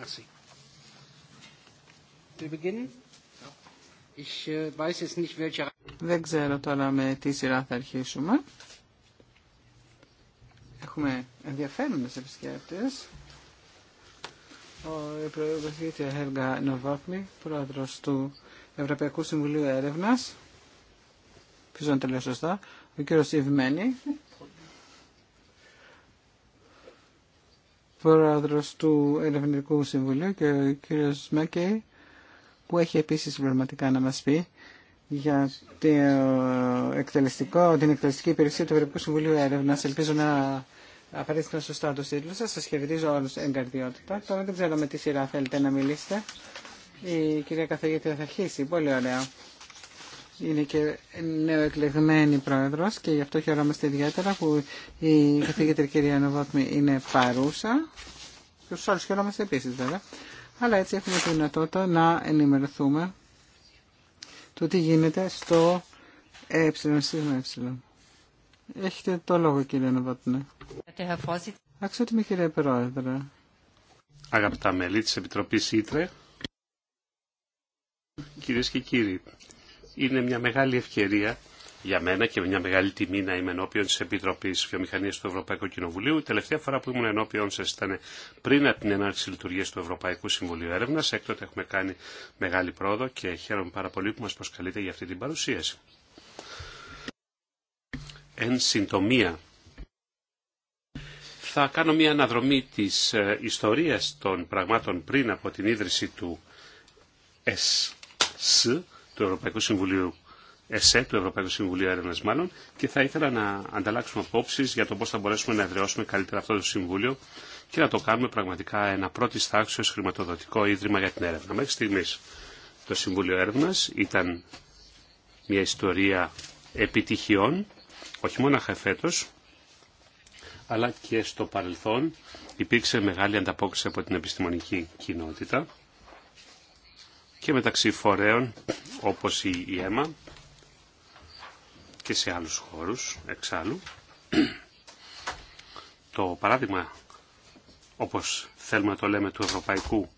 Merci. Äh, Δεν ξέρω τώρα με τι σειρά θα αρχίσουμε. Έχουμε ενδιαφέροντες επισκέπτες. Ο προεδρευτής Χέργα Νοβάπνη, πρόεδρος του Ευρωπαϊκού Συμβουλίου Έρευνας, πίσω να τελειώσω σωστά, ο κύριος Ιβμένη, πρόεδρος του Ερευνητικού Συμβουλίου και ο κύριος Μέκε που έχει επίσης πραγματικά να μας πει για το ε, εκτελεστικό, την εκτελεστική υπηρεσία του Ευρωπαϊκού Συμβουλίου Έρευνα. Ελπίζω να απαραίτητα σωστά το τίτλο σας. Σας χαιρετίζω όλους εγκαρδιότητα. Τώρα δεν ξέρω με τι σειρά θέλετε να μιλήσετε. Η κυρία καθηγήτρια θα αρχίσει. Πολύ ωραία είναι και νεοεκλεγμένη πρόεδρος και γι' αυτό χαιρόμαστε ιδιαίτερα που η καθηγήτρια κυρία Νοβότμη είναι παρούσα. Και τους άλλους χαιρόμαστε επίσης βέβαια. Αλλά έτσι έχουμε τη δυνατότητα να ενημερωθούμε το τι γίνεται στο ε, ε, ε. Έχετε το λόγο κύριε Νοβότμη. Αξιότιμη κύριε Πρόεδρε. Αγαπητά μέλη της Επιτροπής Ήτρε, κυρίες και κύριοι, είναι μια μεγάλη ευκαιρία για μένα και μια μεγάλη τιμή να είμαι ενώπιον τη Επιτροπή Βιομηχανία του Ευρωπαϊκού Κοινοβουλίου. Η τελευταία φορά που ήμουν ενώπιον σα ήταν πριν από την έναρξη λειτουργία του Ευρωπαϊκού Συμβουλίου Έρευνα. Έκτοτε έχουμε κάνει μεγάλη πρόοδο και χαίρομαι πάρα πολύ που μα προσκαλείτε για αυτή την παρουσίαση. Εν συντομία, θα κάνω μια αναδρομή της ε, ιστορίας των πραγμάτων πριν από την ίδρυση του ΕΣΣ, του Ευρωπαϊκού Συμβουλίου ΕΣΕ, του Ευρωπαϊκού Συμβουλίου Έρευνα μάλλον, και θα ήθελα να ανταλλάξουμε απόψει για το πώ θα μπορέσουμε να εδραιώσουμε καλύτερα αυτό το Συμβούλιο και να το κάνουμε πραγματικά ένα πρώτη τάξεω χρηματοδοτικό ίδρυμα για την έρευνα. Μέχρι στιγμή το Συμβούλιο Έρευνα ήταν μια ιστορία επιτυχιών, όχι μόνο φέτο, αλλά και στο παρελθόν υπήρξε μεγάλη ανταπόκριση από την επιστημονική κοινότητα και μεταξύ φορέων όπως η ΕΜΑ και σε άλλους χώρους εξάλλου. Το παράδειγμα, όπως θέλουμε να το λέμε, του Ευρωπαϊκού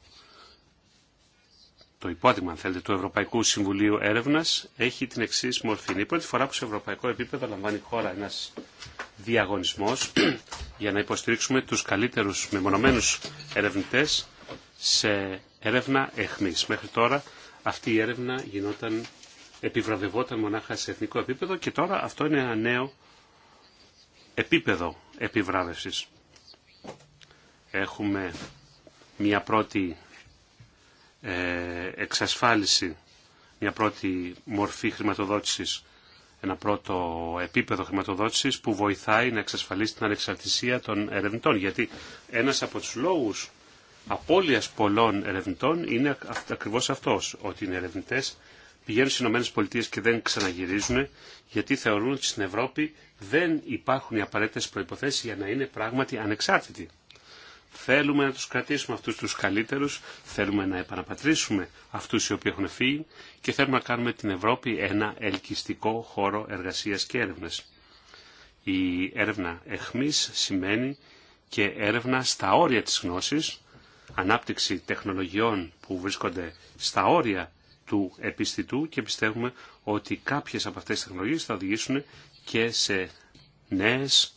το υπόδειγμα, αν του Ευρωπαϊκού Συμβουλίου Έρευνα έχει την εξή μορφή. Είναι η πρώτη φορά που σε ευρωπαϊκό επίπεδο λαμβάνει η χώρα ένα διαγωνισμό για να υποστηρίξουμε τους καλύτερου μεμονωμένου ερευνητέ σε έρευνα εχμής. Μέχρι τώρα αυτή η έρευνα γινόταν, επιβραβευόταν μονάχα σε εθνικό επίπεδο και τώρα αυτό είναι ένα νέο επίπεδο επιβράβευσης. Έχουμε μια πρώτη ε, εξασφάλιση, μια πρώτη μορφή χρηματοδότησης, ένα πρώτο επίπεδο χρηματοδότησης που βοηθάει να εξασφαλίσει την ανεξαρτησία των ερευνητών. Γιατί ένας από τους λόγους απώλειας πολλών ερευνητών είναι ακριβώς αυτός, ότι οι ερευνητές πηγαίνουν στι ΗΠΑ και δεν ξαναγυρίζουν γιατί θεωρούν ότι στην Ευρώπη δεν υπάρχουν οι απαραίτητες προϋποθέσεις για να είναι πράγματι ανεξάρτητοι. Θέλουμε να τους κρατήσουμε αυτούς τους καλύτερους, θέλουμε να επαναπατρίσουμε αυτούς οι οποίοι έχουν φύγει και θέλουμε να κάνουμε την Ευρώπη ένα ελκυστικό χώρο εργασίας και έρευνες. Η έρευνα εχμής σημαίνει και έρευνα στα όρια της γνώσης, ανάπτυξη τεχνολογιών που βρίσκονται στα όρια του επιστητού και πιστεύουμε ότι κάποιες από αυτές τις τεχνολογίες θα οδηγήσουν και σε νέες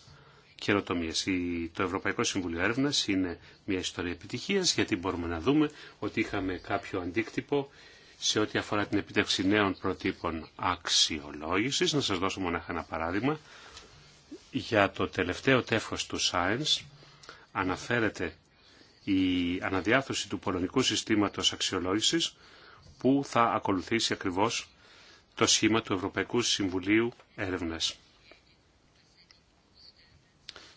καινοτομίες. Το Ευρωπαϊκό Συμβουλίο Έρευνα είναι μια ιστορία επιτυχίας γιατί μπορούμε να δούμε ότι είχαμε κάποιο αντίκτυπο σε ό,τι αφορά την επίτευξη νέων προτύπων αξιολόγησης. Να σας δώσω μονάχα ένα παράδειγμα. Για το τελευταίο τέφος του Science αναφέρεται η αναδιάρθρωση του πολωνικού συστήματος αξιολόγησης που θα ακολουθήσει ακριβώς το σχήμα του Ευρωπαϊκού Συμβουλίου Έρευνες.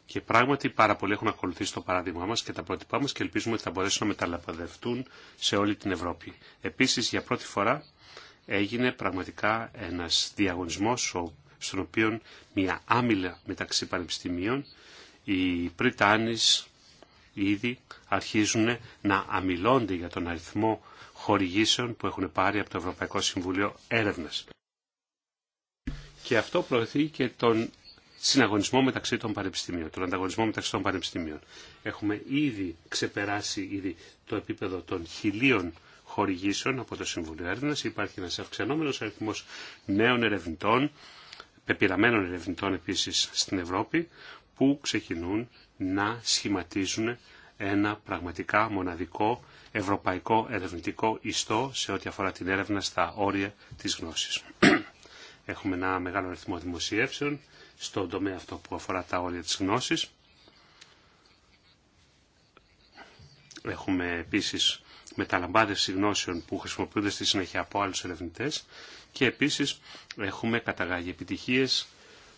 Και πράγματι πάρα πολλοί έχουν ακολουθήσει το παράδειγμά μας και τα πρότυπά μας και ελπίζουμε ότι θα μπορέσουν να μεταλαπαδευτούν σε όλη την Ευρώπη. Επίσης για πρώτη φορά έγινε πραγματικά ένας διαγωνισμός στον οποίο μια άμυλα μεταξύ πανεπιστημίων η Πριτάνης, ήδη αρχίζουν να αμιλώνται για τον αριθμό χορηγήσεων που έχουν πάρει από το Ευρωπαϊκό Συμβούλιο Έρευνας. Και αυτό προωθεί και τον συναγωνισμό μεταξύ των πανεπιστημίων, τον ανταγωνισμό μεταξύ των πανεπιστημίων. Έχουμε ήδη ξεπεράσει ήδη το επίπεδο των χιλίων χορηγήσεων από το Συμβούλιο Έρευνα. Υπάρχει ένα αυξανόμενο αριθμό νέων ερευνητών, πεπειραμένων ερευνητών επίση στην Ευρώπη, που ξεκινούν να σχηματίζουν ένα πραγματικά μοναδικό ευρωπαϊκό ερευνητικό ιστό σε ό,τι αφορά την έρευνα στα όρια της γνώσης. Έχουμε ένα μεγάλο αριθμό δημοσιεύσεων στον τομέα αυτό που αφορά τα όρια της γνώσης. Έχουμε επίσης μεταλαμπάδευση γνώσεων που χρησιμοποιούνται στη συνέχεια από άλλους ερευνητές και επίσης έχουμε καταγάγει επιτυχίες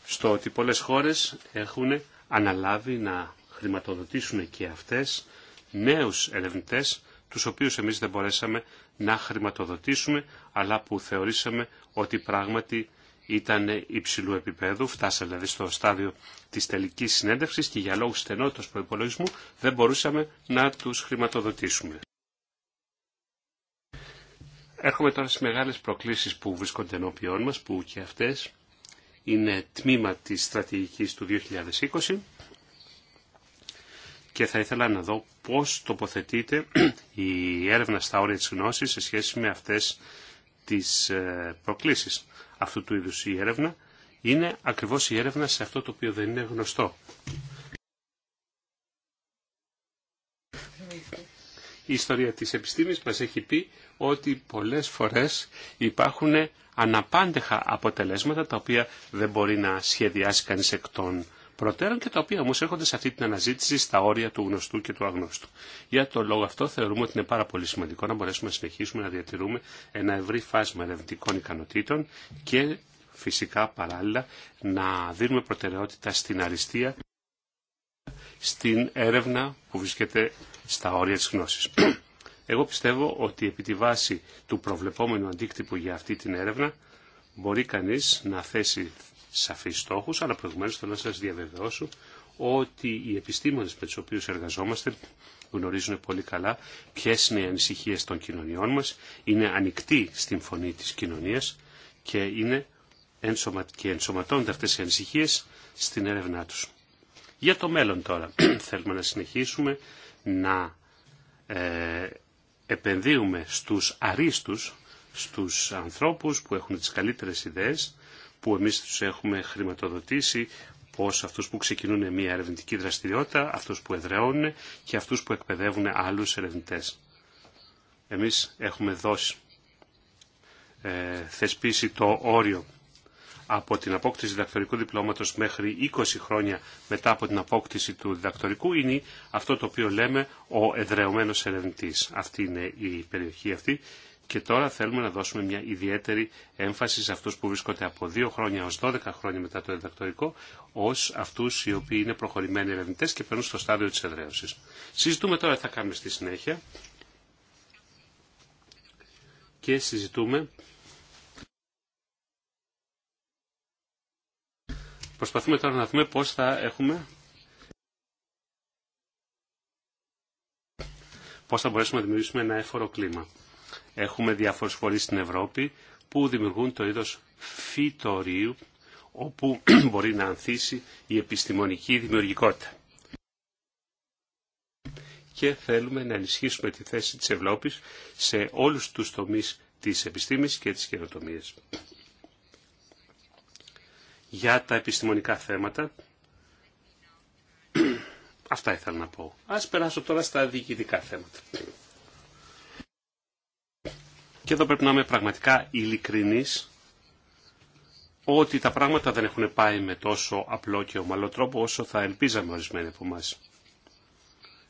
στο ότι πολλές χώρες έχουν αναλάβει να χρηματοδοτήσουν και αυτές νέους ερευνητές, τους οποίους εμείς δεν μπορέσαμε να χρηματοδοτήσουμε, αλλά που θεωρήσαμε ότι πράγματι ήταν υψηλού επίπεδου, φτάσαμε δηλαδή στο στάδιο της τελικής συνέντευξης και για λόγους στενότητας προϋπολογισμού δεν μπορούσαμε να τους χρηματοδοτήσουμε. Έρχομαι τώρα στις μεγάλες προκλήσεις που βρίσκονται ενώπιόν μας, που και αυτές είναι τμήμα της στρατηγικής του 2020 και θα ήθελα να δω πώς τοποθετείται η έρευνα στα όρια της γνώσης σε σχέση με αυτές τις ε, προκλήσεις. Αυτού του είδους η έρευνα είναι ακριβώς η έρευνα σε αυτό το οποίο δεν είναι γνωστό. Η ιστορία της επιστήμης μας έχει πει ότι πολλές φορές υπάρχουν αναπάντεχα αποτελέσματα τα οποία δεν μπορεί να σχεδιάσει κανείς εκ των προτέρων και τα οποία όμως έρχονται σε αυτή την αναζήτηση στα όρια του γνωστού και του αγνώστου. Για τον λόγο αυτό θεωρούμε ότι είναι πάρα πολύ σημαντικό να μπορέσουμε να συνεχίσουμε να διατηρούμε ένα ευρύ φάσμα ερευνητικών ικανοτήτων και φυσικά παράλληλα να δίνουμε προτεραιότητα στην αριστεία στην έρευνα που βρίσκεται στα όρια της γνώσης. Εγώ πιστεύω ότι επί τη βάση του προβλεπόμενου αντίκτυπου για αυτή την έρευνα μπορεί κανείς να θέσει σαφείς στόχους, αλλά προηγουμένως θέλω να σας διαβεβαιώσω ότι οι επιστήμονες με τους οποίους εργαζόμαστε γνωρίζουν πολύ καλά ποιες είναι οι ανησυχίες των κοινωνιών μας, είναι ανοιχτοί στην φωνή της κοινωνίας και, είναι ενσωματώνται αυτές οι ανησυχίες στην έρευνά τους. Για το μέλλον τώρα θέλουμε να συνεχίσουμε να ε, επενδύουμε στους αρίστους, στους ανθρώπους που έχουν τις καλύτερες ιδέες, που εμείς τους έχουμε χρηματοδοτήσει πως αυτούς που ξεκινούν μια ερευνητική δραστηριότητα, αυτούς που εδραιώνουν και αυτούς που εκπαιδεύουν άλλους ερευνητές. Εμείς έχουμε δώσει, ε, θεσπίσει το όριο από την απόκτηση διδακτορικού διπλώματος μέχρι 20 χρόνια μετά από την απόκτηση του διδακτορικού είναι αυτό το οποίο λέμε ο εδρεωμένος ερευνητής. Αυτή είναι η περιοχή αυτή και τώρα θέλουμε να δώσουμε μια ιδιαίτερη έμφαση σε αυτούς που βρίσκονται από 2 χρόνια ως 12 χρόνια μετά το διδακτορικό ως αυτούς οι οποίοι είναι προχωρημένοι ερευνητέ και περνούν στο στάδιο της εδραίωσης. Συζητούμε τώρα θα κάνουμε στη συνέχεια και συζητούμε Προσπαθούμε τώρα να δούμε πώς θα έχουμε πώς θα μπορέσουμε να δημιουργήσουμε ένα έφορο κλίμα. Έχουμε διάφορους φορείς στην Ευρώπη που δημιουργούν το είδος φυτορίου όπου μπορεί να ανθίσει η επιστημονική δημιουργικότητα. Και θέλουμε να ενισχύσουμε τη θέση της Ευρώπης σε όλους τους τομείς της επιστήμης και της καινοτομίας για τα επιστημονικά θέματα. Αυτά ήθελα να πω. Ας περάσω τώρα στα διοικητικά θέματα. Και εδώ πρέπει να είμαι πραγματικά ειλικρινής ότι τα πράγματα δεν έχουν πάει με τόσο απλό και ομαλό τρόπο όσο θα ελπίζαμε ορισμένοι από εμάς.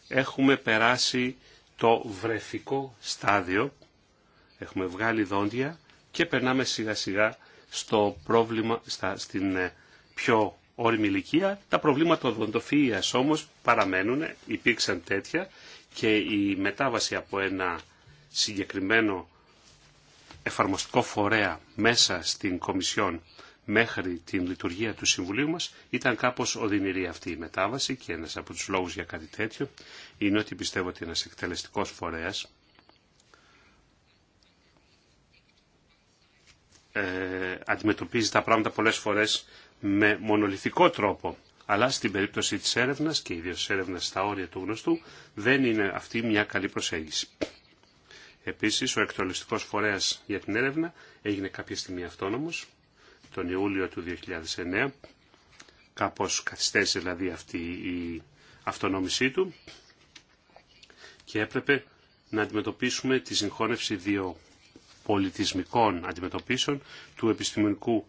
Έχουμε περάσει το βρεφικό στάδιο, έχουμε βγάλει δόντια και περνάμε σιγά σιγά στο πρόβλημα, στα, στην ε, πιο όρημη ηλικία. Τα προβλήματα οδοντοφυΐας όμως παραμένουν, υπήρξαν τέτοια και η μετάβαση από ένα συγκεκριμένο εφαρμοστικό φορέα μέσα στην Κομισιόν μέχρι την λειτουργία του Συμβουλίου μας ήταν κάπως οδυνηρή αυτή η μετάβαση και ένας από τους λόγους για κάτι τέτοιο είναι ότι πιστεύω ότι ένας εκτελεστικός φορέας Ε, αντιμετωπίζει τα πράγματα πολλές φορές με μονολυθικό τρόπο. Αλλά στην περίπτωση της έρευνας και ιδίως της έρευνας στα όρια του γνωστού δεν είναι αυτή μια καλή προσέγγιση. Επίσης, ο εκτολιστικός φορέας για την έρευνα έγινε κάποια στιγμή αυτόνομος, τον Ιούλιο του 2009, κάπως καθυστέρησε δηλαδή αυτή η αυτονόμησή του και έπρεπε να αντιμετωπίσουμε τη συγχώνευση δύο πολιτισμικών αντιμετωπίσεων, του επιστημονικού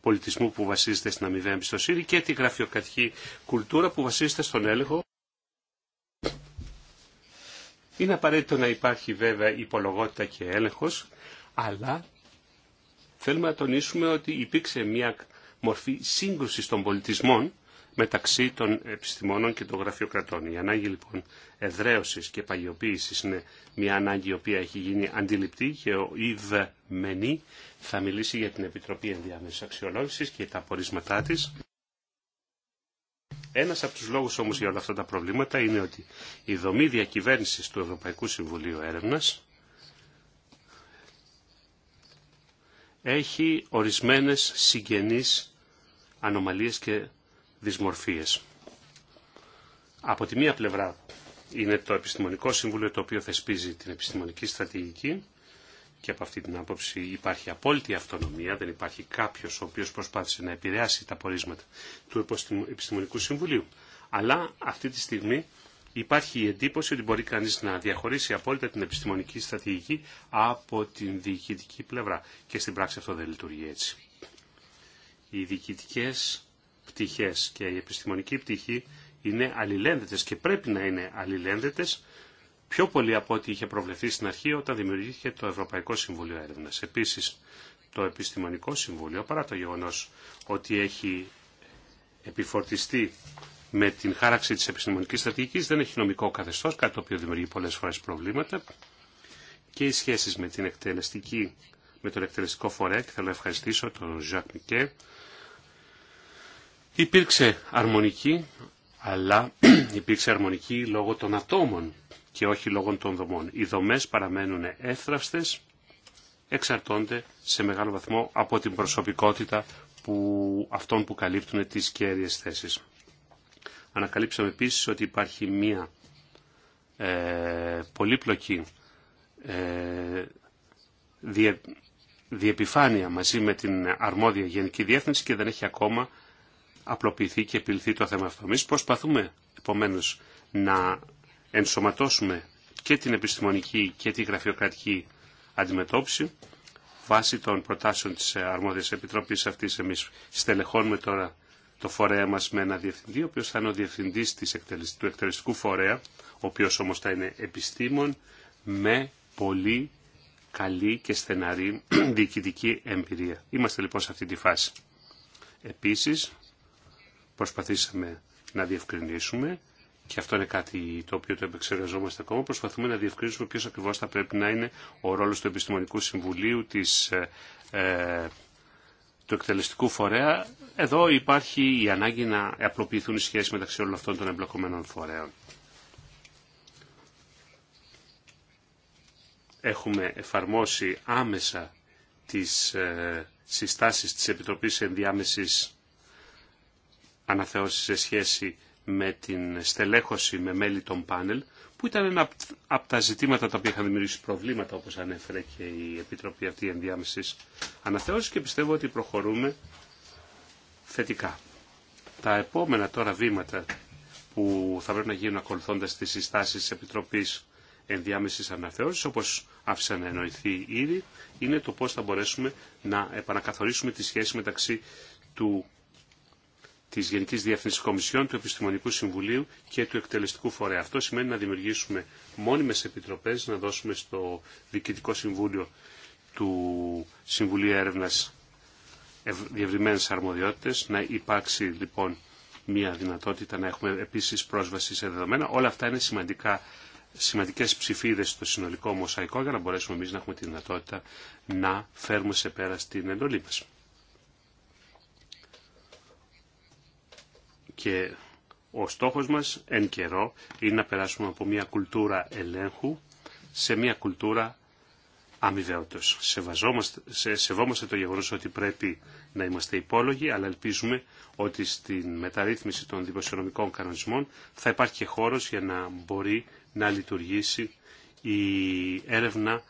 πολιτισμού που βασίζεται στην αμοιβαία εμπιστοσύνη και τη γραφειοκρατική κουλτούρα που βασίζεται στον έλεγχο. Είναι απαραίτητο να υπάρχει βέβαια υπολογότητα και έλεγχος, αλλά θέλουμε να τονίσουμε ότι υπήρξε μια μορφή σύγκρουσης των πολιτισμών μεταξύ των επιστημόνων και των γραφειοκρατών. Η ανάγκη λοιπόν εδραίωσης και παγιοποίησης είναι μια ανάγκη η οποία έχει γίνει αντιληπτή και ο Ιβ θα μιλήσει για την Επιτροπή Ενδιάμεσης Αξιολόγησης και τα απορίσματά της. Ένας από τους λόγους όμως για όλα αυτά τα προβλήματα είναι ότι η δομή διακυβέρνησης του Ευρωπαϊκού Συμβουλίου Έρευνας έχει ορισμένες συγγενείς ανομαλίες και δυσμορφίες. Από τη μία πλευρά είναι το Επιστημονικό Συμβούλιο το οποίο θεσπίζει την επιστημονική στρατηγική και από αυτή την άποψη υπάρχει απόλυτη αυτονομία, δεν υπάρχει κάποιος ο οποίος προσπάθησε να επηρεάσει τα πορίσματα του Επιστημονικού Συμβουλίου. Αλλά αυτή τη στιγμή υπάρχει η εντύπωση ότι μπορεί κανείς να διαχωρίσει απόλυτα την επιστημονική στρατηγική από την διοικητική πλευρά. Και στην πράξη αυτό δεν λειτουργεί έτσι. Οι διοικητικές πτυχές και η επιστημονική πτυχή είναι αλληλένδετες και πρέπει να είναι αλληλένδετες πιο πολύ από ό,τι είχε προβλεφθεί στην αρχή όταν δημιουργήθηκε το Ευρωπαϊκό Συμβούλιο Έρευνας. Επίσης, το Επιστημονικό Συμβούλιο, παρά το γεγονός ότι έχει επιφορτιστεί με την χάραξη της επιστημονικής στρατηγικής, δεν έχει νομικό καθεστώς, κάτι το οποίο δημιουργεί πολλές φορές προβλήματα και οι σχέσεις με, την εκτελεστική, με τον εκτελεστικό φορέα και θέλω να ευχαριστήσω τον Ζακ Μικέ Υπήρξε αρμονική, αλλά υπήρξε αρμονική λόγω των ατόμων και όχι λόγω των δομών. Οι δομές παραμένουν έθραυστες, εξαρτώνται σε μεγάλο βαθμό από την προσωπικότητα που, αυτών που καλύπτουν τις κέρδιες θέσεις. Ανακαλύψαμε επίσης ότι υπάρχει μία ε, πολύπλοκη ε, διε, διεπιφάνεια μαζί με την αρμόδια Γενική Διεύθυνση και δεν έχει ακόμα απλοποιηθεί και επιλυθεί το θέμα αυτό. Εμεί προσπαθούμε επομένω να ενσωματώσουμε και την επιστημονική και τη γραφειοκρατική αντιμετώπιση βάσει των προτάσεων της αρμόδιας επιτροπής αυτής εμείς στελεχώνουμε τώρα το φορέα μας με ένα διευθυντή, ο οποίος θα είναι ο διευθυντής του εκτελεστικού φορέα, ο οποίος όμως θα είναι επιστήμον με πολύ καλή και στεναρή διοικητική εμπειρία. Είμαστε λοιπόν σε αυτή τη φάση. Επίσης, προσπαθήσαμε να διευκρινίσουμε και αυτό είναι κάτι το οποίο το επεξεργαζόμαστε ακόμα. Προσπαθούμε να διευκρινίσουμε ποιο ακριβώ θα πρέπει να είναι ο ρόλο του Επιστημονικού Συμβουλίου, της, ε, ε, του εκτελεστικού φορέα. Εδώ υπάρχει η ανάγκη να απλοποιηθούν οι σχέσεις μεταξύ όλων αυτών των εμπλοκομενων φορέων. Έχουμε εφαρμόσει άμεσα τις ε, συστάσεις της Επιτροπής Ενδιάμεσης Αναθεώσει σε σχέση με την στελέχωση με μέλη των πάνελ, που ήταν ένα από τα ζητήματα τα οποία είχαν δημιουργήσει προβλήματα, όπως ανέφερε και η Επιτροπή αυτή ενδιάμεσης αναθεώρηση και πιστεύω ότι προχωρούμε θετικά. Τα επόμενα τώρα βήματα που θα πρέπει να γίνουν ακολουθώντας τις συστάσεις της Επιτροπής ενδιάμεσης αναθεώρησης, όπως άφησα να εννοηθεί ήδη, είναι το πώς θα μπορέσουμε να επανακαθορίσουμε τη σχέση μεταξύ του της Γενικής Διεύθυνσης Κομισιόν, του Επιστημονικού Συμβουλίου και του Εκτελεστικού Φορέα. Αυτό σημαίνει να δημιουργήσουμε μόνιμες επιτροπές, να δώσουμε στο Διοικητικό Συμβούλιο του Συμβουλίου Έρευνας διευρυμένες αρμοδιότητες, να υπάρξει λοιπόν μια δυνατότητα να έχουμε επίσης πρόσβαση σε δεδομένα. Όλα αυτά είναι σημαντικά σημαντικέ ψηφίδε στο συνολικό μοσαϊκό για να μπορέσουμε εμεί να έχουμε τη δυνατότητα να φέρουμε σε πέρα στην εντολή μα. Και ο στόχος μας εν καιρό είναι να περάσουμε από μια κουλτούρα ελέγχου σε μια κουλτούρα αμοιβαίωτος. σε, σεβόμαστε το γεγονός ότι πρέπει να είμαστε υπόλογοι, αλλά ελπίζουμε ότι στην μεταρρύθμιση των δημοσιονομικών κανονισμών θα υπάρχει και χώρος για να μπορεί να λειτουργήσει η έρευνα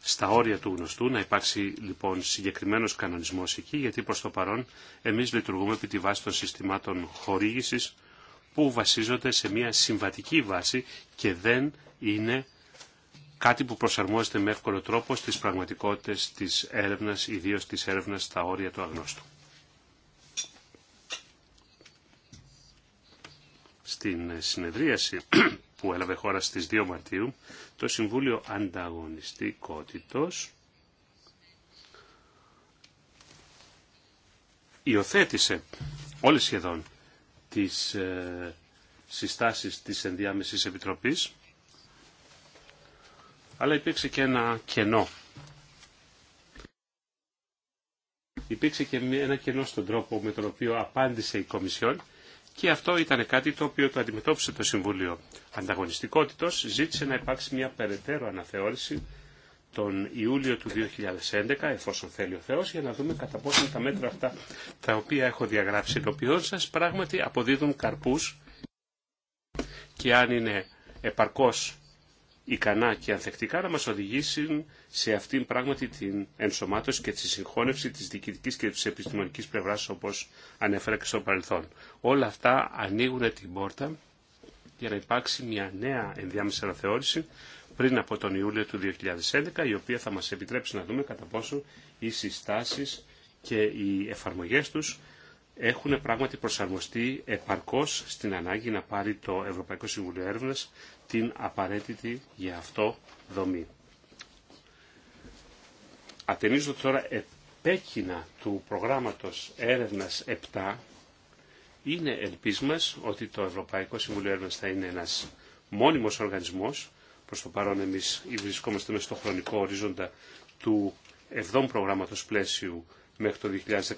στα όρια του γνωστού, να υπάρξει λοιπόν συγκεκριμένος κανονισμός εκεί, γιατί προς το παρόν εμείς λειτουργούμε επί τη βάση των συστημάτων χορήγησης που βασίζονται σε μια συμβατική βάση και δεν είναι κάτι που προσαρμόζεται με εύκολο τρόπο στις πραγματικότητες της έρευνας, ιδίως της έρευνας στα όρια του αγνώστου. Στην συνεδρίαση που έλαβε χώρα στις 2 Μαρτίου, το Συμβούλιο Ανταγωνιστικότητος υιοθέτησε όλες σχεδόν τις ε, συστάσεις της Ενδιάμεσης Επιτροπής, αλλά υπήρξε και ένα κενό. Υπήρξε και ένα κενό στον τρόπο με τον οποίο απάντησε η Κομισιόν και αυτό ήταν κάτι το οποίο το αντιμετώπισε το Συμβούλιο Ανταγωνιστικότητος. Ζήτησε να υπάρξει μια περαιτέρω αναθεώρηση τον Ιούλιο του 2011, εφόσον θέλει ο Θεός, για να δούμε κατά πόσο τα μέτρα αυτά τα οποία έχω διαγράψει ειδοποιών σας πράγματι αποδίδουν καρπούς και αν είναι επαρκώς ικανά και ανθεκτικά να μας οδηγήσουν σε αυτήν πράγματι την ενσωμάτωση και τη συγχώνευση της διοικητικής και της επιστημονικής πλευράς όπως ανέφερα και στο παρελθόν. Όλα αυτά ανοίγουν την πόρτα για να υπάρξει μια νέα ενδιάμεσα αναθεώρηση πριν από τον Ιούλιο του 2011 η οποία θα μας επιτρέψει να δούμε κατά πόσο οι συστάσεις και οι εφαρμογές τους έχουν πράγματι προσαρμοστεί επαρκώς στην ανάγκη να πάρει το Ευρωπαϊκό Συμβουλίο Έρευνας την απαραίτητη για αυτό δομή. Ατενίζω τώρα επέκεινα του προγράμματος έρευνας 7 είναι ελπίς ότι το Ευρωπαϊκό Συμβουλίο Έρευνας θα είναι ένας μόνιμος οργανισμός. Προς το παρόν εμείς βρισκόμαστε μέσα στο χρονικό ορίζοντα του 7ου προγράμματος πλαίσιου μέχρι το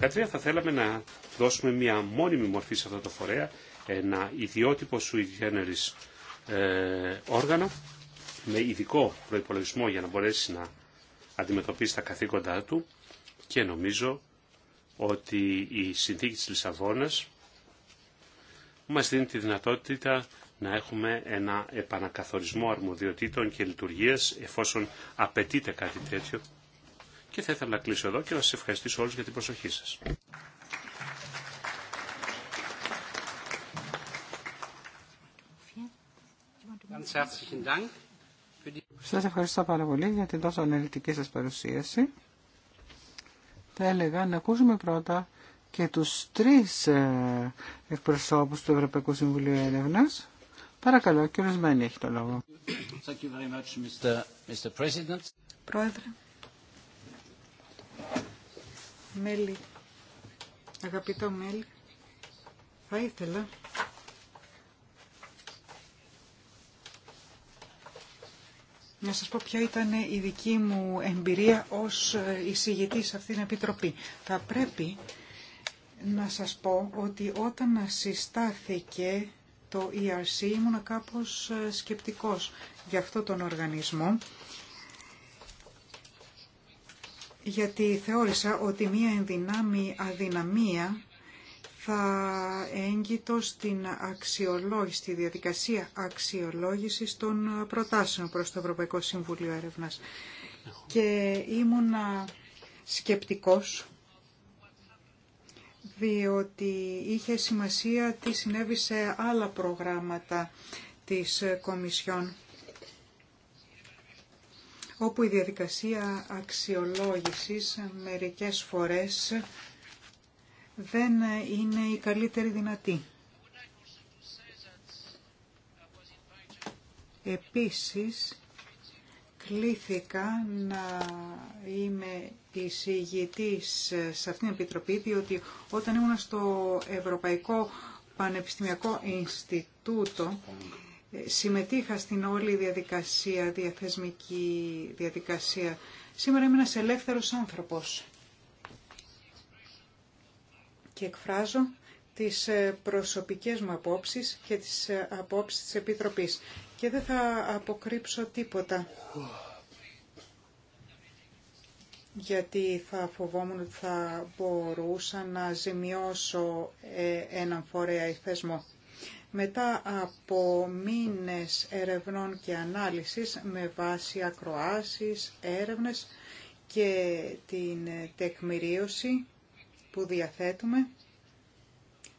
2013. Θα θέλαμε να δώσουμε μια μόνιμη μορφή σε αυτό το φορέα, ένα ιδιότυπο σου generis ε, όργανο με ειδικό προϋπολογισμό για να μπορέσει να αντιμετωπίσει τα καθήκοντά του και νομίζω ότι η συνθήκη της Λισαβόνας μας δίνει τη δυνατότητα να έχουμε ένα επανακαθορισμό αρμοδιοτήτων και λειτουργίας εφόσον απαιτείται κάτι τέτοιο και θα ήθελα να κλείσω εδώ και να σας ευχαριστήσω όλους για την προσοχή σας. Σας ευχαριστώ πάρα πολύ για την τόσο αναλυτική σας παρουσίαση. Θα έλεγα να ακούσουμε πρώτα και τους τρεις ε, εκπροσώπους του Ευρωπαϊκού Συμβουλίου Έρευνας. Παρακαλώ, κύριος Μένι έχει το λόγο. Πρόεδρε, μέλι, αγαπητό μέλη, θα ήθελα να σας πω ποια ήταν η δική μου εμπειρία ως εισηγητή σε αυτήν την Επιτροπή. Θα πρέπει να σας πω ότι όταν συστάθηκε το ERC ήμουν κάπως σκεπτικός για αυτό τον οργανισμό γιατί θεώρησα ότι μία ενδυνάμη αδυναμία θα έγκυτο στην αξιολόγηση, στη διαδικασία αξιολόγησης των προτάσεων προς το Ευρωπαϊκό Συμβούλιο Έρευνας. Και ήμουνα σκεπτικός, διότι είχε σημασία τι συνέβη σε άλλα προγράμματα της Κομισιόν όπου η διαδικασία αξιολόγησης μερικές φορές δεν είναι η καλύτερη δυνατή. Επίσης, κλήθηκα να είμαι εισηγητής σε αυτήν την Επιτροπή, διότι όταν ήμουν στο Ευρωπαϊκό Πανεπιστημιακό Ινστιτούτο συμμετείχα στην όλη διαδικασία, διαθεσμική διαδικασία. Σήμερα είμαι ένας ελεύθερος άνθρωπος και εκφράζω τις ε, προσωπικές μου απόψεις και τις ε, απόψεις της Επιτροπής και δεν θα αποκρύψω τίποτα γιατί θα φοβόμουν ότι θα μπορούσα να ζημιώσω ε, έναν φορέα ή θεσμό. Μετά από μήνες ερευνών και ανάλυσης με βάση ακροάσεις, έρευνες και την τεκμηρίωση που διαθέτουμε,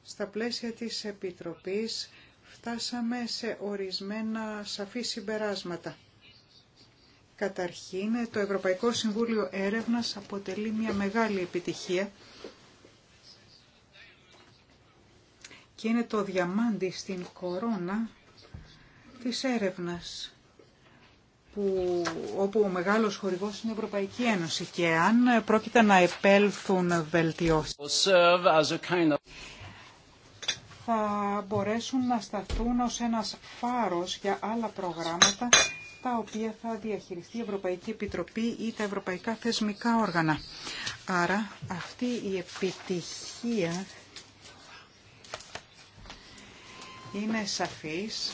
στα πλαίσια της Επιτροπής φτάσαμε σε ορισμένα σαφή συμπεράσματα. Καταρχήν, το Ευρωπαϊκό Συμβούλιο Έρευνας αποτελεί μια μεγάλη επιτυχία και είναι το διαμάντι στην κορώνα της έρευνας που, όπου ο μεγάλος χορηγός είναι η Ευρωπαϊκή Ένωση και αν πρόκειται να επέλθουν βελτιώσεις θα μπορέσουν να σταθούν ως ένας φάρος για άλλα προγράμματα τα οποία θα διαχειριστεί η Ευρωπαϊκή Επιτροπή ή τα ευρωπαϊκά θεσμικά όργανα. Άρα αυτή η επιτυχία είναι σαφής,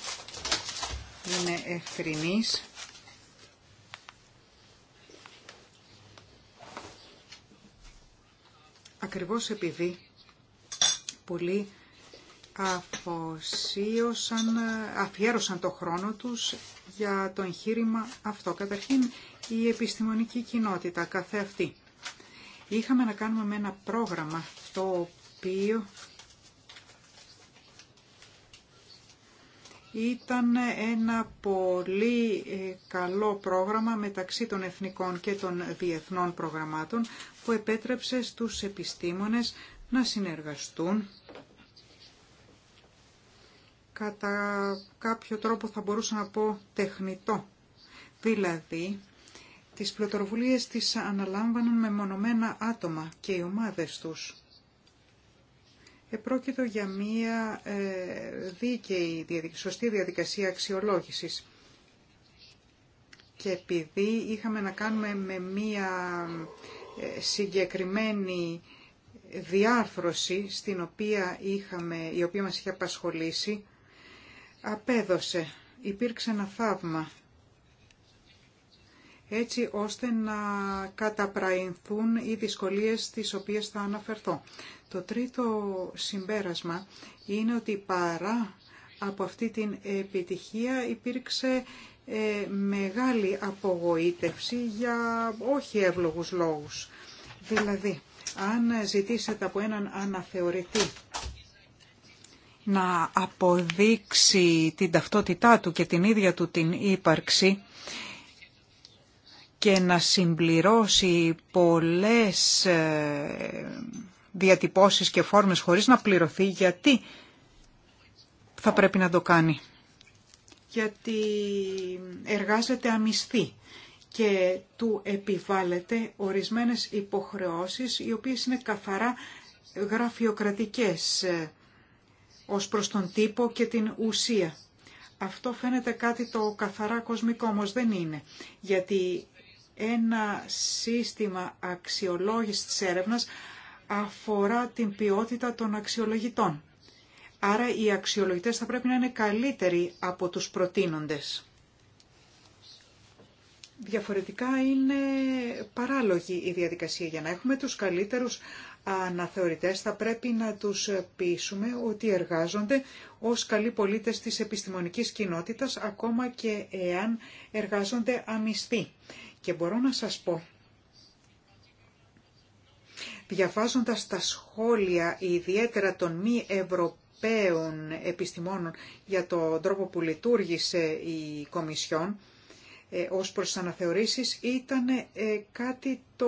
είναι ευκρινής. Ακριβώς επειδή πολύ αφοσίωσαν, αφιέρωσαν το χρόνο τους για το εγχείρημα αυτό. Καταρχήν η επιστημονική κοινότητα καθε αυτή. Είχαμε να κάνουμε με ένα πρόγραμμα το οποίο Ήταν ένα πολύ ε, καλό πρόγραμμα μεταξύ των εθνικών και των διεθνών προγραμμάτων που επέτρεψε στους επιστήμονες να συνεργαστούν κατά κάποιο τρόπο θα μπορούσα να πω τεχνητό. Δηλαδή, τις πρωτοβουλίε τις αναλάμβαναν με μονομένα άτομα και οι ομάδες τους. Επρόκειτο για μία ε, δίκαιη, σωστή διαδικασία αξιολόγησης. Και επειδή είχαμε να κάνουμε με μία ε, συγκεκριμένη διάρθρωση στην οποία είχαμε, η οποία μας είχε απασχολήσει, απέδωσε, υπήρξε ένα θαύμα, έτσι ώστε να καταπραϊνθούν οι δυσκολίες τις οποίες θα αναφερθώ. Το τρίτο συμπέρασμα είναι ότι παρά από αυτή την επιτυχία υπήρξε ε, μεγάλη απογοήτευση για όχι εύλογους λόγους. Δηλαδή, αν ζητήσετε από έναν αναθεωρητή να αποδείξει την ταυτότητά του και την ίδια του την ύπαρξη και να συμπληρώσει πολλές ε, διατυπώσεις και φόρμες χωρίς να πληρωθεί, γιατί θα πρέπει να το κάνει. Γιατί εργάζεται αμισθή και του επιβάλλεται ορισμένες υποχρεώσεις οι οποίες είναι καθαρά γραφειοκρατικές ε, ως προς τον τύπο και την ουσία. Αυτό φαίνεται κάτι το καθαρά κοσμικό, όμως δεν είναι. Γιατί ένα σύστημα αξιολόγησης της έρευνας αφορά την ποιότητα των αξιολογητών. Άρα οι αξιολογητές θα πρέπει να είναι καλύτεροι από τους προτείνοντες. Διαφορετικά είναι παράλογη η διαδικασία. Για να έχουμε τους καλύτερους αναθεωρητές θα πρέπει να τους πείσουμε ότι εργάζονται ως καλοί πολίτες της επιστημονικής κοινότητας ακόμα και εάν εργάζονται αμυστοί. Και μπορώ να σας πω Διαβάζοντας τα σχόλια ιδιαίτερα των μη Ευρωπαίων επιστημόνων για τον τρόπο που λειτουργήσε η Κομισιόν ε, ως προς αναθεωρήσεις ήταν ε, κάτι το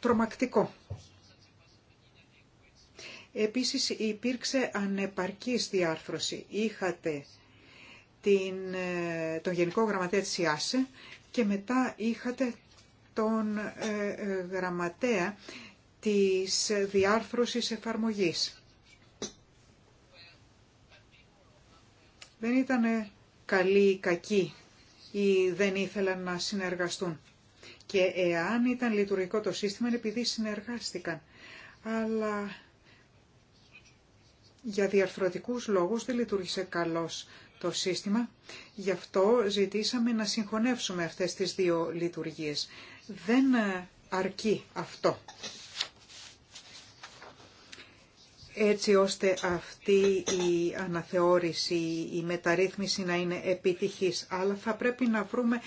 τρομακτικό. Επίσης υπήρξε ανεπαρκής διάρθρωση. Είχατε την, ε, τον Γενικό Γραμματέα της ΙΑΣΕ και μετά είχατε τον ε, γραμματέα της διάρθρωσης εφαρμογής. Δεν ήταν καλοί ή κακοί ή δεν ήθελαν να συνεργαστούν. Και εάν ήταν λειτουργικό το σύστημα είναι επειδή συνεργάστηκαν. Αλλά για διαρθρωτικούς λόγους δεν λειτουργήσε καλώς το σύστημα. Γι' αυτό ζητήσαμε να συγχωνεύσουμε αυτές τις δύο λειτουργίες. Δεν αρκεί αυτό έτσι ώστε αυτή η αναθεώρηση, η μεταρρύθμιση να είναι επιτυχής. Αλλά θα πρέπει να βρούμε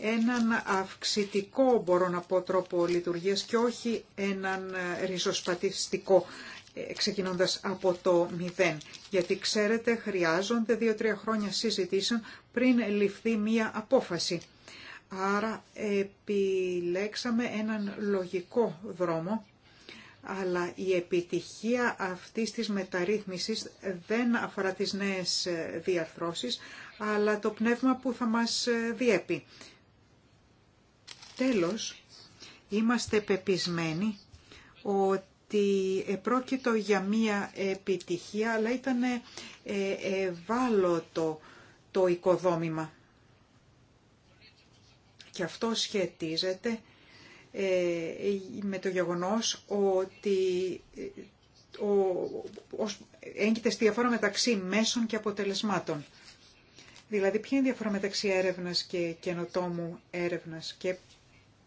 έναν αυξητικό, μπορώ να πω, τρόπο λειτουργίας και όχι έναν ριζοσπατιστικό, ε, ξεκινώντας από το μηδέν. Γιατί ξέρετε, χρειάζονται δύο-τρία χρόνια συζητήσεων πριν ληφθεί μία απόφαση. Άρα επιλέξαμε έναν λογικό δρόμο αλλά η επιτυχία αυτής της μεταρρύθμισης δεν αφορά τις νέες ε, διαρθρώσεις, αλλά το πνεύμα που θα μας ε, διέπει. Τέλος, είμαστε πεπισμένοι ότι επρόκειτο για μία επιτυχία, αλλά ήταν ε, ευάλωτο το οικοδόμημα. Και αυτό σχετίζεται ε, με το γεγονός ότι ε, ο, ως, έγκυται στη διαφορά μεταξύ μέσων και αποτελεσμάτων. Δηλαδή, ποια είναι η διαφορά μεταξύ έρευνας και καινοτόμου έρευνας και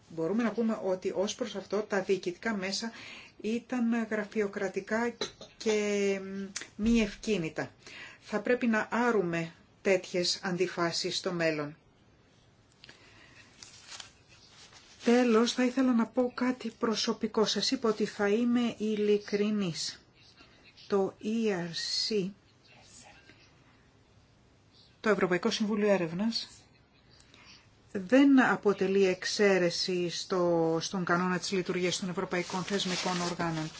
μπορούμε να πούμε ότι ως προς αυτό τα διοικητικά μέσα ήταν γραφειοκρατικά και μη ευκίνητα. Θα πρέπει να άρουμε τέτοιες αντιφάσεις στο μέλλον. Τέλος, θα ήθελα να πω κάτι προσωπικό. Σας είπα ότι θα είμαι ειλικρινής. Το ERC, το Ευρωπαϊκό Συμβούλιο Έρευνας, δεν αποτελεί εξαίρεση στο, στον κανόνα της λειτουργίας των ευρωπαϊκών θεσμικών οργάνων.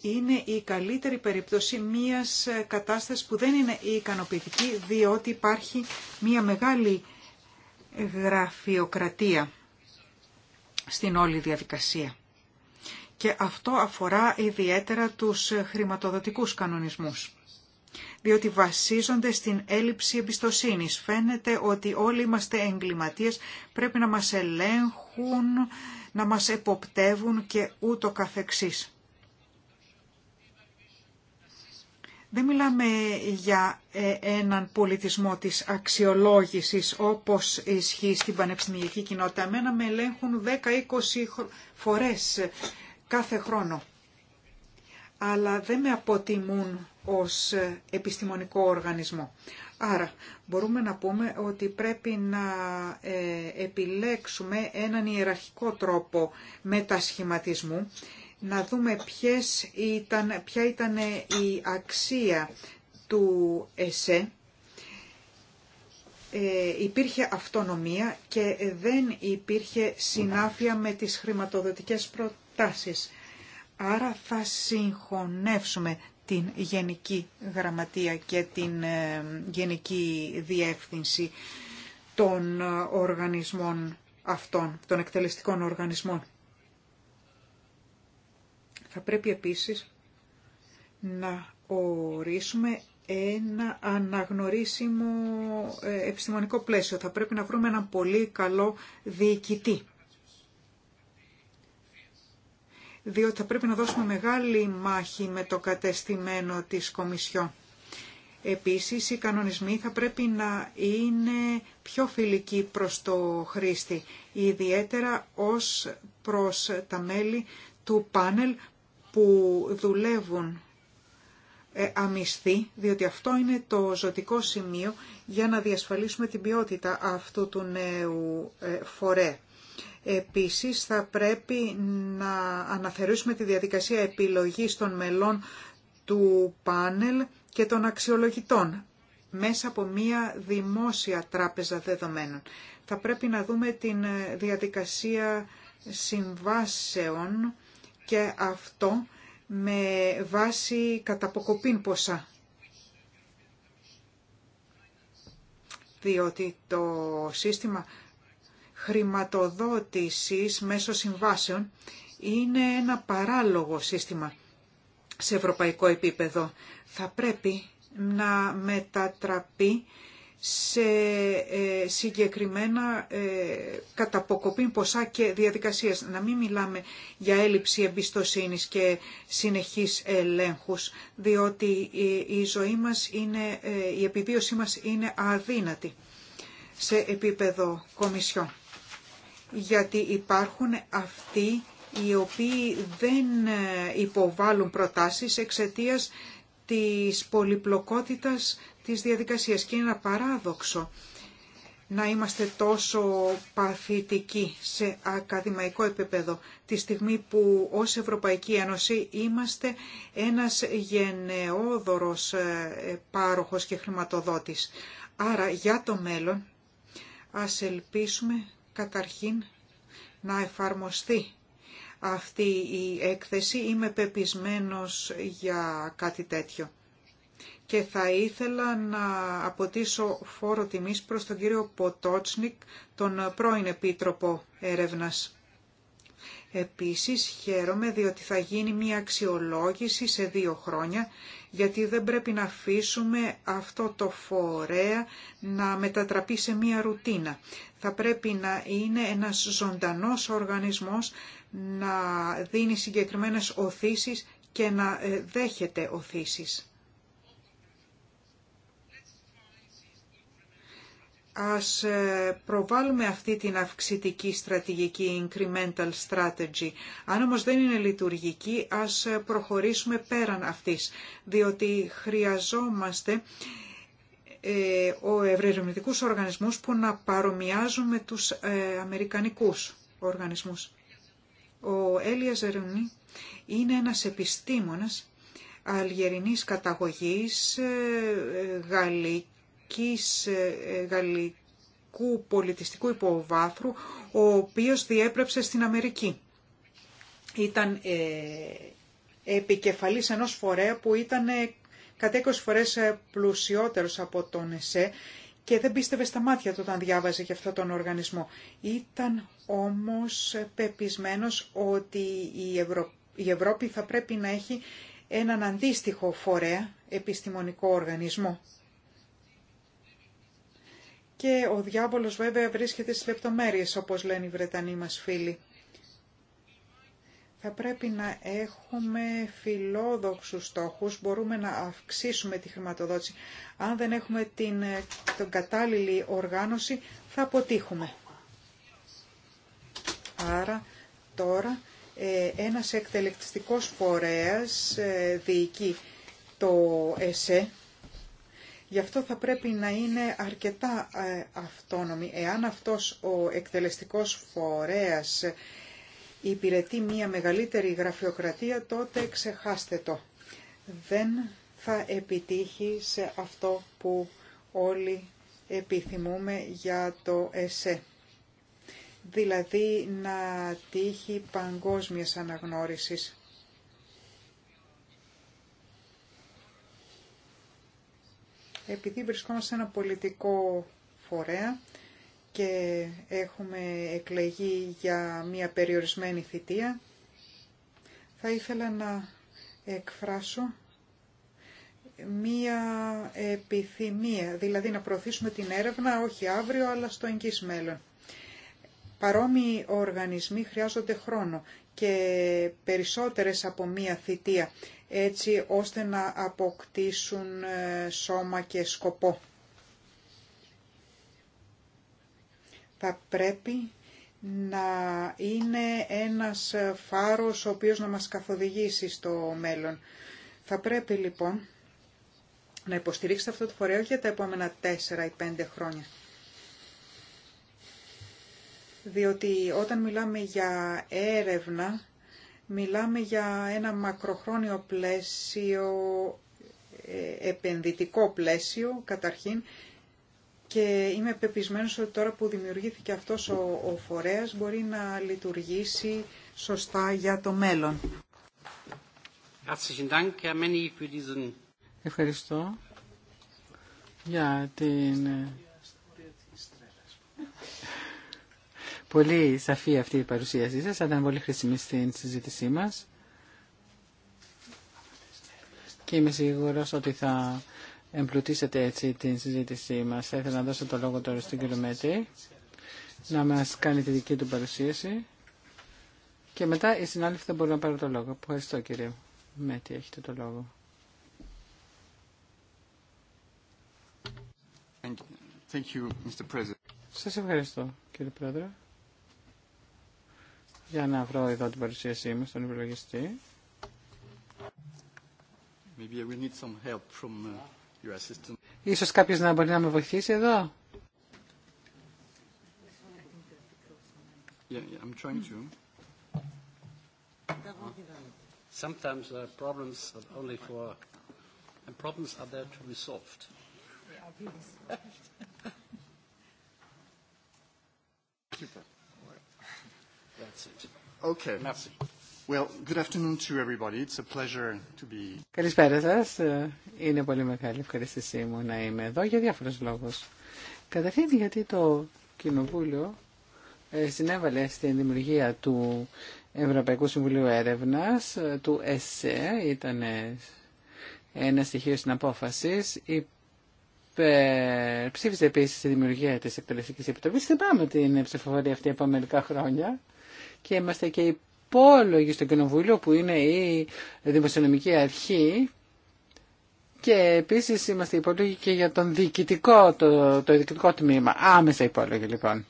Είναι η καλύτερη περίπτωση μιας κατάστασης που δεν είναι ικανοποιητική, διότι υπάρχει μια μεγάλη γραφειοκρατία στην όλη διαδικασία. Και αυτό αφορά ιδιαίτερα τους χρηματοδοτικούς κανονισμούς διότι βασίζονται στην έλλειψη εμπιστοσύνης. Φαίνεται ότι όλοι είμαστε εγκληματίες, πρέπει να μας ελέγχουν, να μας εποπτεύουν και ούτω καθεξής. Δεν μιλάμε για ε, έναν πολιτισμό της αξιολόγησης όπως ισχύει στην πανεπιστημιακή κοινότητα. Εμένα με ελέγχουν 10-20 φορές κάθε χρόνο. Αλλά δεν με αποτιμούν ως ε, επιστημονικό οργανισμό. Άρα μπορούμε να πούμε ότι πρέπει να ε, επιλέξουμε έναν ιεραρχικό τρόπο μετασχηματισμού να δούμε ποιες ήταν, ποια ήταν η αξία του ΕΣΕ. Ε, υπήρχε αυτονομία και δεν υπήρχε συνάφεια με τις χρηματοδοτικές προτάσεις. Άρα θα συγχωνεύσουμε την Γενική Γραμματεία και την ε, Γενική Διεύθυνση των ε, οργανισμών αυτών, των εκτελεστικών οργανισμών. Θα πρέπει επίσης να ορίσουμε ένα αναγνωρίσιμο ε, επιστημονικό πλαίσιο. Θα πρέπει να βρούμε έναν πολύ καλό διοικητή. Διότι θα πρέπει να δώσουμε μεγάλη μάχη με το κατεστημένο της Κομισιόν. Επίσης, οι κανονισμοί θα πρέπει να είναι πιο φιλικοί προς το χρήστη, ιδιαίτερα ως προς τα μέλη του πάνελ που δουλεύουν ε, αμυστή, διότι αυτό είναι το ζωτικό σημείο για να διασφαλίσουμε την ποιότητα αυτού του νέου ε, φορέ. Επίσης θα πρέπει να αναθερούσουμε τη διαδικασία επιλογής των μελών του πάνελ και των αξιολογητών μέσα από μία δημόσια τράπεζα δεδομένων. Θα πρέπει να δούμε την ε, διαδικασία συμβάσεων και αυτό με βάση καταποκοπήν ποσά. Διότι το σύστημα χρηματοδότησης μέσω συμβάσεων είναι ένα παράλογο σύστημα σε ευρωπαϊκό επίπεδο. Θα πρέπει να μετατραπεί σε ε, συγκεκριμένα ε, καταποκοπή ποσά και διαδικασίες. Να μην μιλάμε για έλλειψη εμπιστοσύνης και συνεχής ελέγχους, διότι ε, η ζωή μας είναι, η επιβίωσή μας είναι αδύνατη σε επίπεδο κομισιών. Γιατί υπάρχουν αυτοί οι οποίοι δεν υποβάλλουν προτάσεις εξαιτίας της πολυπλοκότητας της διαδικασίας και είναι ένα παράδοξο να είμαστε τόσο παθητικοί σε ακαδημαϊκό επίπεδο τη στιγμή που ως Ευρωπαϊκή Ένωση είμαστε ένας γενναιόδωρος ε, πάροχος και χρηματοδότης. Άρα για το μέλλον ας ελπίσουμε καταρχήν να εφαρμοστεί αυτή η έκθεση. Είμαι πεπισμένος για κάτι τέτοιο και θα ήθελα να αποτίσω φόρο τιμής προς τον κύριο Ποτότσνικ, τον πρώην Επίτροπο Έρευνας. Επίσης χαίρομαι διότι θα γίνει μια αξιολόγηση σε δύο χρόνια γιατί δεν πρέπει να αφήσουμε αυτό το φορέα να μετατραπεί σε μια ρουτίνα. Θα πρέπει να είναι ένας ζωντανός οργανισμός να δίνει συγκεκριμένες οθήσεις και να ε, δέχεται οθήσεις. ας ε, προβάλλουμε αυτή την αυξητική στρατηγική, incremental strategy. Αν όμως δεν είναι λειτουργική, ας ε, προχωρήσουμε πέραν αυτής, διότι χρειαζόμαστε ε, ο οργανισμούς που να παρομοιάζουν με τους ε, αμερικανικούς οργανισμούς. Ο Έλια Ζερουνί είναι ένας επιστήμονας αλγερινής καταγωγής, ε, ε γαλλικής, ε, ε, γαλλικού πολιτιστικού υποβάθρου, ο οποίος διέπρεψε στην Αμερική. Ήταν ε, επικεφαλής ενός φορέα που ήταν ε, κατά 20 φορές πλουσιότερος από τον ΕΣΕ και δεν πίστευε στα μάτια του όταν διάβαζε για αυτόν τον οργανισμό. Ήταν όμως πεπισμένος ότι η, η Ευρώπη θα πρέπει να έχει έναν αντίστοιχο φορέα, επιστημονικό οργανισμό. Και ο διάβολος βέβαια βρίσκεται στις λεπτομέρειες, όπως λένε οι Βρετανοί μας φίλοι. Θα πρέπει να έχουμε φιλόδοξους στόχους, μπορούμε να αυξήσουμε τη χρηματοδότηση. Αν δεν έχουμε την, την κατάλληλη οργάνωση, θα αποτύχουμε. Άρα τώρα ε, ένας εκτελεκτιστικός φορέας ε, διοικεί το ΕΣΕ Γι' αυτό θα πρέπει να είναι αρκετά ε, αυτόνομη. Εάν αυτός ο εκτελεστικός φορέας υπηρετεί μια μεγαλύτερη γραφειοκρατία, τότε ξεχάστε το. Δεν θα επιτύχει σε αυτό που όλοι επιθυμούμε για το ΕΣΕ. Δηλαδή να τύχει παγκόσμιας αναγνώρισης. επειδή βρισκόμαστε σε ένα πολιτικό φορέα και έχουμε εκλεγεί για μια περιορισμένη θητεία, θα ήθελα να εκφράσω μία επιθυμία, δηλαδή να προωθήσουμε την έρευνα όχι αύριο αλλά στο εγγύς μέλλον. Παρόμοιοι οργανισμοί χρειάζονται χρόνο και περισσότερες από μία θητεία έτσι ώστε να αποκτήσουν ε, σώμα και σκοπό. Θα πρέπει να είναι ένας φάρος ο οποίος να μας καθοδηγήσει στο μέλλον. Θα πρέπει λοιπόν να υποστηρίξετε αυτό το φορέο για τα επόμενα 4 ή 5 χρόνια. Διότι όταν μιλάμε για έρευνα Μιλάμε για ένα μακροχρόνιο πλαίσιο, ε, επενδυτικό πλαίσιο καταρχήν και είμαι πεπισμένος ότι τώρα που δημιουργήθηκε αυτός ο, ο φορέας μπορεί να λειτουργήσει σωστά για το μέλλον. Ευχαριστώ για την Πολύ σαφή αυτή η παρουσίασή σας, αλλά πολύ χρήσιμη στην συζήτησή μας. Και είμαι σίγουρος ότι θα εμπλουτίσετε έτσι την συζήτησή μας. Θα ήθελα να δώσω το λόγο τώρα στον κύριο Μέτη, να μας κάνει τη δική του παρουσίαση. Και μετά οι συνάδελφοι θα μπορούν να πάρουν το λόγο. Ευχαριστώ κύριε Μέτη, έχετε το λόγο. Thank Σας ευχαριστώ κύριε Πρόεδρε. Για να βρω εδώ την παρουσίασή μου στον υπολογιστή. Maybe we need some help from your assistant. Ίσως κάποιος να μπορεί να με βοηθήσει εδώ. Yeah, yeah I'm trying to. Sometimes there are problems that only for and problems are there to be solved. Super. Okay. Merci. Well, good afternoon to everybody. It's a pleasure to be... Καλησπέρα σας. Ε, είναι πολύ μεγάλη ευχαριστησή μου να είμαι εδώ για διάφορους λόγους. Καταρχήν γιατί το Κοινοβούλιο ε, συνέβαλε στην δημιουργία του Ευρωπαϊκού Συμβουλίου Έρευνα, ε, του ΕΣΕ, ήταν ένα στοιχείο στην απόφαση. Ψήφισε επίση η δημιουργία τη Εκτελεστική Επιτροπή. Θυμάμαι την ψηφοφορία αυτή από μερικά χρόνια και είμαστε και υπόλογοι στο Κοινοβούλιο που είναι η Δημοσιονομική Αρχή και επίσης είμαστε υπόλογοι και για τον διοικητικό, το, το διοικητικό τμήμα. Άμεσα υπόλογοι λοιπόν.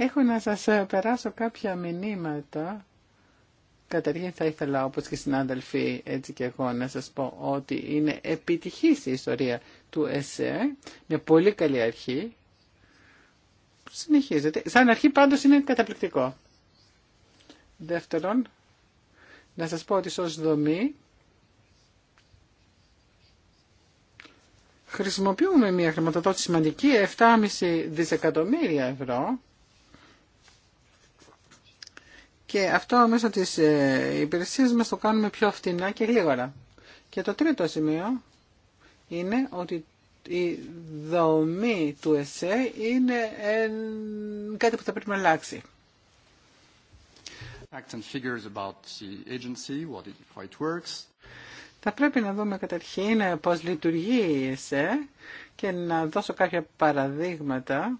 Έχω να σας περάσω κάποια μηνύματα. Καταρχήν θα ήθελα όπως και συνάδελφοι έτσι και εγώ να σας πω ότι είναι επιτυχής η ιστορία του ΕΣΕ, μια πολύ καλή αρχή συνεχίζεται. Σαν αρχή πάντως είναι καταπληκτικό. Δεύτερον, να σας πω ότι ως δομή χρησιμοποιούμε μια χρηματοδότηση σημαντική 7,5 δισεκατομμύρια ευρώ και αυτό μέσω της ε, υπηρεσίας μας το κάνουμε πιο φτηνά και γρήγορα. Και το τρίτο σημείο είναι ότι η δομή του ΕΣΕ είναι κάτι που θα πρέπει να αλλάξει. Θα πρέπει να δούμε καταρχήν ε, πώς λειτουργεί η ΕΣΕ και να δώσω κάποια παραδείγματα.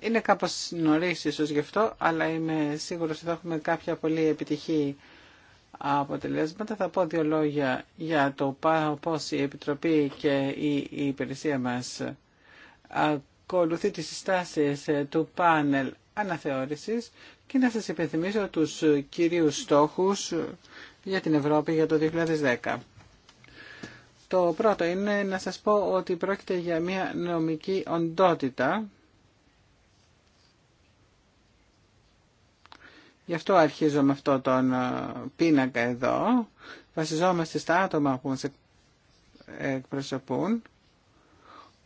Είναι κάπως νωρίς ίσως γι' αυτό, αλλά είμαι σίγουρος ότι θα έχουμε κάποια πολύ επιτυχή αποτελέσματα. Θα πω δύο λόγια για το πώς η Επιτροπή και η, η υπηρεσία μας ακολουθεί τις συστάσεις ε, του πάνελ αναθεώρησης και να σας υπενθυμίσω τους κυρίους στόχους για την Ευρώπη για το 2010. Το πρώτο είναι να σας πω ότι πρόκειται για μια νομική οντότητα Γι' αυτό αρχίζω με αυτό τον ε, πίνακα εδώ. Βασιζόμαστε στα άτομα που μας εκπροσωπούν.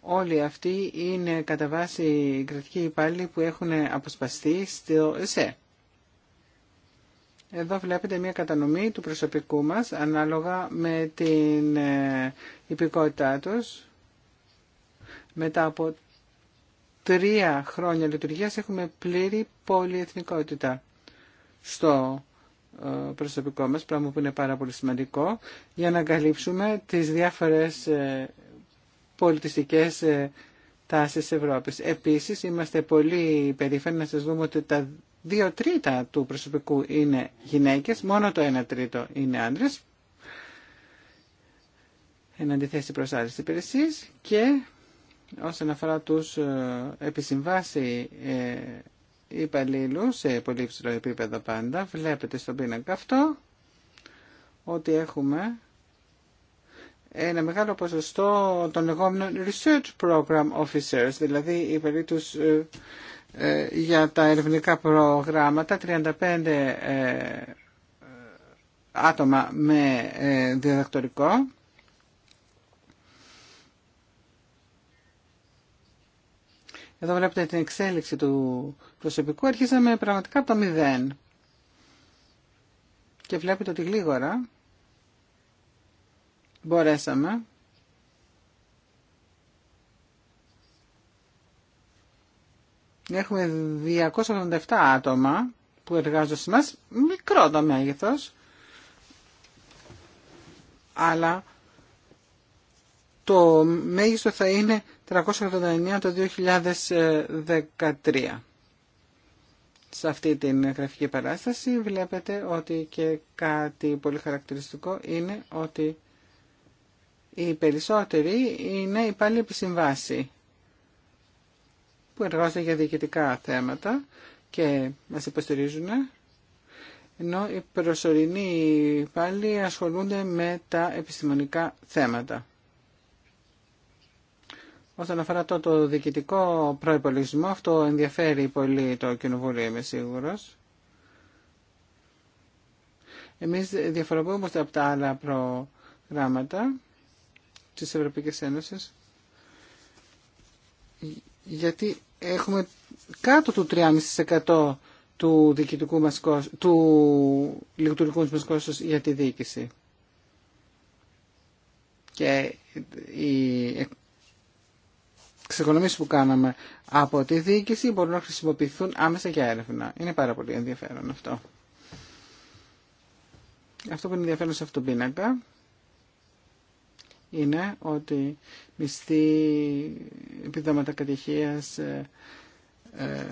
Όλοι αυτοί είναι κατά βάση κρατικοί υπάλληλοι που έχουν αποσπαστεί στο ΕΣΕ. Εδώ βλέπετε μια κατανομή του προσωπικού μας ανάλογα με την ε, υπηκότητά τους. Μετά από τρία χρόνια λειτουργίας έχουμε πλήρη πολυεθνικότητα στο ε, προσωπικό μας, πράγμα που είναι πάρα πολύ σημαντικό, για να καλύψουμε τις διάφορες ε, πολιτιστικές ε, τάσεις Ευρώπης. Επίσης, είμαστε πολύ περήφανοι να σας δούμε ότι τα δύο τρίτα του προσωπικού είναι γυναίκες, μόνο το ένα τρίτο είναι άντρες, εν αντιθέσει προς άλλες υπηρεσίες και όσον αφορά τους επισυμβάσει υπαλλήλου σε πολύ ψηλό επίπεδο πάντα. Βλέπετε στον πίνακα αυτό ότι έχουμε ένα μεγάλο ποσοστό των λεγόμενων Research Program Officers, δηλαδή υπαλλήλου τους ε, ε, για τα ερευνητικά προγράμματα, 35 ε, άτομα με διδακτορικό Εδώ βλέπετε την εξέλιξη του προσωπικού. Αρχίσαμε πραγματικά από το μηδέν. Και βλέπετε ότι γλίγορα μπορέσαμε Έχουμε 287 άτομα που εργάζονται σε μας, μικρό το μέγεθος, αλλά το μέγιστο θα είναι 389 το 2013. Σε αυτή την γραφική παράσταση βλέπετε ότι και κάτι πολύ χαρακτηριστικό είναι ότι οι περισσότεροι είναι υπάλληλοι επισυμβάση που εργάζονται για διοικητικά θέματα και μας υποστηρίζουν ενώ οι προσωρινοί πάλι ασχολούνται με τα επιστημονικά θέματα. Όσον αφορά το, το διοικητικό προϋπολογισμό, αυτό ενδιαφέρει πολύ το Κοινοβούλιο, είμαι σίγουρος. Εμείς διαφοροποιούμε από τα άλλα προγράμματα της Ευρωπαϊκής Ένωσης, γιατί έχουμε κάτω του 3,5% του, διοικητικού μας του λειτουργικού μας κόστος για τη διοίκηση. Και η Ξεκονομήσεις που κάναμε από τη διοίκηση μπορούν να χρησιμοποιηθούν άμεσα για έρευνα. Είναι πάρα πολύ ενδιαφέρον αυτό. Αυτό που είναι ενδιαφέρον σε αυτόν τον πίνακα είναι ότι μισθή, επιδόματα κατοιχείας ε, ε,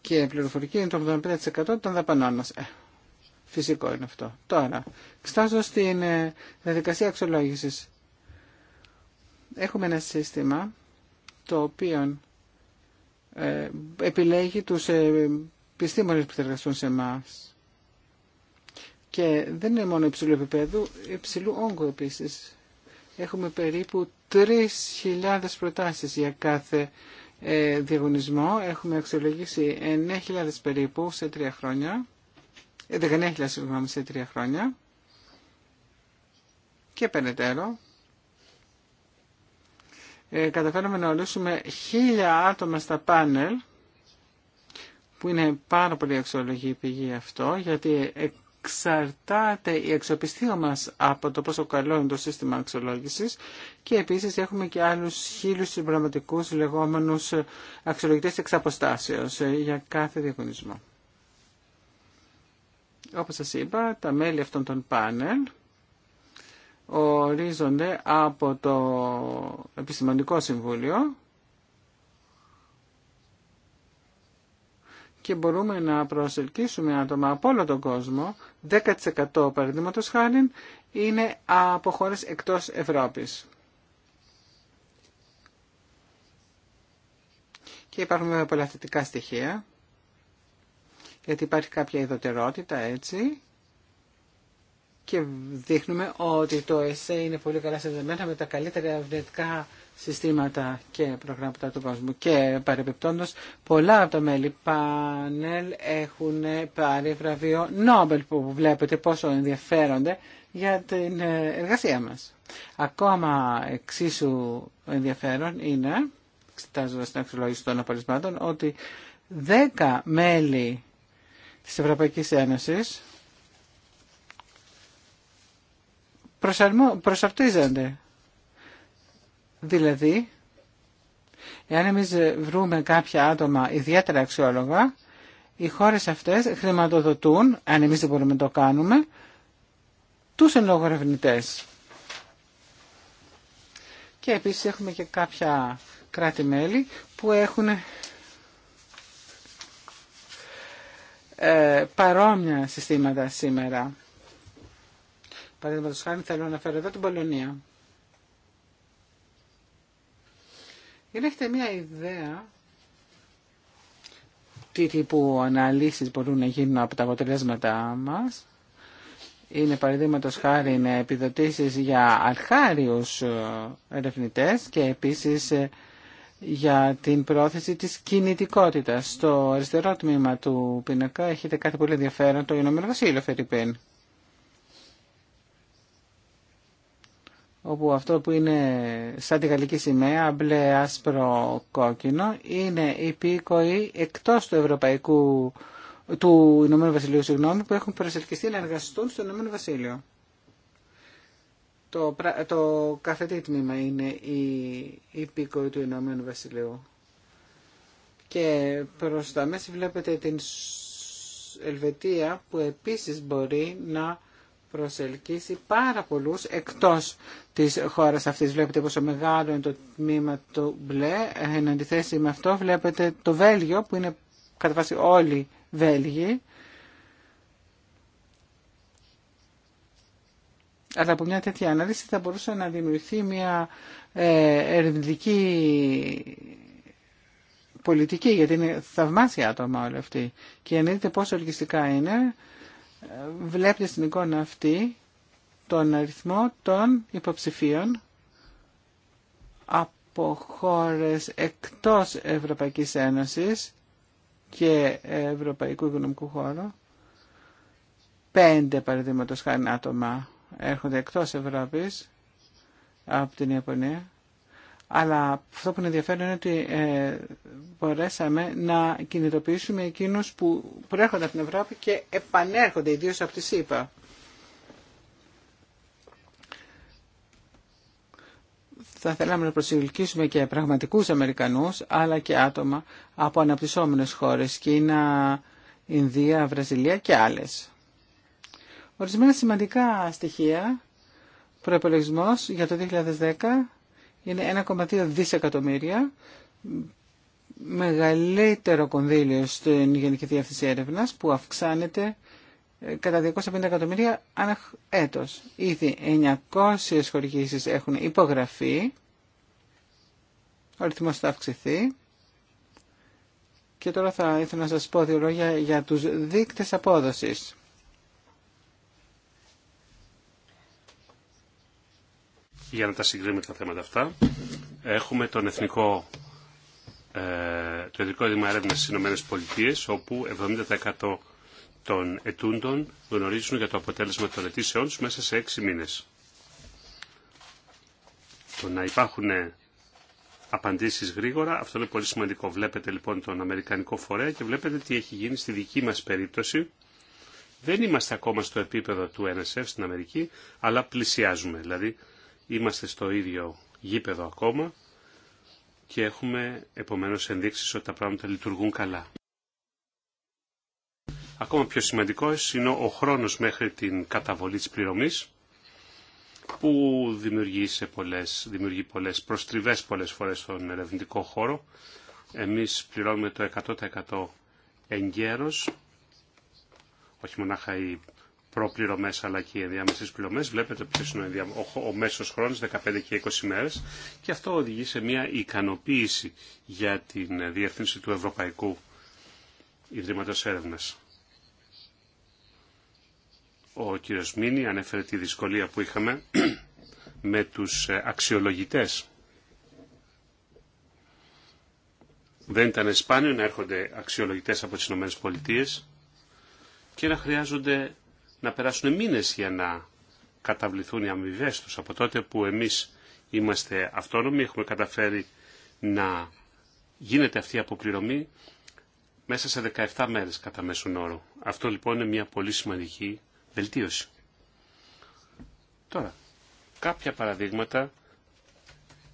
και πληροφορική είναι το 85% των δαπανών μας. Ε, φυσικό είναι αυτό. Τώρα, εξτάζω στην διαδικασία αξιολόγησης. Έχουμε ένα σύστημα το οποίο ε, επιλέγει τους ε, επιστήμονες που θα εργαστούν σε εμά. Και δεν είναι μόνο υψηλού επίπεδου, υψηλού όγκου επίσης. Έχουμε περίπου 3.000 προτάσεις για κάθε ε, διαγωνισμό. Έχουμε αξιολογήσει 9.000 περίπου σε τρία χρόνια. 19.000 σε τρία χρόνια. Και περαιτέρω ε, καταφέραμε να ολούσουμε χίλια άτομα στα πάνελ, που είναι πάρα πολύ αξιολογή πηγή αυτό, γιατί εξαρτάται η αξιοπιστία μας από το πόσο καλό είναι το σύστημα αξιολόγησης και επίσης έχουμε και άλλους χίλιους συμπραγματικούς λεγόμενους αξιολογητές εξ αποστάσεως ε, για κάθε διαγωνισμό. Όπως σας είπα, τα μέλη αυτών των πάνελ ορίζονται από το Επιστημονικό Συμβούλιο και μπορούμε να προσελκύσουμε άτομα από όλο τον κόσμο, 10% παραδείγματος χάρη, είναι από χώρες εκτός Ευρώπης. Και υπάρχουν πολλά θετικά στοιχεία, γιατί υπάρχει κάποια ειδωτερότητα έτσι, και δείχνουμε ότι το ΕΣΕ είναι πολύ καλά συνδεδεμένα με τα καλύτερα ευνητικά συστήματα και προγράμματα του κόσμου. Και παρεμπιπτόντω, πολλά από τα μέλη πάνελ έχουν πάρει βραβείο Νόμπελ που βλέπετε πόσο ενδιαφέρονται για την εργασία μας. Ακόμα εξίσου ενδιαφέρον είναι, εξετάζοντα την αξιολόγηση των απολυσμάτων, ότι 10 μέλη της Ευρωπαϊκής Ένωσης προσαρμο, προσαρτίζονται. Δηλαδή, εάν εμεί βρούμε κάποια άτομα ιδιαίτερα αξιόλογα, οι χώρες αυτές χρηματοδοτούν, αν εμείς δεν μπορούμε να το κάνουμε, τους εν Και επίσης έχουμε και κάποια κράτη-μέλη που έχουν ε, παρόμοια συστήματα σήμερα. Παραδείγματο χάρη θέλω να αναφέρω εδώ την Πολωνία. Για να έχετε μια ιδέα τι τύπου αναλύσει μπορούν να γίνουν από τα αποτελέσματά μα. είναι παραδείγματο χάρη επιδοτήσει για αρχάριου ε, ερευνητέ. και επίση ε, για την πρόθεση της κινητικότητας. Στο αριστερό τμήμα του πίνακα έχετε κάτι πολύ ενδιαφέρον, το Ηνωμένο Βασίλειο Φερρυπίν. όπου αυτό που είναι σαν τη γαλλική σημαία, μπλε, άσπρο, κόκκινο, είναι υπήκοοι εκτός του Ευρωπαϊκού, του Ηνωμένου Βασιλείου, συγγνώμη, που έχουν προσελκυστεί να εργαστούν στο Ηνωμένο Βασίλειο. Το, το καθετή τμήμα είναι η υπήκοή του Ηνωμένου Βασιλείου. Και προς τα μέση βλέπετε την Ελβετία που επίσης μπορεί να προσελκύσει πάρα πολλούς εκτός της χώρας αυτής. Βλέπετε πόσο μεγάλο είναι το τμήμα του μπλε. Εν αντιθέσει με αυτό βλέπετε το Βέλγιο που είναι κατά βάση όλοι Βέλγοι. Αλλά από μια τέτοια ανάλυση θα μπορούσε να δημιουργηθεί μια ε, ερευνητική πολιτική, γιατί είναι θαυμάσια άτομα όλοι αυτοί. Και αν δείτε πόσο ελκυστικά είναι, βλέπετε στην εικόνα αυτή τον αριθμό των υποψηφίων από χώρες εκτός Ευρωπαϊκής Ένωσης και Ευρωπαϊκού Οικονομικού Χώρου. Πέντε παραδείγματος χάρη άτομα έρχονται εκτός Ευρώπης από την Ιαπωνία αλλά αυτό που είναι ενδιαφέρον είναι ότι ε, μπορέσαμε να κινητοποιήσουμε εκείνους που προέρχονται από την Ευρώπη και επανέρχονται, ιδίως από τη ΣΥΠΑ. Θα θέλαμε να προσελκύσουμε και πραγματικούς Αμερικανούς, αλλά και άτομα από αναπτυσσόμενες χώρες, Κίνα, Ινδία, Βραζιλία και άλλες. Ορισμένα σημαντικά στοιχεία, προπολογισμό για το 2010 είναι 1,2 δισεκατομμύρια, μεγαλύτερο κονδύλιο στην Γενική Διεύθυνση Έρευνα που αυξάνεται ε, κατά 250 εκατομμύρια ανά έτος. Ήδη 900 χορηγήσεις έχουν υπογραφεί, ο ρυθμός θα αυξηθεί. Και τώρα θα ήθελα να σας πω δύο λόγια για τους δείκτες απόδοσης. για να τα συγκρίνουμε τα θέματα αυτά. Έχουμε τον Εθνικό ε, το Εθνικό Δήμα Έρευνα στι Πολιτείε, όπου 70% των ετούντων γνωρίζουν για το αποτέλεσμα των αιτήσεών του μέσα σε 6 μήνε. Το να υπάρχουν ε, απαντήσει γρήγορα, αυτό είναι πολύ σημαντικό. Βλέπετε λοιπόν τον Αμερικανικό φορέα και βλέπετε τι έχει γίνει στη δική μα περίπτωση. Δεν είμαστε ακόμα στο επίπεδο του NSF στην Αμερική, αλλά πλησιάζουμε. Δηλαδή, Είμαστε στο ίδιο γήπεδο ακόμα και έχουμε επομένως ενδείξεις ότι τα πράγματα λειτουργούν καλά. Ακόμα πιο σημαντικό είναι ο χρόνος μέχρι την καταβολή της πληρωμής που δημιουργεί, σε πολλές, δημιουργεί πολλές προστριβές πολλές φορές στον ερευνητικό χώρο. Εμείς πληρώνουμε το 100% εγκαίρος, όχι μονάχα οι προπληρωμές αλλά και οι ενδιάμεσες πληρωμές. Βλέπετε ποιος είναι ο, ο μέσος χρόνος, 15 και 20 μέρες και αυτό οδηγεί σε μια ικανοποίηση για την ε, διεύθυνση του Ευρωπαϊκού Ιδρύματος Έρευνας. Ο κύριος Μίνη ανέφερε τη δυσκολία που είχαμε με τους ε, αξιολογητές. Δεν ήταν σπάνιο να έρχονται αξιολογητές από τις ΗΠΑ και να χρειάζονται να περάσουν μήνες για να καταβληθούν οι αμοιβέ τους. Από τότε που εμείς είμαστε αυτόνομοι, έχουμε καταφέρει να γίνεται αυτή η αποπληρωμή μέσα σε 17 μέρες κατά μέσον όρο. Αυτό λοιπόν είναι μια πολύ σημαντική βελτίωση. Τώρα, κάποια παραδείγματα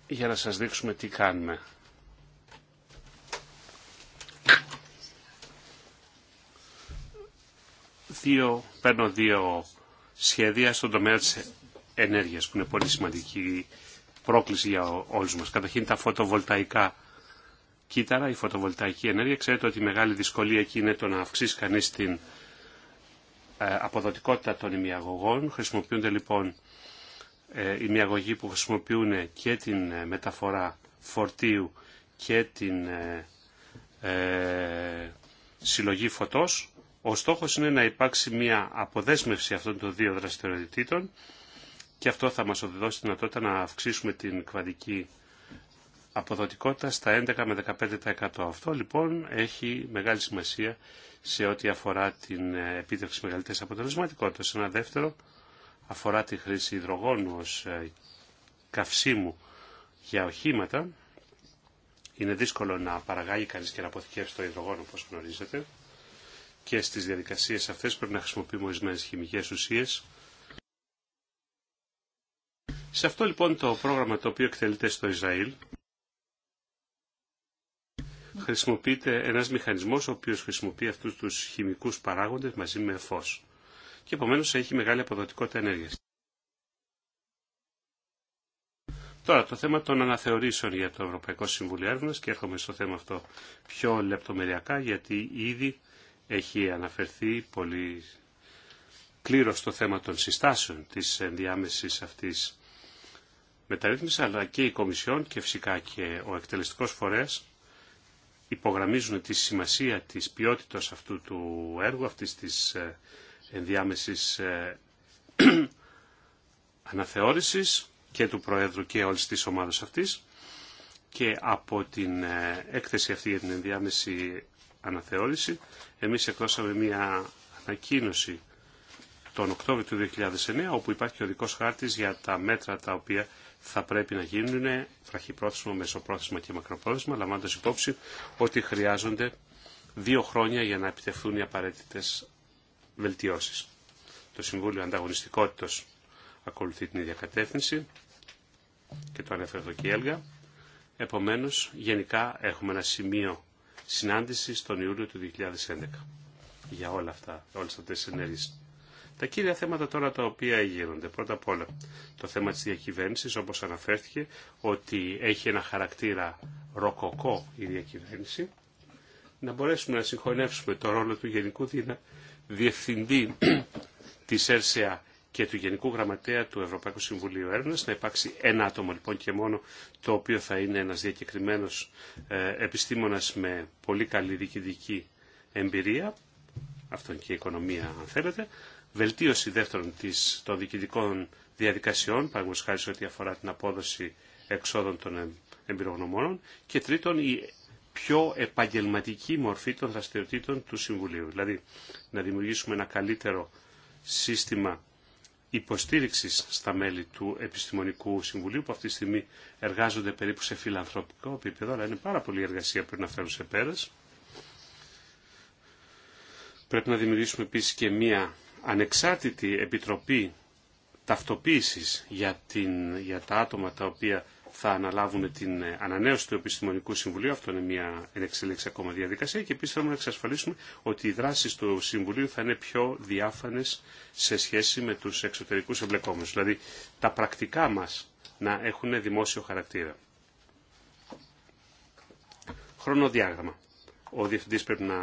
για να σας δείξουμε τι κάνουμε. παίρνω δύο σχέδια στον τομέα της ενέργειας που είναι πολύ σημαντική πρόκληση για όλους μας. Καταρχήν τα φωτοβολταϊκά κύτταρα, η φωτοβολταϊκή ενέργεια. Ξέρετε ότι η μεγάλη δυσκολία εκεί είναι το να αυξήσει κανείς την ε, αποδοτικότητα των ημιαγωγών. Χρησιμοποιούνται λοιπόν ε, ημιαγωγοί που χρησιμοποιούν και την ε, μεταφορά φορτίου και την συλλογή φωτός ο στόχος είναι να υπάρξει μια αποδέσμευση αυτών των δύο δραστηριοτήτων και αυτό θα μας οδηγήσει τη δυνατότητα να αυξήσουμε την κβαντική αποδοτικότητα στα 11 με 15%. Αυτό λοιπόν έχει μεγάλη σημασία σε ό,τι αφορά την επίτευξη μεγαλύτερης αποτελεσματικότητας. Ένα δεύτερο αφορά τη χρήση υδρογόνου ως ε, καυσίμου για οχήματα. Είναι δύσκολο να παραγάγει κανείς και να αποθηκεύσει το υδρογόνο όπως γνωρίζετε και στις διαδικασίες αυτές πρέπει να χρησιμοποιούμε ορισμένε χημικές ουσίες. Σε αυτό λοιπόν το πρόγραμμα το οποίο εκτελείται στο Ισραήλ χρησιμοποιείται ένας μηχανισμός ο οποίος χρησιμοποιεί αυτούς τους χημικούς παράγοντες μαζί με φως και επομένως έχει μεγάλη αποδοτικότητα ενέργειας. Τώρα το θέμα των αναθεωρήσεων για το Ευρωπαϊκό Συμβούλιο Έρευνα και έρχομαι στο θέμα αυτό πιο λεπτομεριακά γιατί ήδη έχει αναφερθεί πολύ κλήρο στο θέμα των συστάσεων της ενδιάμεσης αυτής μεταρρύθμισης, αλλά και η Κομισιόν και φυσικά και ο εκτελεστικός φορέας υπογραμμίζουν τη σημασία της ποιότητας αυτού του έργου, αυτής της ε, ενδιάμεσης ε, αναθεώρησης και του Προέδρου και όλης της ομάδας αυτής και από την ε, έκθεση αυτή για την ενδιάμεση αναθεώρηση. Εμείς εκδώσαμε μια ανακοίνωση τον Οκτώβριο του 2009, όπου υπάρχει ο δικός χάρτης για τα μέτρα τα οποία θα πρέπει να γίνουν βραχυπρόθεσμα, μεσοπρόθεσμα και μακροπρόθεσμα, λαμβάνοντας υπόψη ότι χρειάζονται δύο χρόνια για να επιτευχθούν οι απαραίτητες βελτιώσεις. Το Συμβούλιο Ανταγωνιστικότητος ακολουθεί την ίδια κατεύθυνση και το ανέφερε εδώ και η Έλγα. Επομένως, γενικά έχουμε ένα σημείο συνάντηση τον Ιούλιο του 2011 για όλα αυτά, όλες αυτές τις ενέργειες. Τα κύρια θέματα τώρα τα οποία γίνονται. Πρώτα απ' όλα το θέμα της διακυβέρνησης όπως αναφέρθηκε ότι έχει ένα χαρακτήρα ροκοκό η διακυβέρνηση. Να μπορέσουμε να συγχωνεύσουμε το ρόλο του Γενικού Διευθυντή της ΕΡΣΕΑ και του Γενικού Γραμματέα του Ευρωπαϊκού Συμβουλίου Έρευνας. Να υπάρξει ένα άτομο λοιπόν και μόνο το οποίο θα είναι ένας διακεκριμένος ε, επιστήμονας με πολύ καλή διοικητική εμπειρία. Αυτό είναι και η οικονομία αν θέλετε. Βελτίωση δεύτερον της, των διοικητικών διαδικασιών, παραγωγικά, χάρη σε ό,τι αφορά την απόδοση εξόδων των εμπειρογνωμόνων και τρίτον η πιο επαγγελματική μορφή των δραστηριοτήτων του Συμβουλίου. Δηλαδή να δημιουργήσουμε ένα καλύτερο σύστημα υποστήριξη στα μέλη του Επιστημονικού Συμβουλίου που αυτή τη στιγμή εργάζονται περίπου σε φιλανθρωπικό επίπεδο, αλλά είναι πάρα πολλή εργασία που πρέπει να φέρουν σε πέρα. Πρέπει να δημιουργήσουμε επίση και μία ανεξάρτητη επιτροπή ταυτοποίηση για, για τα άτομα τα οποία θα αναλάβουν την ε, ανανέωση του Επιστημονικού Συμβουλίου. Αυτό είναι μια ενεξελίξη ακόμα διαδικασία και επίση θέλουμε να εξασφαλίσουμε ότι οι δράσει του Συμβουλίου θα είναι πιο διάφανε σε σχέση με του εξωτερικού εμπλεκόμενου. Δηλαδή τα πρακτικά μα να έχουν δημόσιο χαρακτήρα. Χρονοδιάγραμμα. Ο διευθυντή πρέπει να,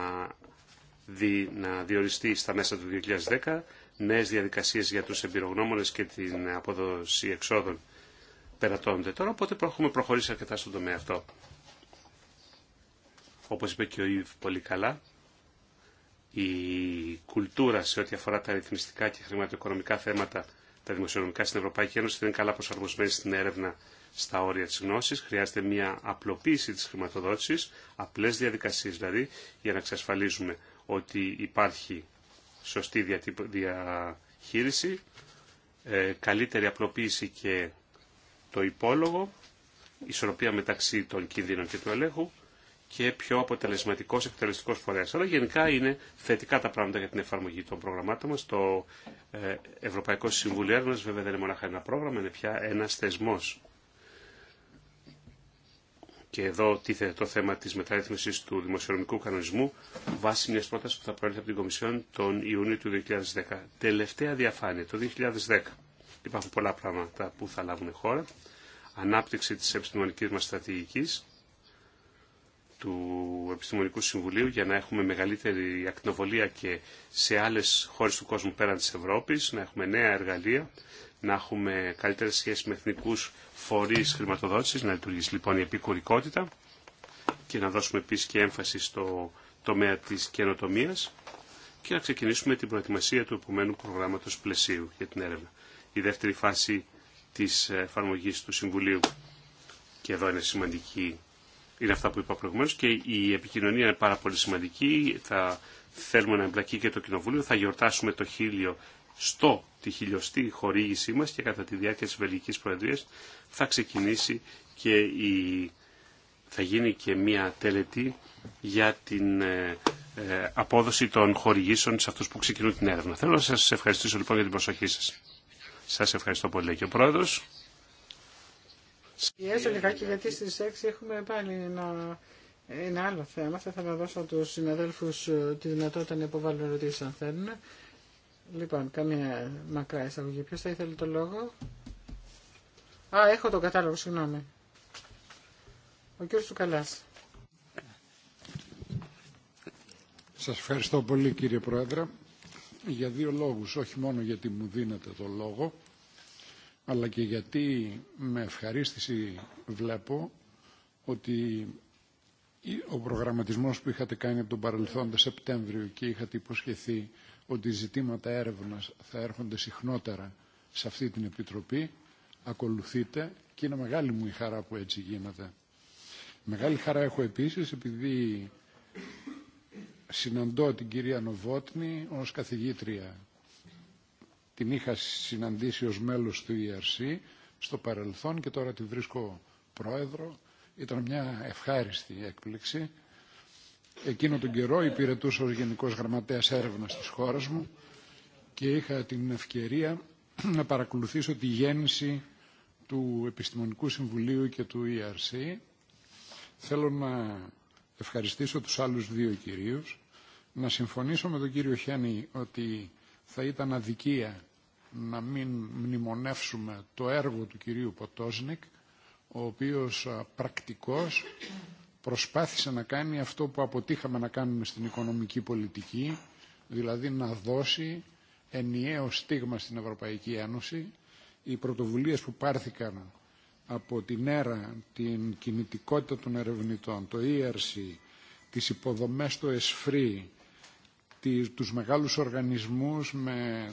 να διοριστεί στα μέσα του 2010 νέες διαδικασίες για τους εμπειρογνώμονες και την απόδοση εξόδων περατώνονται τώρα, οπότε έχουμε προχωρήσει αρκετά στον τομέα αυτό. Όπως είπε και ο Ιβ πολύ καλά, η κουλτούρα σε ό,τι αφορά τα ρυθμιστικά και χρηματοοικονομικά θέματα, τα δημοσιονομικά στην Ευρωπαϊκή Ένωση δεν είναι καλά προσαρμοσμένη στην έρευνα στα όρια της γνώσης. Χρειάζεται μια απλοποίηση της χρηματοδότησης, απλές διαδικασίες δηλαδή, για να εξασφαλίζουμε ότι υπάρχει σωστή διαχείριση, ε, καλύτερη απλοποίηση και το υπόλογο, ισορροπία μεταξύ των κινδύνων και του ελέγχου και πιο αποτελεσματικό εκτελεστικό φορέα. Αλλά γενικά είναι θετικά τα πράγματα για την εφαρμογή των προγραμμάτων μα. Το ε, Ευρωπαϊκό Συμβούλιο Έρευνα βέβαια δεν είναι μόνο ένα πρόγραμμα, είναι πια ένα θεσμό. Και εδώ τίθεται το θέμα τη μεταρρύθμιση του δημοσιονομικού κανονισμού βάσει μια πρόταση που θα προέρχεται από την Κομισιόν τον Ιούνιο του 2010. Τελευταία διαφάνεια, το 2010. Υπάρχουν πολλά πράγματα που θα λάβουν χώρα. Ανάπτυξη της επιστημονικής μας στρατηγικής, του Επιστημονικού Συμβουλίου για να έχουμε μεγαλύτερη ακτινοβολία και σε άλλες χώρες του κόσμου πέραν της Ευρώπης, να έχουμε νέα εργαλεία, να έχουμε καλύτερες σχέσεις με εθνικούς φορείς χρηματοδότησης, να λειτουργήσει λοιπόν η επικουρικότητα και να δώσουμε επίσης και έμφαση στο τομέα της καινοτομίας και να ξεκινήσουμε την προετοιμασία του επομένου προγράμματος πλαισίου για την έρευνα η δεύτερη φάση της εφαρμογή του Συμβουλίου. Και εδώ είναι σημαντική, είναι αυτά που είπα προηγουμένω και η επικοινωνία είναι πάρα πολύ σημαντική. Θα θέλουμε να εμπλακεί και το Κοινοβούλιο, θα γιορτάσουμε το χίλιο στο τη χιλιοστή χορήγησή μας και κατά τη διάρκεια της Βελγικής Προεδρίας θα ξεκινήσει και η... θα γίνει και μια τελετή για την ε, ε, απόδοση των χορηγήσεων σε αυτούς που ξεκινούν την έρευνα. Θέλω να σας ευχαριστήσω λοιπόν για την προσοχή σας. Σας ευχαριστώ πολύ, και ο Πρόεδρος. Έστω λιγάκι γιατί στις 6 έχουμε πάλι ένα, ένα άλλο θέμα. Θα ήθελα να δώσω τους συναδέλφους ε, τη δυνατότητα να υποβάλουν ερωτήσεις αν θέλουν. Λοιπόν, καμία μακρά εισαγωγή. Ποιος θα ήθελε το λόγο. Α, έχω τον κατάλογο, συγγνώμη. Ο κύριος Καλάς. Σας ευχαριστώ πολύ κύριε Πρόεδρε για δύο λόγους, όχι μόνο γιατί μου δίνετε το λόγο, αλλά και γιατί με ευχαρίστηση βλέπω ότι ο προγραμματισμός που είχατε κάνει από τον παρελθόντα Σεπτέμβριο και είχατε υποσχεθεί ότι ζητήματα έρευνας θα έρχονται συχνότερα σε αυτή την Επιτροπή, ακολουθείτε και είναι μεγάλη μου η χαρά που έτσι γίνεται. Μεγάλη χαρά έχω επίσης επειδή συναντώ την κυρία Νοβότνη ως καθηγήτρια. Την είχα συναντήσει ως μέλος του ERC στο παρελθόν και τώρα τη βρίσκω πρόεδρο. Ήταν μια ευχάριστη έκπληξη. Εκείνο τον καιρό υπηρετούσα ως Γενικός Γραμματέας Έρευνας της χώρας μου και είχα την ευκαιρία να παρακολουθήσω τη γέννηση του Επιστημονικού Συμβουλίου και του ERC. Θέλω να ευχαριστήσω τους άλλους δύο κυρίους να συμφωνήσω με τον κύριο Χένι ότι θα ήταν αδικία να μην μνημονεύσουμε το έργο του κυρίου Ποτόσνικ, ο οποίος πρακτικός προσπάθησε να κάνει αυτό που αποτύχαμε να κάνουμε στην οικονομική πολιτική, δηλαδή να δώσει ενιαίο στίγμα στην Ευρωπαϊκή Ένωση. Οι πρωτοβουλίες που πάρθηκαν από την ΕΡΑ, την κινητικότητα των ερευνητών, το ERC, τις υποδομές στο ΕΣΦΡΙ, τους μεγάλους οργανισμούς με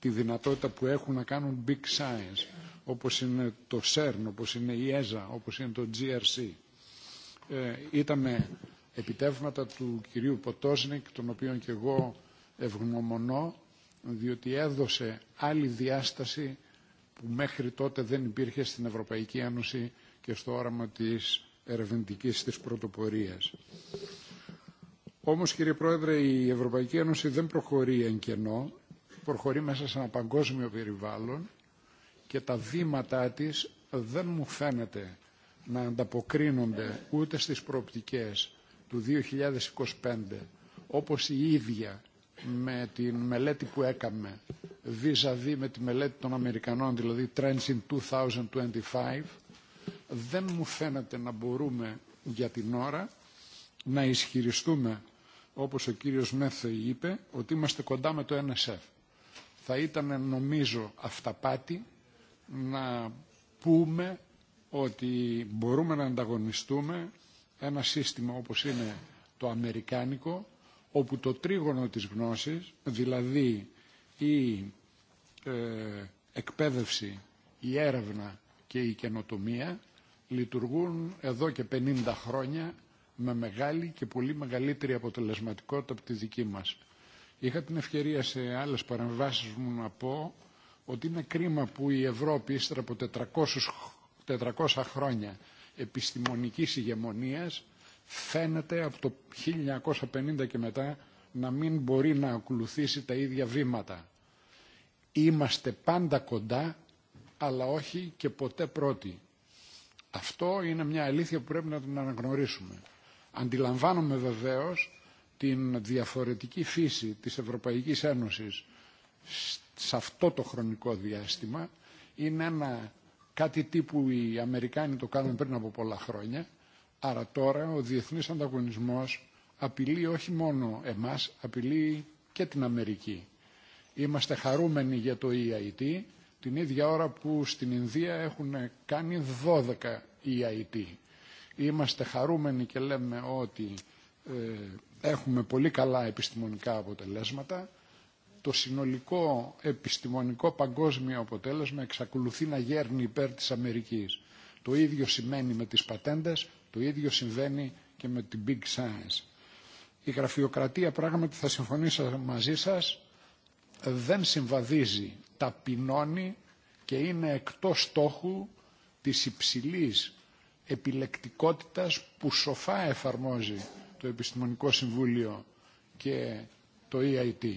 τη δυνατότητα που έχουν να κάνουν big science, όπως είναι το CERN, όπως είναι η ESA, όπως είναι το GRC. Ε, Ήταν επιτεύγματα του κυρίου Ποτόσνικ, τον οποίον και εγώ ευγνωμονώ, διότι έδωσε άλλη διάσταση που μέχρι τότε δεν υπήρχε στην Ευρωπαϊκή Ένωση και στο όραμα της ερευνητικής της πρωτοπορίας. Όμως, κύριε Πρόεδρε, η Ευρωπαϊκή Ένωση δεν προχωρεί εν κενό, προχωρεί μέσα σε ένα παγκόσμιο περιβάλλον και τα βήματά της δεν μου φαίνεται να ανταποκρίνονται ούτε στις προοπτικές του 2025, όπως η ίδια με τη μελέτη που έκαμε a με τη μελέτη των Αμερικανών, δηλαδή Trends in 2025, δεν μου φαίνεται να μπορούμε για την ώρα να ισχυριστούμε όπως ο κύριος Μέθεϊ είπε, ότι είμαστε κοντά με το NSF. Θα ήταν νομίζω αυταπάτη να πούμε ότι μπορούμε να ανταγωνιστούμε ένα σύστημα όπως είναι το αμερικάνικο, όπου το τρίγωνο της γνώσης, δηλαδή η ε, εκπαίδευση, η έρευνα και η καινοτομία, λειτουργούν εδώ και 50 χρόνια με μεγάλη και πολύ μεγαλύτερη αποτελεσματικότητα από τη δική μας. Είχα την ευκαιρία σε άλλες παρεμβάσεις μου να πω ότι είναι κρίμα που η Ευρώπη ύστερα από 400, 400 χρόνια επιστημονικής ηγεμονίας φαίνεται από το 1950 και μετά να μην μπορεί να ακολουθήσει τα ίδια βήματα. Είμαστε πάντα κοντά, αλλά όχι και ποτέ πρώτοι. Αυτό είναι μια αλήθεια που πρέπει να την αναγνωρίσουμε. Αντιλαμβάνομαι βεβαίως την διαφορετική φύση της Ευρωπαϊκής Ένωσης σε αυτό το χρονικό διάστημα. Είναι ένα κάτι τύπου οι Αμερικάνοι το κάνουν πριν από πολλά χρόνια. Άρα τώρα ο διεθνής ανταγωνισμός απειλεί όχι μόνο εμάς, απειλεί και την Αμερική. Είμαστε χαρούμενοι για το EIT, την ίδια ώρα που στην Ινδία έχουν κάνει 12 EIT είμαστε χαρούμενοι και λέμε ότι ε, έχουμε πολύ καλά επιστημονικά αποτελέσματα. Το συνολικό επιστημονικό παγκόσμιο αποτέλεσμα εξακολουθεί να γέρνει υπέρ της Αμερικής. Το ίδιο σημαίνει με τις πατέντες, το ίδιο συμβαίνει και με την big science. Η γραφειοκρατία πράγματι θα συμφωνήσω μαζί σας δεν συμβαδίζει, ταπεινώνει και είναι εκτός στόχου της υψηλής επιλεκτικότητας που σοφά εφαρμόζει το Επιστημονικό Συμβούλιο και το EIT.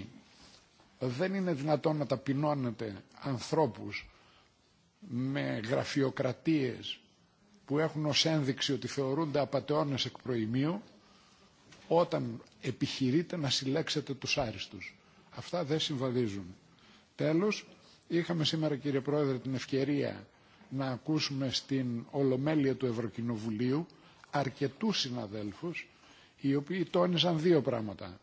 Δεν είναι δυνατόν να ταπεινώνετε ανθρώπους με γραφειοκρατίες που έχουν ως ένδειξη ότι θεωρούνται απαταιώνες εκ προημίου όταν επιχειρείτε να συλλέξετε τους άριστους. Αυτά δεν συμβαδίζουν. Τέλος, είχαμε σήμερα κύριε Πρόεδρε την ευκαιρία να ακούσουμε στην Ολομέλεια του Ευρωκοινοβουλίου αρκετούς συναδέλφους οι οποίοι τόνισαν δύο πράγματα.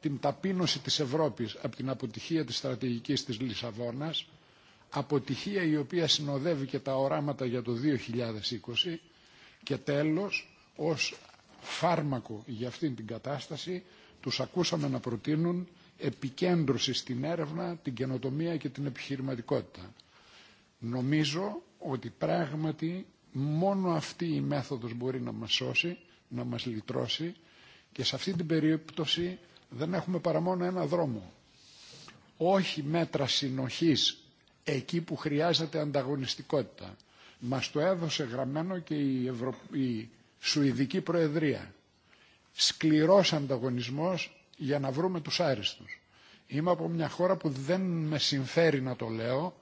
Την ταπείνωση της Ευρώπης από την αποτυχία της στρατηγικής της Λισαβόνας, αποτυχία η οποία συνοδεύει και τα οράματα για το 2020 και τέλος ως φάρμακο για αυτήν την κατάσταση τους ακούσαμε να προτείνουν επικέντρωση στην έρευνα, την καινοτομία και την επιχειρηματικότητα. Νομίζω ότι πράγματι μόνο αυτή η μέθοδος μπορεί να μας σώσει, να μας λυτρώσει και σε αυτή την περίπτωση δεν έχουμε παρά μόνο ένα δρόμο. Όχι μέτρα συνοχής εκεί που χρειάζεται ανταγωνιστικότητα. Μας το έδωσε γραμμένο και η, Σουηδική Προεδρία. Σκληρός ανταγωνισμός για να βρούμε τους άριστους. Είμαι από μια χώρα που δεν με συμφέρει να το λέω,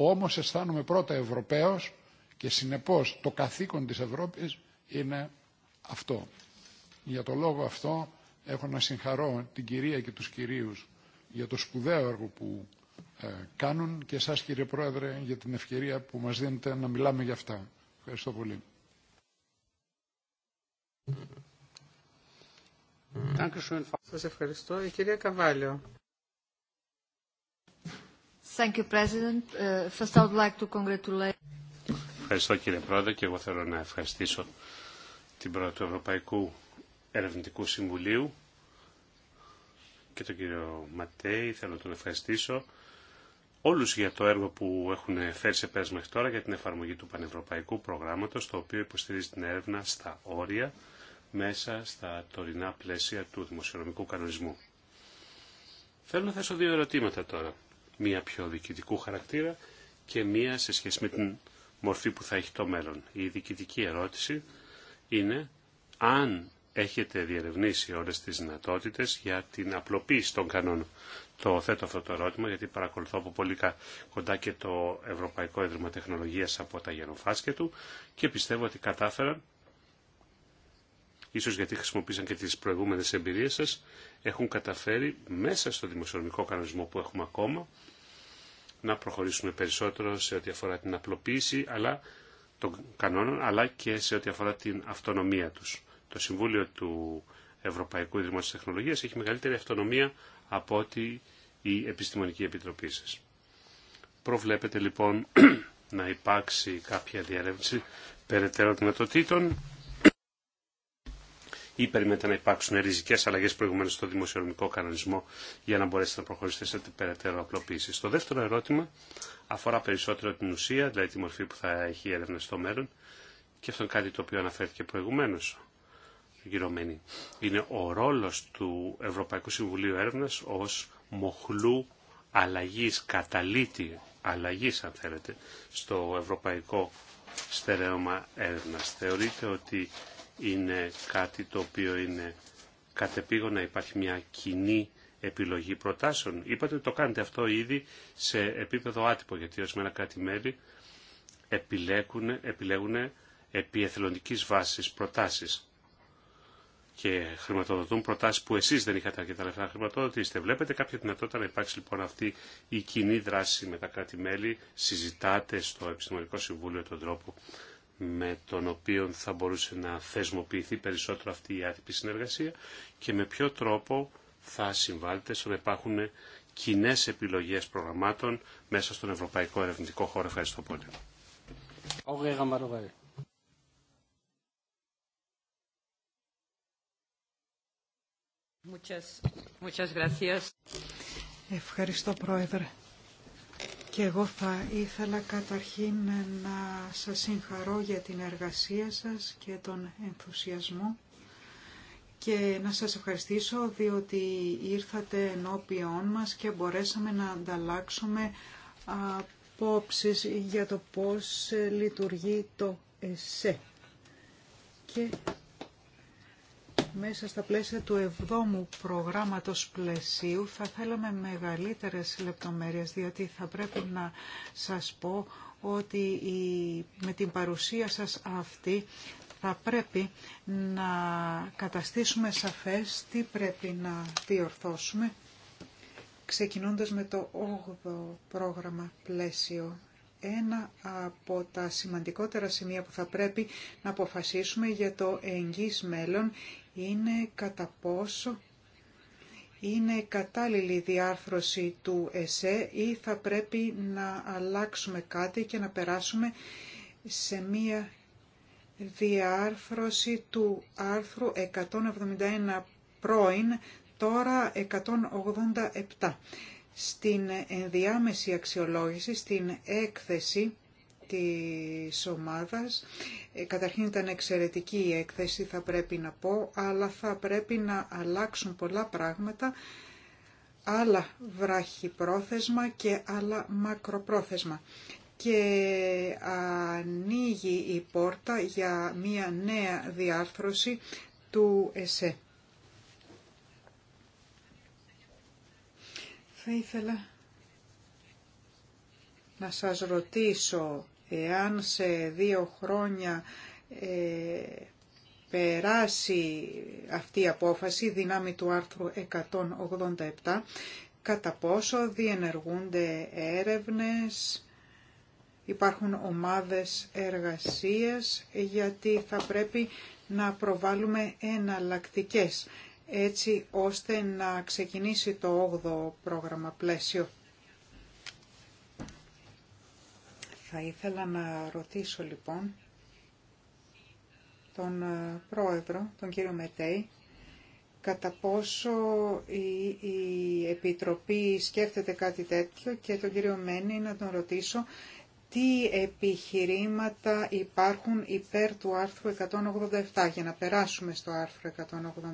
όμως αισθάνομαι πρώτα Ευρωπαίος και συνεπώς το καθήκον της Ευρώπης είναι αυτό. Για το λόγο αυτό έχω να συγχαρώ την κυρία και τους κυρίους για το σπουδαίο έργο που ε, κάνουν και εσάς κύριε Πρόεδρε για την ευκαιρία που μας δίνετε να μιλάμε για αυτά. Ευχαριστώ πολύ. Σας ευχαριστώ. Η κυρία Καβάλιο. Ευχαριστώ κύριε Πρόεδρε και εγώ θέλω να ευχαριστήσω την Πρόεδρο του Ευρωπαϊκού Ερευνητικού Συμβουλίου και τον κύριο Ματέη, θέλω να τον ευχαριστήσω όλους για το έργο που έχουν φέρει σε πέρας μέχρι τώρα για την εφαρμογή του Πανευρωπαϊκού Προγράμματος, το οποίο υποστηρίζει την έρευνα στα όρια μέσα στα τωρινά πλαίσια του δημοσιονομικού κανονισμού. Θέλω να θέσω δύο ερωτήματα τώρα μία πιο διοικητικού χαρακτήρα και μία σε σχέση με την μορφή που θα έχει το μέλλον. Η διοικητική ερώτηση είναι αν έχετε διερευνήσει όλες τις δυνατότητες για την απλοποίηση των κανόνων. Το θέτω αυτό το ερώτημα γιατί παρακολουθώ από πολύ κοντά και το Ευρωπαϊκό Ένδρυμα Τεχνολογίας από τα γενοφάσκε του και πιστεύω ότι κατάφεραν, ίσως γιατί χρησιμοποίησαν και τις προηγούμενες εμπειρίες σας, έχουν καταφέρει μέσα στο δημοσιονομικό κανονισμό που έχουμε ακόμα να προχωρήσουμε περισσότερο σε ό,τι αφορά την απλοποίηση αλλά, των κανόνων, αλλά και σε ό,τι αφορά την αυτονομία τους. Το Συμβούλιο του Ευρωπαϊκού Ιδρύματο Τεχνολογία Τεχνολογίας έχει μεγαλύτερη αυτονομία από ό,τι η Επιστημονική Επιτροπή σας. Προβλέπετε λοιπόν να υπάρξει κάποια διαρρεύνση περαιτέρω δυνατοτήτων ή περιμένετε να υπάρξουν ριζικέ αλλαγέ προηγουμένω στο δημοσιονομικό κανονισμό για να μπορέσετε να προχωρήσετε σε περαιτέρω απλοποίηση. Το δεύτερο ερώτημα αφορά περισσότερο την ουσία, δηλαδή τη μορφή που θα έχει η έρευνα στο μέλλον και αυτό είναι κάτι το οποίο αναφέρθηκε προηγουμένω. Γυρωμένη. Είναι ο ρόλο του Ευρωπαϊκού Συμβουλίου Έρευνα ω μοχλού αλλαγή, καταλήτη αλλαγή, αν θέλετε, στο ευρωπαϊκό στερέωμα έρευνα. Θεωρείτε ότι είναι κάτι το οποίο είναι κατεπήγον να υπάρχει μια κοινή επιλογή προτάσεων. Είπατε ότι το κάνετε αυτό ήδη σε επίπεδο άτυπο, γιατί ορισμένα κράτη-μέλη επιλέγουν, επιλέγουν επί εθελοντικής βάσης προτάσεις και χρηματοδοτούν προτάσεις που εσείς δεν είχατε αρκετά λεφτά να χρηματοδοτήσετε. Βλέπετε κάποια δυνατότητα να υπάρξει λοιπόν αυτή η κοινή δράση με τα κράτη-μέλη, συζητάτε στο Επιστημονικό Συμβούλιο τον τρόπο με τον οποίο θα μπορούσε να θεσμοποιηθεί περισσότερο αυτή η άτυπη συνεργασία και με ποιο τρόπο θα συμβάλλεται στο να υπάρχουν κοινέ επιλογές προγραμμάτων μέσα στον Ευρωπαϊκό Ερευνητικό Χώρο. Ευχαριστώ πολύ. Ευχαριστώ, Πρόεδρε. Και εγώ θα ήθελα καταρχήν να σας συγχαρώ για την εργασία σας και τον ενθουσιασμό και να σας ευχαριστήσω διότι ήρθατε ενώπιόν μας και μπορέσαμε να ανταλλάξουμε απόψεις για το πώς λειτουργεί το ΕΣΕ. Και μέσα στα πλαίσια του 7ου προγράμματος πλαισίου θα θέλαμε μεγαλύτερες λεπτομέρειες, διότι θα πρέπει να σας πω ότι με την παρουσία σας αυτή θα πρέπει να καταστήσουμε σαφές τι πρέπει να διορθώσουμε, ξεκινώντας με το 8ο πρόγραμμα πλαίσιο ένα από τα σημαντικότερα σημεία που θα πρέπει να αποφασίσουμε για το εγγύς μέλλον είναι κατά πόσο είναι κατάλληλη η διάρθρωση του ΕΣΕ ή θα πρέπει να αλλάξουμε κάτι και να περάσουμε σε μία διάρθρωση του άρθρου 171 πρώην, τώρα 187. Στην ενδιάμεση αξιολόγηση, στην έκθεση της ομάδας. Ε, καταρχήν ήταν εξαιρετική η έκθεση, θα πρέπει να πω, αλλά θα πρέπει να αλλάξουν πολλά πράγματα, άλλα πρόθεσμα και άλλα μακροπρόθεσμα. Και ανοίγει η πόρτα για μία νέα διάρθρωση του ΕΣΕ. Θα ήθελα να σας ρωτήσω Εάν σε δύο χρόνια ε, περάσει αυτή η απόφαση, δυνάμει του άρθρου 187, κατά πόσο διενεργούνται έρευνες, υπάρχουν ομάδες εργασίας, γιατί θα πρέπει να προβάλλουμε εναλλακτικές, έτσι ώστε να ξεκινήσει το 8ο πρόγραμμα πλαίσιο. Θα ήθελα να ρωτήσω λοιπόν τον ε, πρόεδρο, τον κύριο Μετέη, κατά πόσο η, Επιτροπή σκέφτεται κάτι τέτοιο και τον κύριο Μέννη να τον ρωτήσω τι επιχειρήματα υπάρχουν υπέρ του άρθρου 187 για να περάσουμε στο άρθρο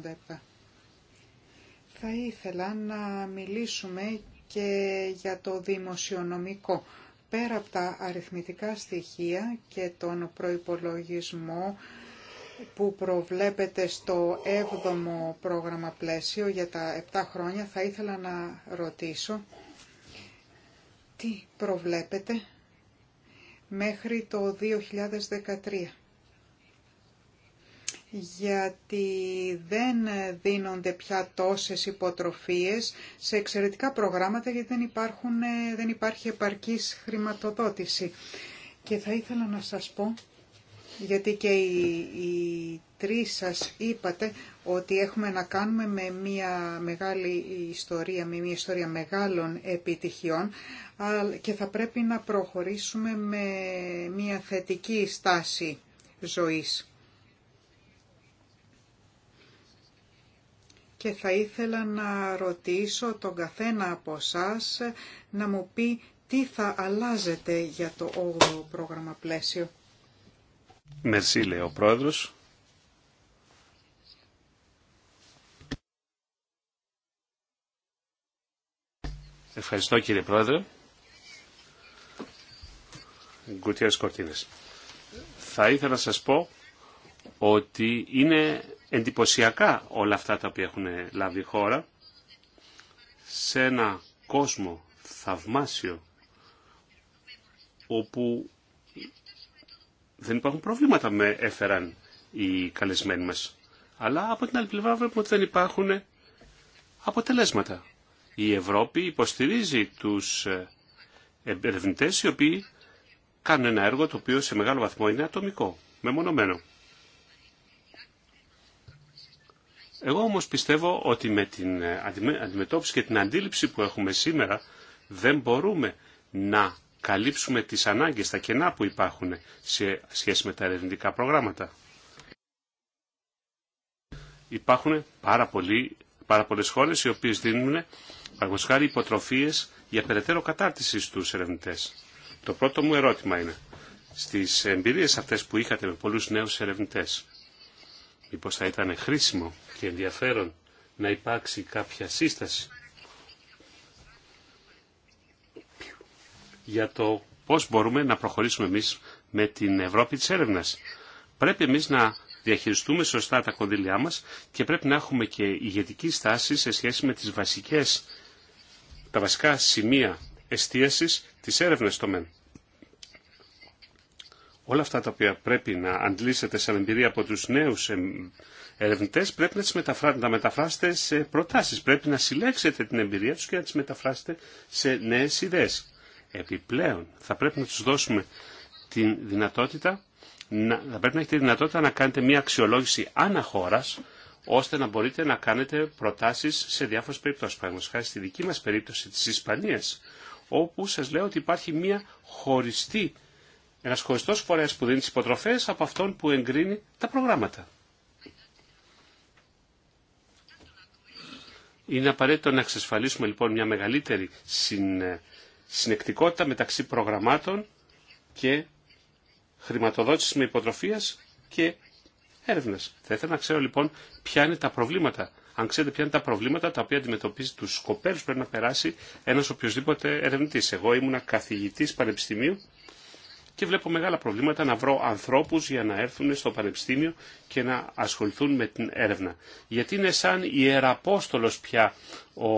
187. Θα ήθελα να μιλήσουμε και για το δημοσιονομικό πέρα από τα αριθμητικά στοιχεία και τον προϋπολογισμό που προβλέπεται στο 7ο πρόγραμμα πλαίσιο για τα 7 χρόνια, θα ήθελα να ρωτήσω τι προβλέπετε μέχρι το 2013 γιατί δεν δίνονται πια τόσες υποτροφίες σε εξαιρετικά προγράμματα γιατί δεν, υπάρχουν, δεν υπάρχει επαρκής χρηματοδότηση. Και θα ήθελα να σας πω, γιατί και οι, οι τρεις σας είπατε ότι έχουμε να κάνουμε με μια μεγάλη ιστορία, με μια ιστορία μεγάλων επιτυχιών και θα πρέπει να προχωρήσουμε με μια θετική στάση ζωής. και θα ήθελα να ρωτήσω τον καθένα από σας να μου πει τι θα αλλάζετε για το 8ο πρόγραμμα πλαίσιο. Μερσή λέει ο Πρόεδρος. Ευχαριστώ κύριε Πρόεδρε. Γκουτιέρες Κορτίνες. Θα ήθελα να σας πω ότι είναι εντυπωσιακά όλα αυτά τα οποία έχουν λάβει η χώρα σε ένα κόσμο θαυμάσιο όπου δεν υπάρχουν προβλήματα με έφεραν οι καλεσμένοι μας. Αλλά από την άλλη πλευρά βλέπουμε ότι δεν υπάρχουν αποτελέσματα. Η Ευρώπη υποστηρίζει τους ε, ερευνητέ οι οποίοι κάνουν ένα έργο το οποίο σε μεγάλο βαθμό είναι ατομικό, μεμονωμένο. Εγώ όμως πιστεύω ότι με την ε, αντιμετώπιση και την αντίληψη που έχουμε σήμερα δεν μπορούμε να καλύψουμε τις ανάγκες, τα κενά που υπάρχουν σε σχέση με τα ερευνητικά προγράμματα. Υπάρχουν πάρα, πολλοί, πάρα πολλές χώρες οι οποίες δίνουν παραγωγικά υποτροφίες για περαιτέρω κατάρτιση στους ερευνητές. Το πρώτο μου ερώτημα είναι, στις εμπειρίες αυτές που είχατε με πολλούς νέους ερευνητές, μήπως θα ήταν χρήσιμο και ενδιαφέρον να υπάρξει κάποια σύσταση για το πώς μπορούμε να προχωρήσουμε εμείς με την Ευρώπη της έρευνας. Πρέπει εμείς να διαχειριστούμε σωστά τα κονδύλια μας και πρέπει να έχουμε και ηγετική στάση σε σχέση με τις βασικές, τα βασικά σημεία εστίασης της έρευνας στο ΜΕΝ. Όλα αυτά τα οποία πρέπει να αντλήσετε σαν εμπειρία από τους νέους ερευνητέ, πρέπει να τις μεταφράσετε, να μεταφράσετε σε προτάσει. Πρέπει να συλλέξετε την εμπειρία του και να τι μεταφράσετε σε νέε ιδέε. Επιπλέον, θα πρέπει να του δώσουμε δυνατότητα, να, πρέπει να έχετε τη δυνατότητα να κάνετε μια αξιολόγηση αναχώρα ώστε να μπορείτε να κάνετε προτάσει σε διάφορε περιπτώσει. Παραδείγματο χάρη στη δική μα περίπτωση τη Ισπανία, όπου σα λέω ότι υπάρχει μια χωριστή, ένα χωριστό φορέας που δίνει τι υποτροφέ από αυτόν που εγκρίνει τα προγράμματα. Είναι απαραίτητο να εξασφαλίσουμε λοιπόν μια μεγαλύτερη ε, συνεκτικότητα μεταξύ προγραμμάτων και χρηματοδότηση με υποτροφίας και έρευνα. Θα ήθελα να ξέρω λοιπόν ποια είναι τα προβλήματα. Αν ξέρετε ποια είναι τα προβλήματα τα οποία αντιμετωπίζει του σκοπέλου πρέπει να περάσει ένα οποιοδήποτε ερευνητή. Εγώ ήμουνα καθηγητή πανεπιστημίου και βλέπω μεγάλα προβλήματα να βρω ανθρώπους για να έρθουν στο πανεπιστήμιο και να ασχοληθούν με την έρευνα. Γιατί είναι σαν ιεραπόστολος πια ο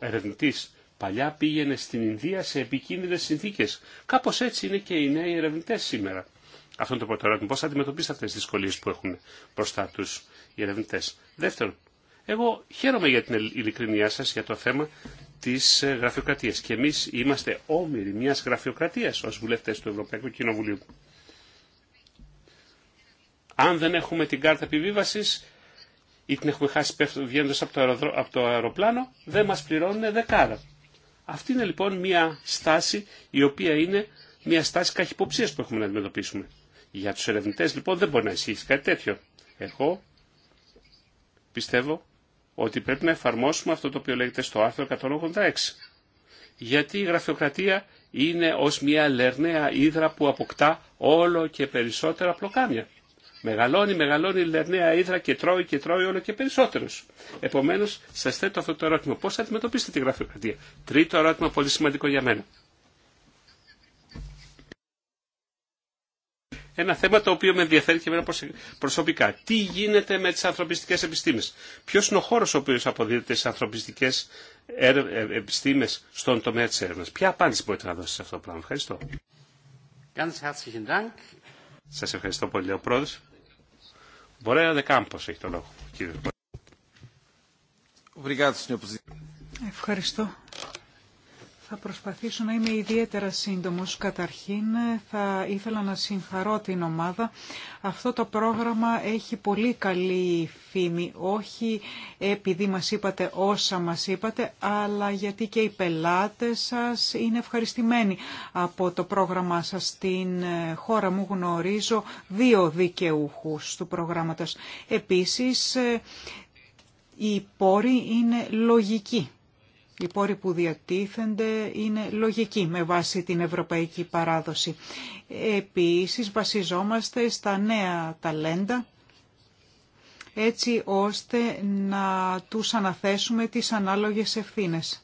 ερευνητής. Παλιά πήγαινε στην Ινδία σε επικίνδυνες συνθήκες. Κάπως έτσι είναι και οι νέοι ερευνητές σήμερα. Αυτό είναι το πρώτο ερώτημα. Πώς θα αντιμετωπίσετε αυτές τις δυσκολίες που έχουν μπροστά τους οι ερευνητές. Δεύτερον, εγώ χαίρομαι για την ειλικρινιά σας για το θέμα της ε, γραφειοκρατίας. Και εμείς είμαστε όμοιροι μιας γραφειοκρατίας ως βουλευτές του Ευρωπαϊκού Κοινοβουλίου. Αν δεν έχουμε την κάρτα επιβίβασης ή την έχουμε χάσει βγαίνοντας από το αεροπλάνο, δεν μας πληρώνουν δεκάρα. Αυτή είναι λοιπόν μια στάση η οποία είναι μια στάση καχυποψίας που έχουμε να αντιμετωπίσουμε. Για τους ερευνητές λοιπόν δεν μπορεί να ισχύσει κάτι τέτοιο. Εγώ πιστεύω ότι πρέπει να εφαρμόσουμε αυτό το οποίο λέγεται στο άρθρο 186. Γιατί η γραφειοκρατία είναι ως μια λερναία ύδρα που αποκτά όλο και περισσότερα πλοκάμια. Μεγαλώνει, μεγαλώνει η λερναία ύδρα και τρώει και τρώει όλο και περισσότερου. Επομένω, σα θέτω αυτό το ερώτημα. Πώ θα αντιμετωπίσετε τη γραφειοκρατία. Τρίτο ερώτημα πολύ σημαντικό για μένα. ένα θέμα το οποίο με ενδιαφέρει και εμένα προσωπικά. Τι γίνεται με τι ανθρωπιστικέ επιστήμε. Ποιο είναι ο χώρο ο οποίο αποδίδεται στι ανθρωπιστικέ ε, επιστήμε στον τομέα τη έρευνα, Ποια απάντηση μπορείτε να δώσετε σε αυτό το πράγμα. Ευχαριστώ. Σα Σας ευχαριστώ πολύ, ο πρόεδρος. Μπορέα Δεκάμπο έχει το λόγο. Ευχαριστώ, θα προσπαθήσω να είμαι ιδιαίτερα σύντομος. Καταρχήν θα ήθελα να συγχαρώ την ομάδα. Αυτό το πρόγραμμα έχει πολύ καλή φήμη, όχι επειδή μας είπατε όσα μας είπατε, αλλά γιατί και οι πελάτες σας είναι ευχαριστημένοι από το πρόγραμμά σας. Στην ε, χώρα μου γνωρίζω δύο δικαιούχους του προγράμματος. Επίσης, ε, οι πόροι είναι λογικοί οι πόροι που διατίθενται είναι λογικοί με βάση την ευρωπαϊκή παράδοση. Επίσης βασιζόμαστε στα νέα ταλέντα έτσι ώστε να τους αναθέσουμε τις ανάλογες ευθύνες.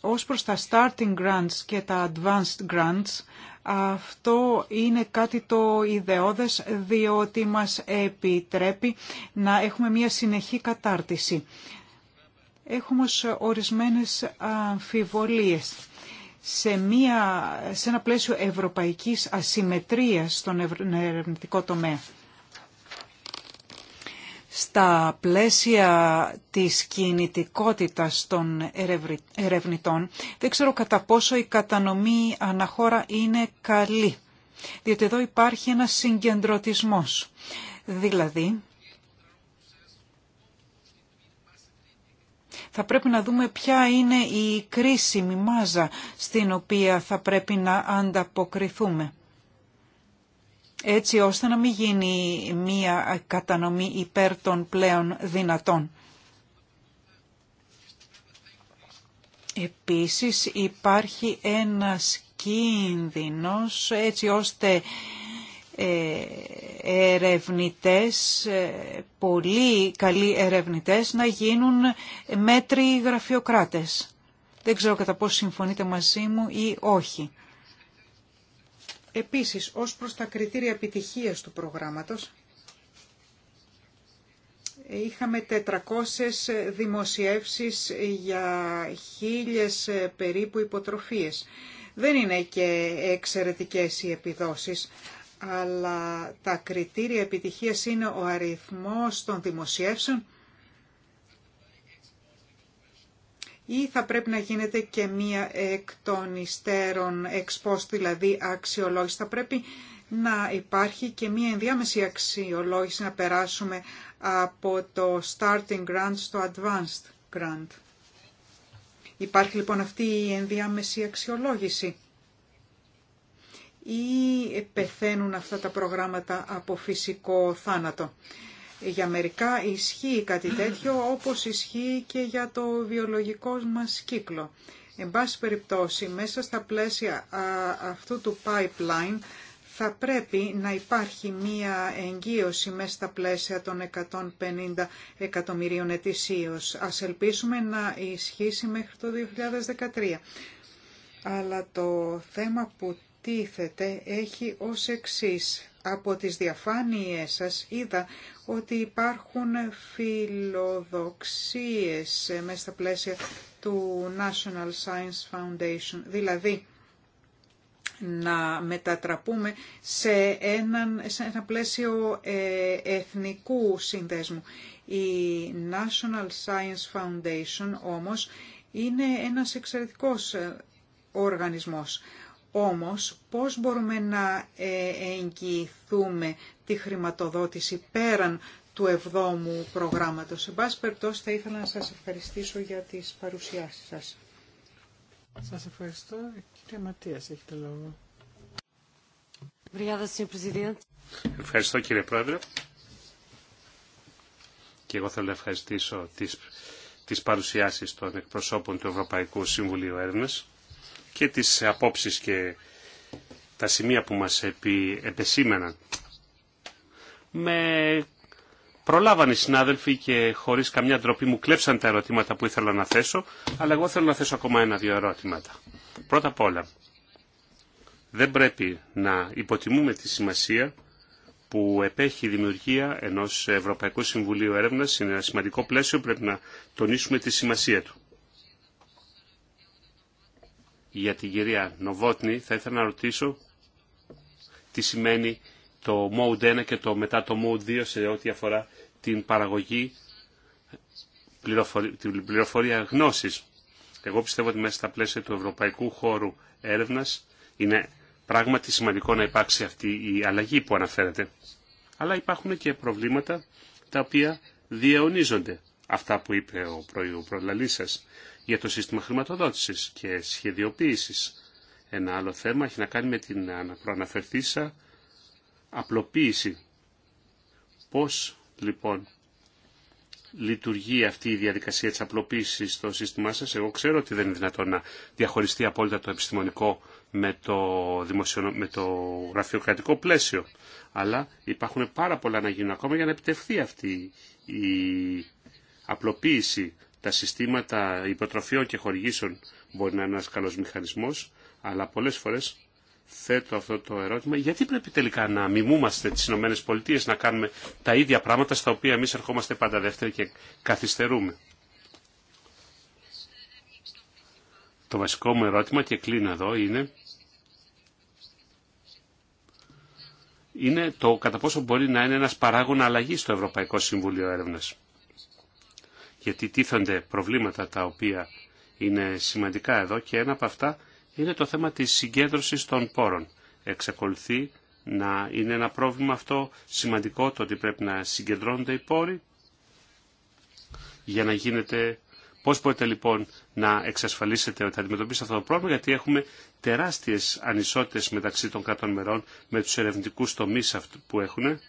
Ως προς τα starting grants και τα advanced grants, αυτό είναι κάτι το ιδεώδες διότι μας επιτρέπει να έχουμε μια συνεχή κατάρτιση έχουμε όμως ορισμένες αμφιβολίες. Σε, μια, σε ένα πλαίσιο ευρωπαϊκής ασυμμετρίας στον ερευνητικό τομέα. Στα πλαίσια της κινητικότητας των ερευνητών, δεν ξέρω κατά πόσο η κατανομή αναχώρα είναι καλή, διότι εδώ υπάρχει ένας συγκεντρωτισμός. Δηλαδή, θα πρέπει να δούμε ποια είναι η κρίσιμη μάζα στην οποία θα πρέπει να ανταποκριθούμε. Έτσι ώστε να μην γίνει μία κατανομή υπέρ των πλέον δυνατών. Επίσης υπάρχει ένας κίνδυνος έτσι ώστε ε, ερευνητές, ε, πολύ καλοί ερευνητές να γίνουν μέτροι γραφειοκράτες. Δεν ξέρω κατά πόσο συμφωνείτε μαζί μου ή όχι. Επίσης, ως προς τα κριτήρια επιτυχίας του προγράμματος, είχαμε 400 δημοσιεύσεις για χίλιες ε, περίπου υποτροφίες. Δεν είναι και εξαιρετικές οι επιδόσεις, αλλά τα κριτήρια επιτυχίας είναι ο αριθμός των δημοσιεύσεων ή θα πρέπει να γίνεται και μία εκ των υστέρων δηλαδή αξιολόγηση. Θα πρέπει να υπάρχει και μία ενδιάμεση αξιολόγηση να περάσουμε από το starting grant στο advanced grant. Υπάρχει λοιπόν αυτή η ενδιάμεση αξιολόγηση ή πεθαίνουν αυτά τα προγράμματα από φυσικό θάνατο. Για μερικά ισχύει κάτι τέτοιο όπως ισχύει και για το βιολογικό μας κύκλο. Εν πάση περιπτώσει, μέσα στα πλαίσια αυτού του pipeline θα πρέπει να υπάρχει μία εγγύωση μέσα στα πλαίσια των 150 εκατομμυρίων ετησίως. Ας ελπίσουμε να ισχύσει μέχρι το 2013. Αλλά το θέμα που έχει ως εξής. Από τις διαφάνειές σας είδα ότι υπάρχουν φιλοδοξίες μέσα στα πλαίσια του National Science Foundation, δηλαδή να μετατραπούμε σε, έναν, ένα πλαίσιο ε, εθνικού συνδέσμου. Η National Science Foundation όμως είναι ένας εξαιρετικός ε, οργανισμός. Όμως, πώς μπορούμε να ε, εγγυηθούμε τη χρηματοδότηση πέραν του εβδόμου προγράμματος. Σε πάση περιπτώσει θα ήθελα να σας ευχαριστήσω για τις παρουσιάσεις σας. Σας ευχαριστώ. Κύριε Ματίας, έχετε λόγο. Ευχαριστώ κύριε Πρόεδρε. Και εγώ θέλω να ευχαριστήσω τις, τις παρουσιάσεις των εκπροσώπων του Ευρωπαϊκού Συμβουλίου Έρευνας και τις απόψεις και τα σημεία που μας επεσήμεναν. Με προλάβανε οι συνάδελφοι και χωρίς καμιά ντροπή μου κλέψαν τα ερωτήματα που ήθελα να θέσω, αλλά εγώ θέλω να θέσω ακόμα ένα-δύο ερώτηματα. Πρώτα απ' όλα, δεν πρέπει να υποτιμούμε τη σημασία που επέχει η δημιουργία ενός Ευρωπαϊκού Συμβουλίου Έρευνας. Είναι ένα σημαντικό πλαίσιο, πρέπει να τονίσουμε τη σημασία του για την κυρία Νοβότνη, θα ήθελα να ρωτήσω τι σημαίνει το Mode 1 και το μετά το Mode 2 σε ό,τι αφορά την παραγωγή, την πληροφορία γνώσης. Εγώ πιστεύω ότι μέσα στα πλαίσια του ευρωπαϊκού χώρου έρευνας είναι πράγματι σημαντικό να υπάρξει αυτή η αλλαγή που αναφέρετε. Αλλά υπάρχουν και προβλήματα τα οποία διαιωνίζονται αυτά που είπε ο προλαλής σας για το σύστημα χρηματοδότησης και σχεδιοποίησης. Ένα άλλο θέμα έχει να κάνει με την προαναφερθήσα απλοποίηση. Πώς λοιπόν λειτουργεί αυτή η διαδικασία της απλοποίησης στο σύστημά σας. Εγώ ξέρω ότι δεν είναι δυνατόν να διαχωριστεί απόλυτα το επιστημονικό με το, με το γραφειοκρατικό πλαίσιο. Αλλά υπάρχουν πάρα πολλά να γίνουν ακόμα για να επιτευχθεί αυτή η απλοποίηση τα συστήματα υποτροφιών και χορηγήσεων μπορεί να είναι ένας καλός μηχανισμός, αλλά πολλές φορές θέτω αυτό το ερώτημα, γιατί πρέπει τελικά να μιμούμαστε τις Ηνωμένες Πολιτείες να κάνουμε τα ίδια πράγματα στα οποία εμείς ερχόμαστε πάντα δεύτεροι και καθυστερούμε. Το βασικό μου ερώτημα και κλείνω εδώ είναι είναι το κατά πόσο μπορεί να είναι ένας παράγων αλλαγής στο Ευρωπαϊκό Συμβούλιο Έρευνας γιατί τίθενται προβλήματα τα οποία είναι σημαντικά εδώ και ένα από αυτά είναι το θέμα της συγκέντρωσης των πόρων. Εξακολουθεί να είναι ένα πρόβλημα αυτό σημαντικό το ότι πρέπει να συγκεντρώνονται οι πόροι για να γίνεται... Πώς μπορείτε λοιπόν να εξασφαλίσετε ότι θα αντιμετωπίσετε αυτό το πρόβλημα, γιατί έχουμε τεράστιες ανισότητες μεταξύ των κρατών μερών με τους ερευνητικούς τομείς που έχουν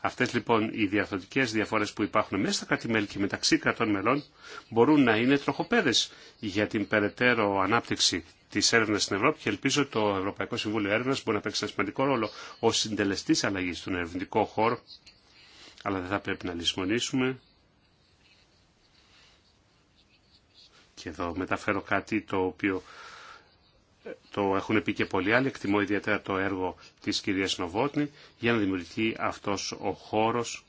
Αυτές λοιπόν οι διαφορετικέ διαφορές που υπάρχουν μέσα στα κράτη-μέλη και μεταξύ κρατών μελών μπορούν να είναι τροχοπέδες για την περαιτέρω ανάπτυξη της έρευνας στην Ευρώπη και ελπίζω το Ευρωπαϊκό Συμβούλιο Έρευνας μπορεί να παίξει ένα σημαντικό ρόλο ως συντελεστής αλλαγής στον ερευνητικό χώρο αλλά δεν θα πρέπει να λησμονήσουμε και εδώ μεταφέρω κάτι το οποίο το έχουν πει και πολλοί άλλοι, εκτιμώ ιδιαίτερα το έργο της κυρίας Νοβότνη, για να δημιουργηθεί αυτός ο χώρος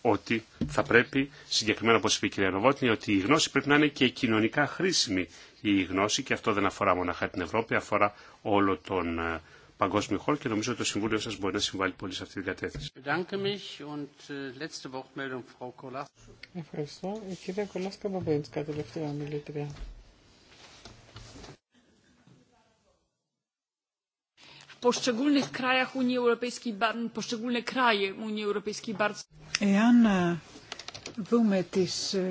ότι θα πρέπει, συγκεκριμένα όπως είπε η κυρία Νοβότνη, ότι η γνώση πρέπει να είναι και κοινωνικά χρήσιμη η γνώση και αυτό δεν αφορά μοναχά την Ευρώπη, αφορά όλο τον ε, παγκόσμιο χώρο και νομίζω ότι το Συμβούλιο σας μπορεί να συμβάλλει πολύ σε αυτή την κατεύθυνση. Äh, Ευχαριστώ. Η κυρία Κολάσκα Μπαμπέντσκα, τελευταία μιλήτρια. poszczególnych krajach Unii Europejskiej, poszczególne kraje Unii Europejskiej bardzo... Εάν ε, δούμε τις ε,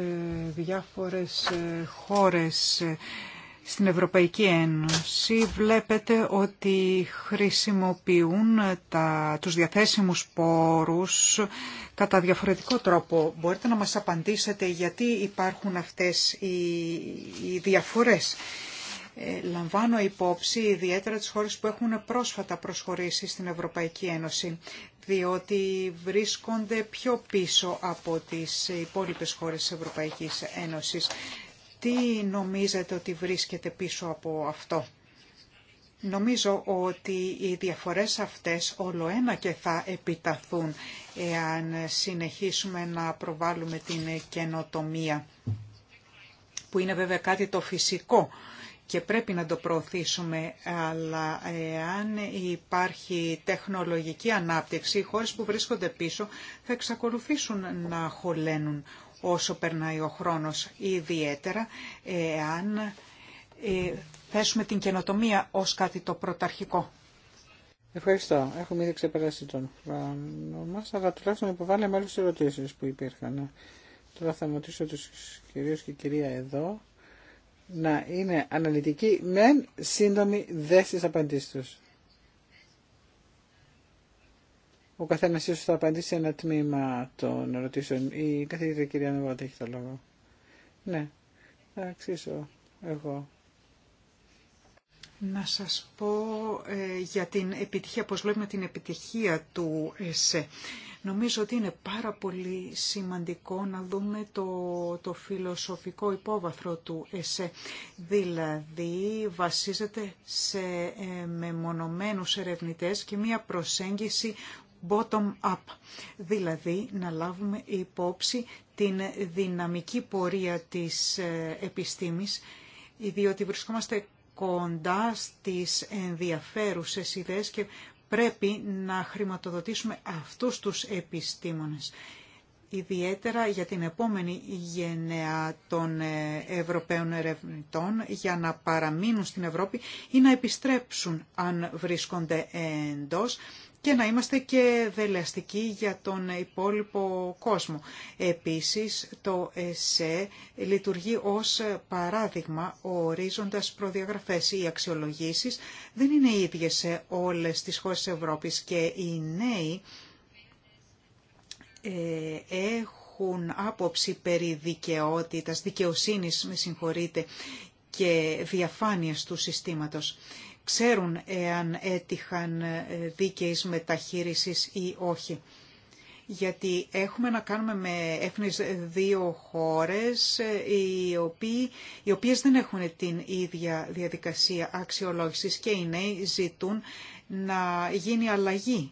διάφορες ε, χώρες στην Ευρωπαϊκή Ένωση βλέπετε ότι χρησιμοποιούν τα, τους διαθέσιμους πόρους κατά διαφορετικό τρόπο. Μπορείτε να μας απαντήσετε γιατί υπάρχουν αυτές οι, οι διαφορές. Ε, λαμβάνω υπόψη ιδιαίτερα τις χώρες που έχουν πρόσφατα προσχωρήσει στην Ευρωπαϊκή Ένωση, διότι βρίσκονται πιο πίσω από τις υπόλοιπες χώρες της Ευρωπαϊκής Ένωσης. Τι νομίζετε ότι βρίσκεται πίσω από αυτό. Νομίζω ότι οι διαφορές αυτές ένα και θα επιταθούν εάν συνεχίσουμε να προβάλλουμε την καινοτομία, που είναι βέβαια κάτι το φυσικό και πρέπει να το προωθήσουμε, αλλά εάν υπάρχει τεχνολογική ανάπτυξη, οι χώρες που βρίσκονται πίσω θα εξακολουθήσουν να χωλένουν όσο περνάει ο χρόνος, ιδιαίτερα εάν ε, θέσουμε την καινοτομία ως κάτι το πρωταρχικό. Ευχαριστώ. Έχουμε ήδη ξεπεράσει τον χρόνο μας, αλλά τουλάχιστον υποβάλλαμε όλες τις ερωτήσεις που υπήρχαν. Τώρα θα ρωτήσω τους κυρίους και κυρία εδώ να είναι αναλυτική μεν σύντομοι δε στις τους. Ο καθένα ίσω θα απαντήσει ένα τμήμα των ερωτήσεων. Η καθηγήτρια κυρία Νεβάτα έχει το λόγο. Ναι, θα αξίσω εγώ. Να σας πω ε, για την επιτυχία, πώς βλέπουμε την επιτυχία του ΕΣΕ. Νομίζω ότι είναι πάρα πολύ σημαντικό να δούμε το, το φιλοσοφικό υπόβαθρο του ΕΣΕ. Δηλαδή βασίζεται σε ε, μεμονωμένους ερευνητές και μία προσέγγιση bottom-up. Δηλαδή να λάβουμε υπόψη την δυναμική πορεία της ε, επιστήμης, διότι βρισκόμαστε κοντά στις ενδιαφέρουσες ιδέες και πρέπει να χρηματοδοτήσουμε αυτούς τους επιστήμονες. Ιδιαίτερα για την επόμενη γενεά των ε, Ευρωπαίων ερευνητών για να παραμείνουν στην Ευρώπη ή να επιστρέψουν αν βρίσκονται εντός και να είμαστε και δελεαστικοί για τον υπόλοιπο κόσμο. Επίσης, το ΕΣΕ λειτουργεί ως παράδειγμα ορίζοντας προδιαγραφές. Οι αξιολογήσεις δεν είναι ίδιες σε όλες τις χώρες της Ευρώπης και οι νέοι ε, έχουν άποψη περί δικαιότητας, δικαιοσύνης, με συγχωρείτε, και διαφάνειας του συστήματος ξέρουν εάν έτυχαν ε, δίκαιης μεταχείρισης ή όχι. Γιατί έχουμε να κάνουμε με έφνης δύο χώρες ε, οι, οποίοι, οι οποίες δεν έχουν την ίδια διαδικασία αξιολόγησης και οι νέοι ζητούν να γίνει αλλαγή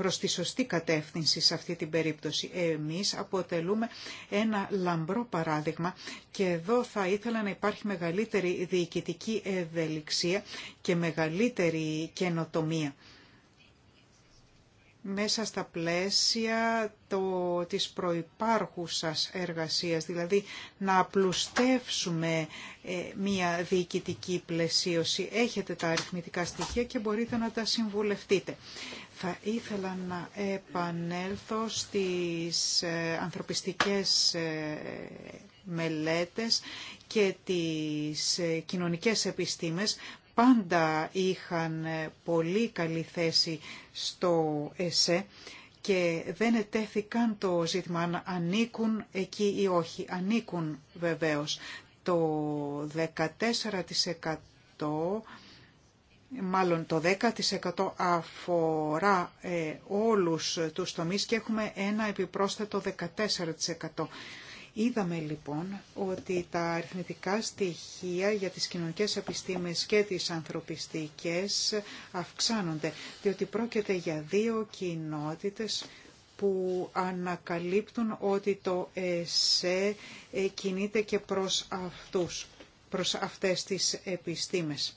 προς τη σωστή κατεύθυνση σε αυτή την περίπτωση. Εμείς αποτελούμε ένα λαμπρό παράδειγμα και εδώ θα ήθελα να υπάρχει μεγαλύτερη διοικητική ευελιξία και μεγαλύτερη καινοτομία μέσα στα πλαίσια το, της προϋπάρχουσας εργασίας, δηλαδή να απλουστεύσουμε ε, μία διοικητική πλαισίωση. Έχετε τα αριθμητικά στοιχεία και μπορείτε να τα συμβουλευτείτε. Θα ήθελα να επανέλθω στις ε, ανθρωπιστικές ε, μελέτες και τις ε, κοινωνικές επιστήμες πάντα είχαν πολύ καλή θέση στο ΕΣΕ και δεν ετέθηκαν το ζήτημα αν ανήκουν εκεί ή όχι. Ανήκουν βεβαίως. Το 14% μάλλον το 10% αφορά ε, όλους τους τομείς και έχουμε ένα επιπρόσθετο 14%. Είδαμε λοιπόν ότι τα αριθμητικά στοιχεία για τις κοινωνικές επιστήμες και τις ανθρωπιστικές αυξάνονται, διότι πρόκειται για δύο κοινότητες που ανακαλύπτουν ότι το ΕΣΕ ε, κινείται και προς, αυτούς, προς αυτές τις επιστήμες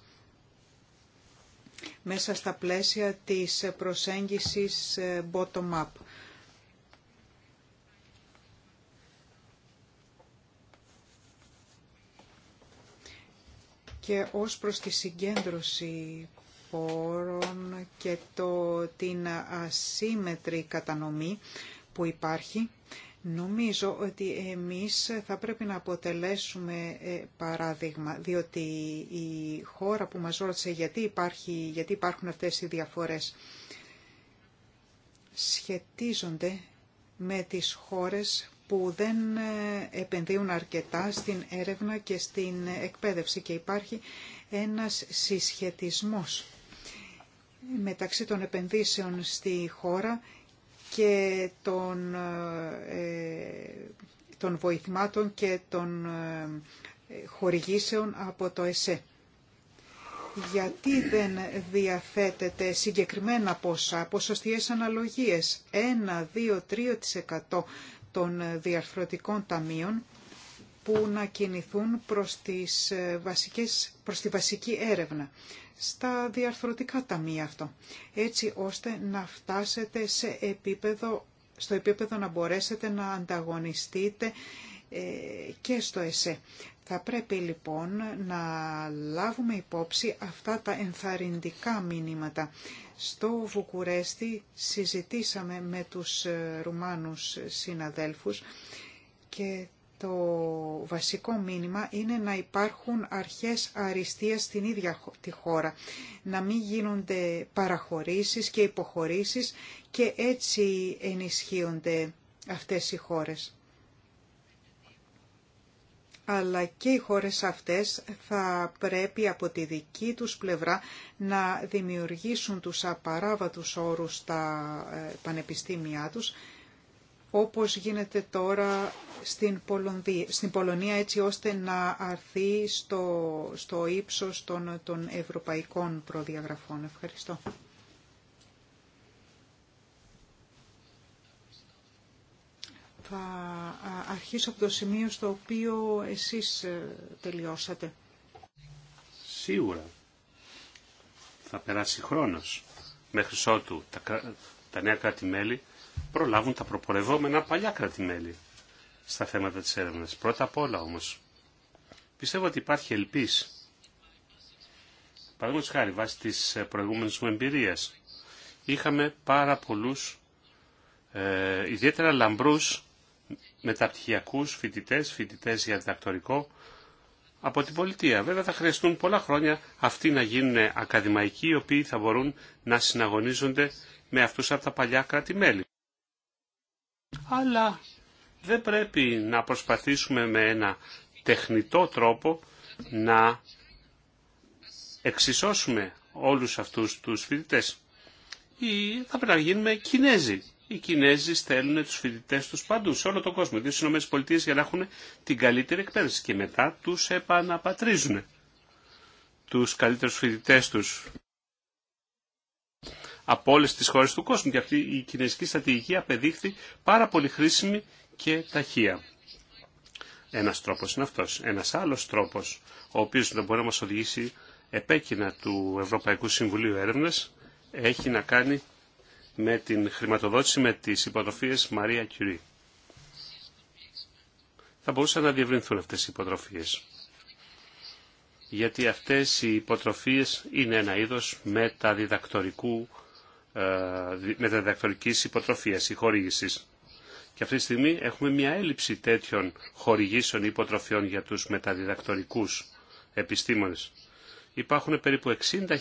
μέσα στα πλαίσια της προσέγγισης ε, bottom-up. Και ως προς τη συγκέντρωση πόρων και το, την ασύμετρη κατανομή που υπάρχει, Νομίζω ότι εμείς θα πρέπει να αποτελέσουμε ε, παράδειγμα, διότι η χώρα που μας ρώτησε γιατί, υπάρχει, γιατί υπάρχουν αυτές οι διαφορές σχετίζονται με τις χώρες που δεν ε, επενδύουν αρκετά στην έρευνα και στην εκπαίδευση και υπάρχει ένας συσχετισμός μεταξύ των επενδύσεων στη χώρα και των, ε, των βοηθημάτων και των ε, χορηγήσεων από το ΕΣΕ. Γιατί δεν διαθέτεται συγκεκριμένα ποσά, ποσοστιαίες αναλογίες, 1-2-3% των διαρθρωτικών ταμείων που να κινηθούν προς, τις ε, βασικές, προς τη βασική έρευνα στα διαρθρωτικά ταμεία αυτό, έτσι ώστε να φτάσετε σε επίπεδο, στο επίπεδο να μπορέσετε να ανταγωνιστείτε ε, και στο ΕΣΕ. Θα πρέπει λοιπόν να λάβουμε υπόψη αυτά τα ενθαρρυντικά μηνύματα. Στο Βουκουρέστι συζητήσαμε με τους ε, Ρουμάνους συναδέλφους και το βασικό μήνυμα είναι να υπάρχουν αρχές αριστείας στην ίδια τη χώρα, να μην γίνονται παραχωρήσεις και υποχωρήσεις και έτσι ενισχύονται αυτές οι χώρες. Αλλά και οι χώρες αυτές θα πρέπει από τη δική τους πλευρά να δημιουργήσουν τους απαράβατους όρους στα ε, πανεπιστήμια τους όπως γίνεται τώρα στην, Πολωνία έτσι ώστε να αρθεί στο, στο ύψος των, των ευρωπαϊκών προδιαγραφών. Ευχαριστώ. θα αρχίσω από το σημείο στο οποίο εσείς ε, τελειώσατε. Σίγουρα θα περάσει χρόνος μέχρι ότου τα, τα νέα κράτη-μέλη προλάβουν τα προπορευόμενα παλιά κρατημέλη στα θέματα της έρευνας. Πρώτα απ' όλα όμως, πιστεύω ότι υπάρχει ελπίς. Παραδείγματος χάρη, βάσει της ε, προηγούμενης μου εμπειρίας, είχαμε πάρα πολλούς, ε, ιδιαίτερα λαμπρούς, μεταπτυχιακούς φοιτητές, φοιτητές για διδακτορικό, από την πολιτεία. Βέβαια θα χρειαστούν πολλά χρόνια αυτοί να γίνουν ακαδημαϊκοί, οι οποίοι θα μπορούν να συναγωνίζονται με αυτούς από τα παλιά αλλά δεν πρέπει να προσπαθήσουμε με ένα τεχνητό τρόπο να εξισώσουμε όλους αυτούς τους φοιτητές. Ή θα πρέπει να γίνουμε Κινέζοι. Οι Κινέζοι στέλνουν τους φοιτητές τους παντού, σε όλο τον κόσμο, Δύο Συνομές Πολιτείες για να έχουν την καλύτερη εκπαίδευση και μετά τους επαναπατρίζουν τους καλύτερους φοιτητές τους από όλε τι χώρε του κόσμου. Και αυτή η κινέζικη στρατηγική απεδείχθη πάρα πολύ χρήσιμη και ταχεία. Ένα τρόπο είναι αυτό. Ένα άλλο τρόπο, ο οποίο μπορεί να μα οδηγήσει επέκεινα του Ευρωπαϊκού Συμβουλίου Έρευνα, έχει να κάνει με την χρηματοδότηση με τις υποτροφίες Μαρία Κιουρί. Θα μπορούσαν να διευρυνθούν αυτέ οι υποτροφίες. Γιατί αυτές οι υποτροφίες είναι ένα είδος μεταδιδακτορικού ε, μεταδιδακτορικής υποτροφίας ή χορήγησης. Και αυτή τη στιγμή έχουμε μια έλλειψη τέτοιων χορηγήσεων υποτροφιών για τους μεταδιδακτορικούς επιστήμονες. Υπάρχουν περίπου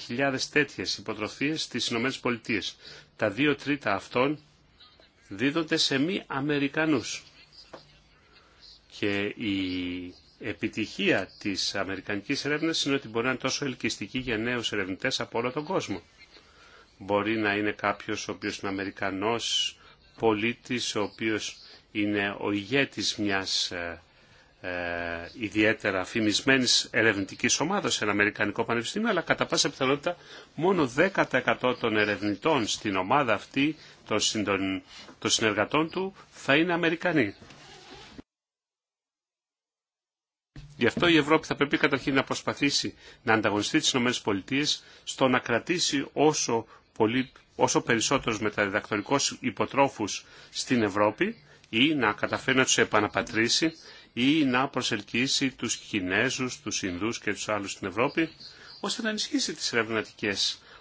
60.000 τέτοιες υποτροφίες στις Ηνωμένες Πολιτείες. Τα δύο τρίτα αυτών δίδονται σε μη Αμερικανούς. Και η επιτυχία της Αμερικανικής έρευνας είναι ότι μπορεί να είναι τόσο ελκυστική για νέους ερευνητές από όλο τον κόσμο. Μπορεί να είναι κάποιος ο οποίος είναι Αμερικανός πολίτης, ο οποίος είναι ο ηγέτης μιας ε, ε ιδιαίτερα φημισμένης ερευνητικής ομάδας σε ένα Αμερικανικό Πανεπιστήμιο, αλλά κατά πάσα πιθανότητα μόνο 10% των ερευνητών στην ομάδα αυτή των, των συνεργατών του θα είναι Αμερικανοί. Γι' αυτό η Ευρώπη θα πρέπει καταρχήν να προσπαθήσει να ανταγωνιστεί τις ΗΠΑ στο να κρατήσει όσο πολύ, όσο περισσότερους μεταδιδακτορικούς υποτρόφους στην Ευρώπη ή να καταφέρει να τους επαναπατρίσει ή να προσελκύσει τους Κινέζους, τους Ινδούς και τους άλλους στην Ευρώπη, ώστε να ενισχύσει τις ερευνητικέ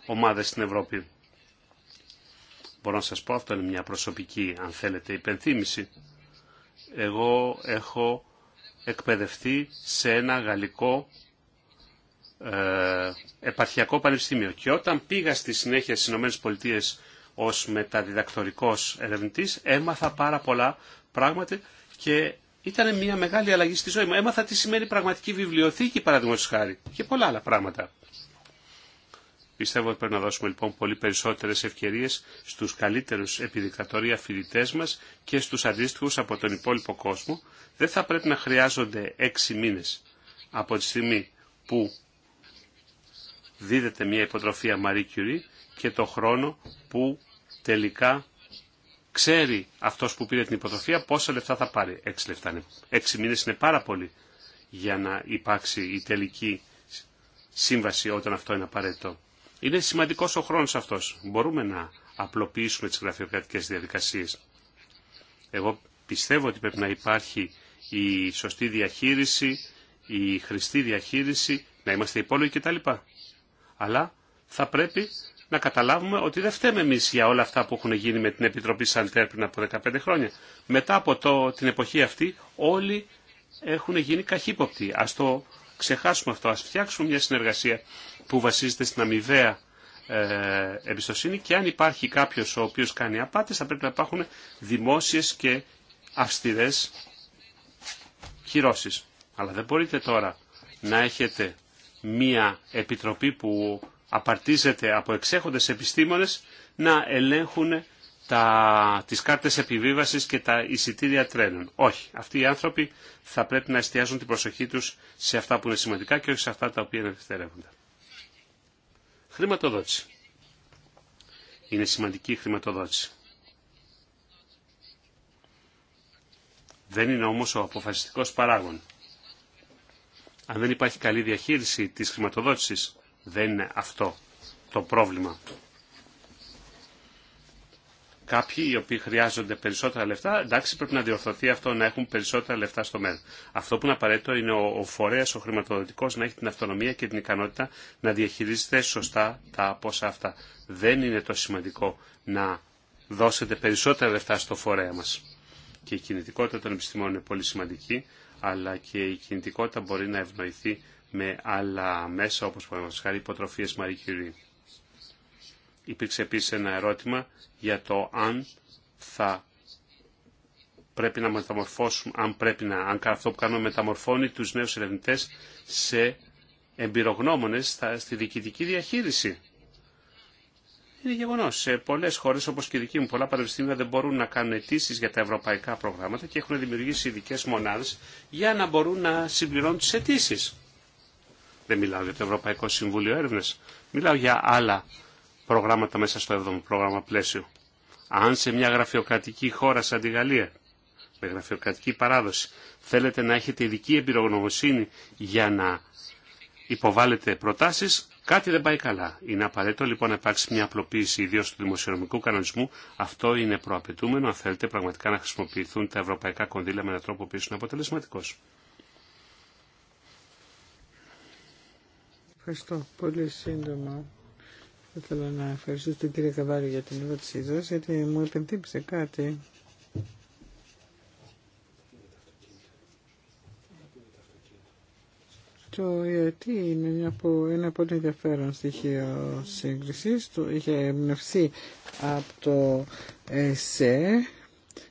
ομάδες στην Ευρώπη. Μπορώ να σας πω, αυτό είναι μια προσωπική, αν θέλετε, υπενθύμηση. Εγώ έχω εκπαιδευτεί σε ένα γαλλικό ε, επαρχιακό πανεπιστήμιο. Και όταν πήγα στη συνέχεια Ηνωμένε ΗΠΑ ω μεταδιδακτορικός ερευνητής, έμαθα πάρα πολλά πράγματα και ήταν μια μεγάλη αλλαγή στη ζωή μου. Έμαθα τι σημαίνει πραγματική βιβλιοθήκη, παραδείγματο χάρη, και πολλά άλλα πράγματα. Πιστεύω ότι πρέπει να δώσουμε λοιπόν πολύ περισσότερε ευκαιρίε στου καλύτερου επιδικατορία φοιτητέ μα και στου αντίστοιχου από τον υπόλοιπο κόσμο. Δεν θα πρέπει να χρειάζονται έξι μήνε από τη στιγμή που δίδεται μια υποτροφία Marie Curie και το χρόνο που τελικά ξέρει αυτός που πήρε την υποτροφία πόσα λεφτά θα πάρει. Έξι λεφτά είναι. Έξι μήνες είναι πάρα πολύ για να υπάρξει η τελική σύμβαση όταν αυτό είναι απαραίτητο. Είναι σημαντικός ο χρόνος αυτός. Μπορούμε να απλοποιήσουμε τις γραφειοκρατικές διαδικασίες. Εγώ πιστεύω ότι πρέπει να υπάρχει η σωστή διαχείριση, η χρηστή διαχείριση, να είμαστε υπόλογοι κτλ. Αλλά θα πρέπει να καταλάβουμε ότι δεν φταίμε εμεί για όλα αυτά που έχουν γίνει με την Επιτροπή Σαντέρ πριν από 15 χρόνια. Μετά από το, την εποχή αυτή όλοι έχουν γίνει καχύποπτοι. Α το ξεχάσουμε αυτό, ας φτιάξουμε μια συνεργασία που βασίζεται στην αμοιβαία ε, εμπιστοσύνη και αν υπάρχει κάποιος ο οποίος κάνει απάτες θα πρέπει να υπάρχουν δημόσιε και αυστηρέ κυρώσει. Αλλά δεν μπορείτε τώρα να έχετε μία επιτροπή που απαρτίζεται από εξέχοντες επιστήμονες να ελέγχουν τα, τις κάρτες επιβίβασης και τα εισιτήρια τρένων. Όχι. Αυτοί οι άνθρωποι θα πρέπει να εστιάζουν την προσοχή τους σε αυτά που είναι σημαντικά και όχι σε αυτά τα οποία είναι δευτερεύοντα. Χρηματοδότηση. Είναι σημαντική η χρηματοδότηση. Δεν είναι όμως ο αποφασιστικός παράγων. Αν δεν υπάρχει καλή διαχείριση της χρηματοδότησης, δεν είναι αυτό το πρόβλημα. Κάποιοι οι οποίοι χρειάζονται περισσότερα λεφτά, εντάξει πρέπει να διορθωθεί αυτό να έχουν περισσότερα λεφτά στο μέλλον. Αυτό που είναι απαραίτητο είναι ο, ο φορέα, ο χρηματοδοτικό να έχει την αυτονομία και την ικανότητα να διαχειρίζεται σωστά τα πόσα αυτά. Δεν είναι το σημαντικό να δώσετε περισσότερα λεφτά στο φορέα μα. Και η κινητικότητα των επιστήμων είναι πολύ σημαντική αλλά και η κινητικότητα μπορεί να ευνοηθεί με άλλα μέσα, όπως παραδείγματος χάρη υποτροφίες Marie Curie. Υπήρξε επίσης ένα ερώτημα για το αν θα πρέπει να μεταμορφώσουμε, αν πρέπει να, αν αυτό που κάνουμε μεταμορφώνει τους νέους ερευνητές σε εμπειρογνώμονες στη διοικητική διαχείριση. Είναι γεγονό. Σε πολλέ χώρε, όπω και η δική μου, πολλά πανεπιστήμια δεν μπορούν να κάνουν αιτήσει για τα ευρωπαϊκά προγράμματα και έχουν δημιουργήσει ειδικέ μονάδε για να μπορούν να συμπληρώνουν τι αιτήσει. Δεν μιλάω για το Ευρωπαϊκό Συμβούλιο Έρευνε. Μιλάω για άλλα προγράμματα μέσα στο 7ο πρόγραμμα πλαίσιο. Αν σε μια γραφειοκρατική χώρα σαν τη Γαλλία, με γραφειοκρατική παράδοση, θέλετε να έχετε ειδική εμπειρογνωμοσύνη για να υποβάλλετε προτάσεις, Κάτι δεν πάει καλά. Είναι απαραίτητο λοιπόν να υπάρξει μια απλοποίηση ιδίω του δημοσιονομικού κανονισμού. Αυτό είναι προαπαιτούμενο αν θέλετε πραγματικά να χρησιμοποιηθούν τα ευρωπαϊκά κονδύλια με έναν τρόπο που είναι αποτελεσματικό. Ευχαριστώ. Πολύ σύντομα. Θα να ευχαριστήσω την κυρία Καβάρη για την ερώτησή σα, γιατί μου κάτι Το ε, τ είναι μια που, ένα πολύ ενδιαφέρον στοιχείο σύγκριση. Το είχε εμπνευστεί από το ΕΣΕ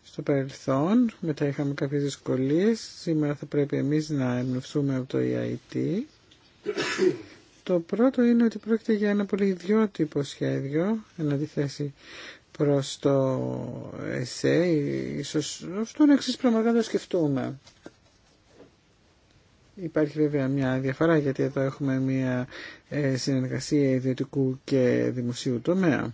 στο παρελθόν. Μετά είχαμε κάποιε δυσκολίε. Σήμερα θα πρέπει εμείς να εμπνευστούμε από το ΙΑΙΤ. E το πρώτο είναι ότι πρόκειται για ένα πολύ ιδιότυπο σχέδιο, εν αντιθέσει προς το ΕΣΕ. Ίσως αυτό είναι εξής πραγματικά το σκεφτούμε. Υπάρχει βέβαια μια διαφορά γιατί εδώ έχουμε μια ε, συνεργασία ιδιωτικού και δημοσίου τομέα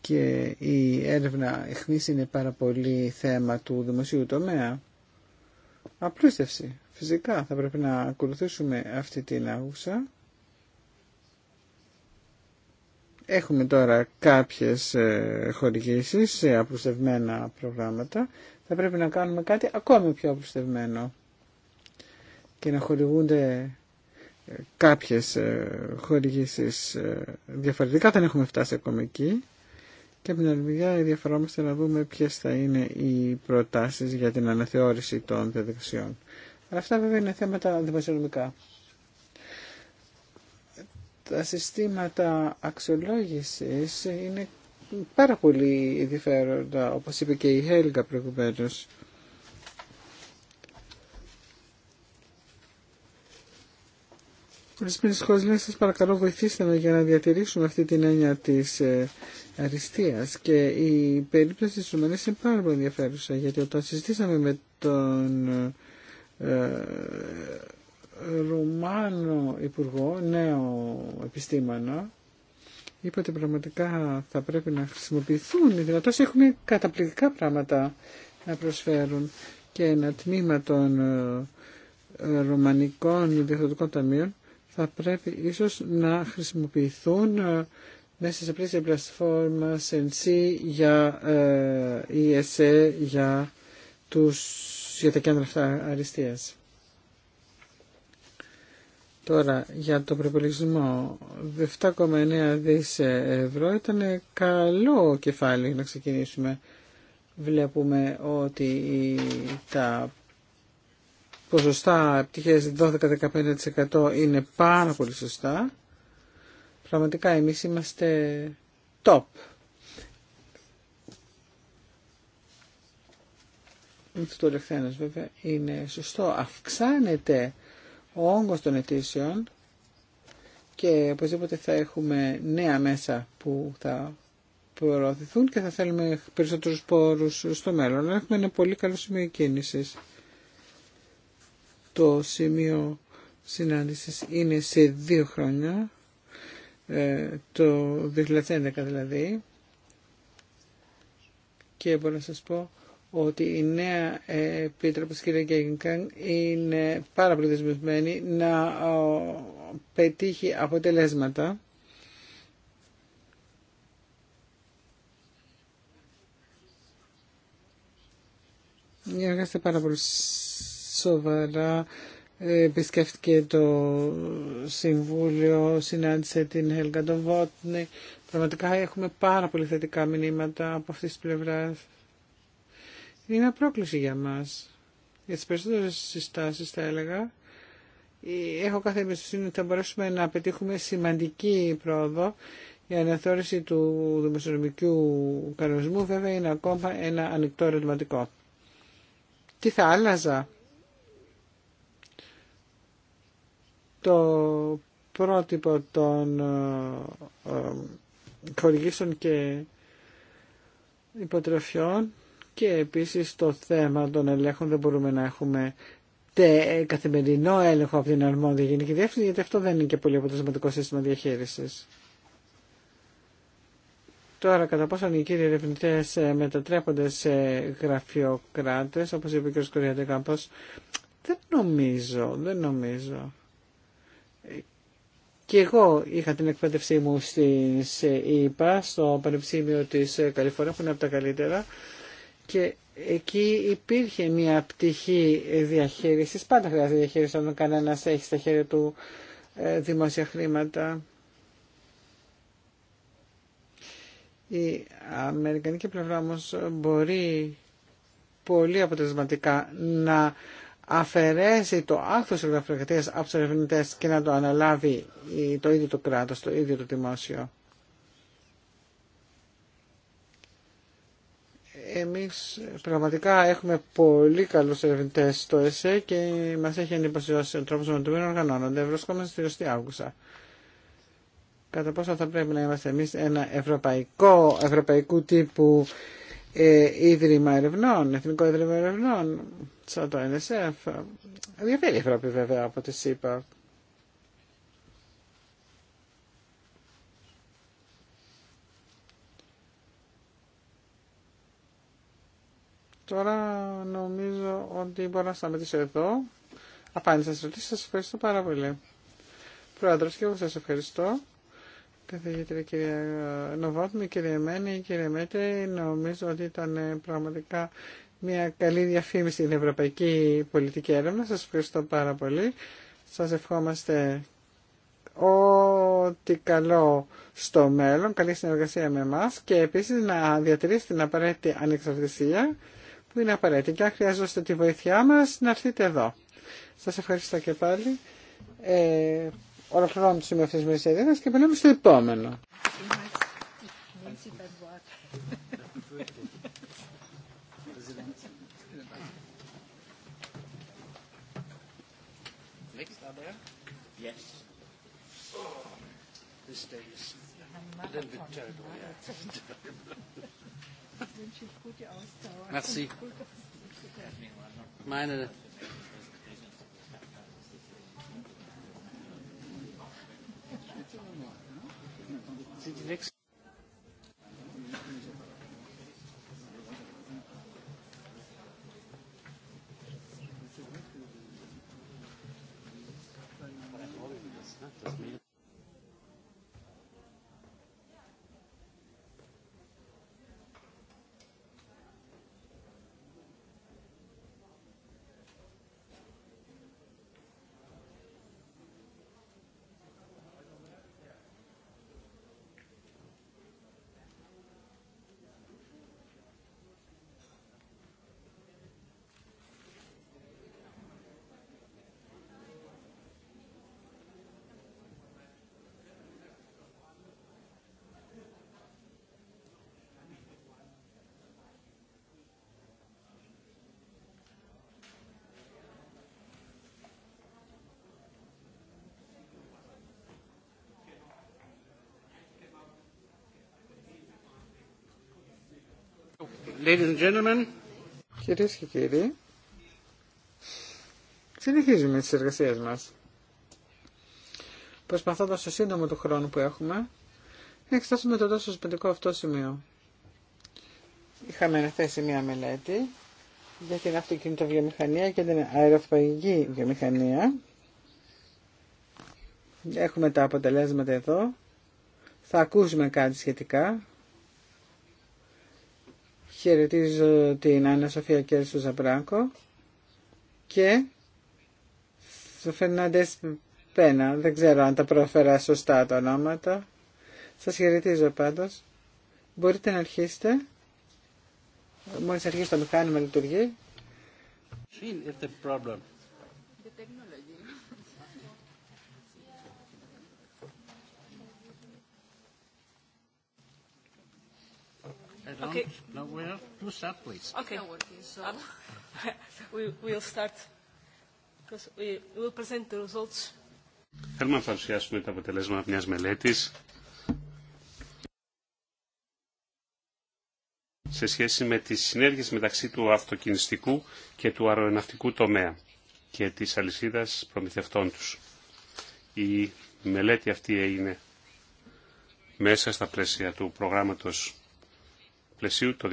και η έρευνα εχνής είναι πάρα πολύ θέμα του δημοσίου τομέα. Απλούστευση. Φυσικά θα πρέπει να ακολουθήσουμε αυτή την άγουσα. Έχουμε τώρα κάποιες ε, χορηγήσεις σε απλουστευμένα προγράμματα. Θα πρέπει να κάνουμε κάτι ακόμη πιο απλουστευμένο και να χορηγούνται ε, κάποιες ε, χορηγήσεις ε, διαφορετικά δεν έχουμε φτάσει ακόμα εκεί και από την άλλη μεριά ενδιαφερόμαστε να δούμε ποιες θα είναι οι προτάσεις για την αναθεώρηση των διαδικασιών. Αυτά βέβαια είναι θέματα δημοσιονομικά. Τα συστήματα αξιολόγησης είναι πάρα πολύ ενδιαφέροντα, όπως είπε και η Χέλγα προηγουμένως. Ορισμένε χώρε λένε σα παρακαλώ βοηθήστε με για να διατηρήσουμε αυτή την έννοια τη ε, αριστεία. Και η περίπτωση τη Ρουμανία είναι πάρα πολύ ενδιαφέρουσα γιατί όταν συζητήσαμε με τον ε, Ρουμάνο Υπουργό, νέο επιστήμονα, είπε ότι πραγματικά θα πρέπει να χρησιμοποιηθούν οι δυνατότητε. Έχουν καταπληκτικά πράγματα να προσφέρουν και ένα τμήμα των ε, Ρουμανικών διευθυντικών ταμείων θα πρέπει ίσως να χρησιμοποιηθούν ε, μέσα σε πλαίσια πλασφόρμα CNC για ε, e για, τους, για τα κέντρα αυτά αριστείας. Τώρα, για το προπολογισμό, 7,9 δις ευρώ ήταν καλό κεφάλι να ξεκινήσουμε. Βλέπουμε ότι τα ποσοστά πτυχές 12-15% είναι πάρα πολύ σωστά. Πραγματικά εμείς είμαστε top. Αυτό το βέβαια είναι σωστό. Αυξάνεται ο όγκος των αιτήσεων και οπωσδήποτε θα έχουμε νέα μέσα που θα προωθηθούν και θα θέλουμε περισσότερους πόρους στο μέλλον. Έχουμε ένα πολύ καλό σημείο κίνησης το σημείο συνάντησης είναι σε δύο χρόνια, ε, το 2011 δηλαδή, και μπορώ να σας πω ότι η νέα επίτροπος κυρία Γκέγκαν είναι πάρα πολύ δεσμευμένη να πετύχει αποτελέσματα. Εργάστε πάρα πολύ σοβαρά επισκέφθηκε το Συμβούλιο, συνάντησε την Χέλγκα Πραγματικά έχουμε πάρα πολύ θετικά μηνύματα από αυτή τη πλευρά. Είναι μια πρόκληση για μας. Για τις περισσότερες συστάσεις θα έλεγα. Έχω κάθε εμπιστοσύνη ότι θα μπορέσουμε να πετύχουμε σημαντική πρόοδο. Η αναθεώρηση του δημοσιονομικού κανονισμού βέβαια είναι ακόμα ένα ανοιχτό ερωτηματικό. Τι θα άλλαζα. το πρότυπο των ε, ε, χορηγήσεων και υποτροφιών και επίσης το θέμα των ελέγχων δεν μπορούμε να έχουμε τε, καθημερινό έλεγχο από την αρμόδια γενική διεύθυνση γιατί αυτό δεν είναι και πολύ αποτελεσματικό σύστημα διαχείρισης. Τώρα, κατά πόσο οι κύριοι ερευνητέ ε, μετατρέπονται σε γραφειοκράτε, όπως είπε ο κ. Κοριαντεκάμπος, δεν νομίζω, δεν νομίζω. Και εγώ είχα την εκπαίδευσή μου στις ΕΙΠΑ, στο Πανεπιστήμιο της ε, Καλιφόρνια, που είναι από τα καλύτερα. Και εκεί υπήρχε μια πτυχή διαχείρισης. Πάντα χρειάζεται διαχείριση όταν κανένας έχει στα χέρια του ε, δημόσια χρήματα. Η αμερικανική πλευρά όμω μπορεί πολύ αποτελεσματικά να αφαιρέσει το της εργαφραγητές από τους ερευνητές και να το αναλάβει το ίδιο το κράτος, το ίδιο το δημόσιο. Εμείς πραγματικά έχουμε πολύ καλούς ερευνητές στο ΕΣΕ και μας έχει εντυπωσιώσει ο τρόπος με τον οποίο οργανώνονται. Βρισκόμαστε στη Ρωστή Άγουσα. Κατά πόσο θα πρέπει να είμαστε εμείς ένα ευρωπαϊκό, ευρωπαϊκού τύπου ε, Ίδρυμα Ερευνών, Εθνικό Ίδρυμα Ερευνών, σαν το NSF. Διαφέρει η Ευρώπη βέβαια από τη ΣΥΠΑ. Τώρα νομίζω ότι μπορώ να σταματήσω εδώ. Απάντησα στις ερωτήσεις. Σας ευχαριστώ πάρα πολύ. Πρόεδρος και εγώ σας ευχαριστώ καθηγήτρια κυρία ε, Νοβότμη, κύριε Μένη, κύριε Μέτρη, νομίζω ότι ήταν ε, πραγματικά μια καλή διαφήμιση στην ευρωπαϊκή πολιτική έρευνα. Σας ευχαριστώ πάρα πολύ. Σας ευχόμαστε ό,τι καλό στο μέλλον, καλή συνεργασία με εμά και επίσης να διατηρήσετε την απαραίτητη ανεξαρτησία που είναι απαραίτητη. Και αν χρειαζόστε τη βοήθειά μας, να έρθετε εδώ. Σας ευχαριστώ και πάλι. Ε, ολοκληρώνουμε με αυτέ τι μεσαίε και περνάμε στο επόμενο. Merci. Meine Sie die Ladies and gentlemen. Κυρίες και κύριοι, συνεχίζουμε τις εργασίες μας. Προσπαθώντας το σύντομο του χρόνου που έχουμε, να εξετάσουμε το τόσο σημαντικό αυτό σημείο. Είχαμε αναθέσει μια μελέτη για την αυτοκινητοβιομηχανία και την αεροφαγική βιομηχανία. Έχουμε τα αποτελέσματα εδώ. Θα ακούσουμε κάτι σχετικά χαιρετίζω την Άννα Σοφία Κέρσου Ζαμπράκο και τον Φερνάντες Πένα. Δεν ξέρω αν τα πρόφερα σωστά τα ονόματα. Σας χαιρετίζω πάντως. Μπορείτε να αρχίσετε. Μόλις αρχίσει το μηχάνημα λειτουργεί. Θέλουμε να παρουσιάσουμε τα αποτελέσματα μιας μελέτης σε σχέση με τις συνέργειες μεταξύ του αυτοκινηστικού και του αεροναυτικού τομέα και της αλυσίδας προμηθευτών τους. Η μελέτη αυτή έγινε μέσα στα πλαίσια του προγράμματος πλαισίου το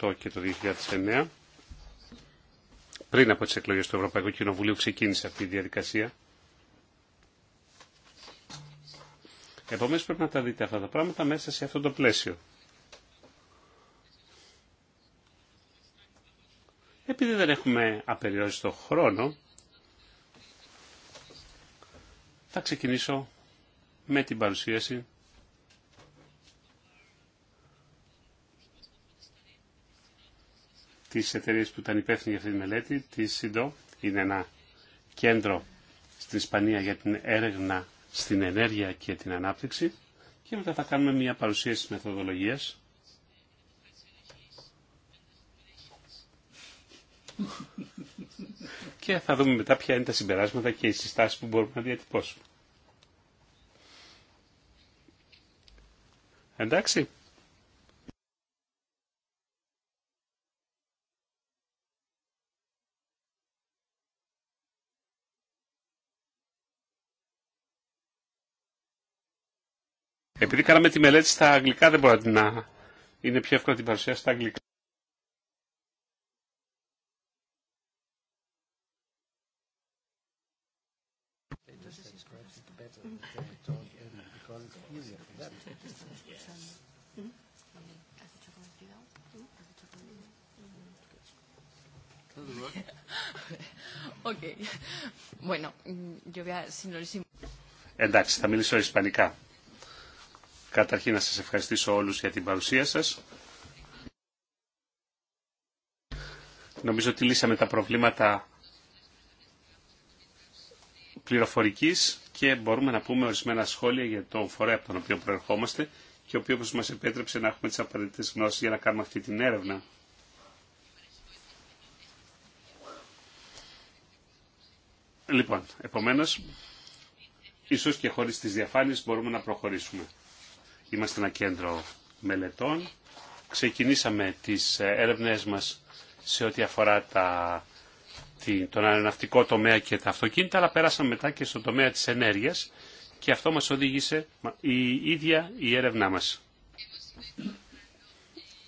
2008 και το 2009. Πριν από τις εκλογές του Ευρωπαϊκού Κοινοβουλίου ξεκίνησε αυτή η διαδικασία. Επομένως πρέπει να τα δείτε αυτά τα πράγματα μέσα σε αυτό το πλαίσιο. Επειδή δεν έχουμε απεριόριστο χρόνο, θα ξεκινήσω με την παρουσίαση τις εταιρείε που ήταν υπεύθυνη για αυτή τη μελέτη, τη ΣΥΝΤΟ, είναι ένα κέντρο στην Ισπανία για την έρευνα στην ενέργεια και την ανάπτυξη και μετά θα κάνουμε μια παρουσίαση της μεθοδολογίας. και θα δούμε μετά ποια είναι τα συμπεράσματα και οι συστάσεις που μπορούμε να διατυπώσουμε. Εντάξει. Επειδή κάναμε τη μελέτη στα αγγλικά δεν μπορώ να... Είναι πιο εύκολο την παρουσιάσω στα αγγλικά. Okay. Bueno, yo voy a... Εντάξει, θα μιλήσω ισπανικά. Καταρχήν να σας ευχαριστήσω όλους για την παρουσία σας. Νομίζω ότι λύσαμε τα προβλήματα πληροφορικής και μπορούμε να πούμε ορισμένα σχόλια για τον φορέα από τον οποίο προερχόμαστε και ο οποίος μας επέτρεψε να έχουμε τις απαραίτητες γνώσεις για να κάνουμε αυτή την έρευνα. Λοιπόν, επομένως, ίσως και χωρίς τις διαφάνειες μπορούμε να προχωρήσουμε. Είμαστε ένα κέντρο μελετών. Ξεκινήσαμε τις ε, έρευνές μας σε ό,τι αφορά τα, τον αεροναυτικό τομέα και τα αυτοκίνητα, αλλά περάσαμε μετά και στον τομέα της ενέργειας και αυτό μας οδήγησε η ίδια η έρευνά μας.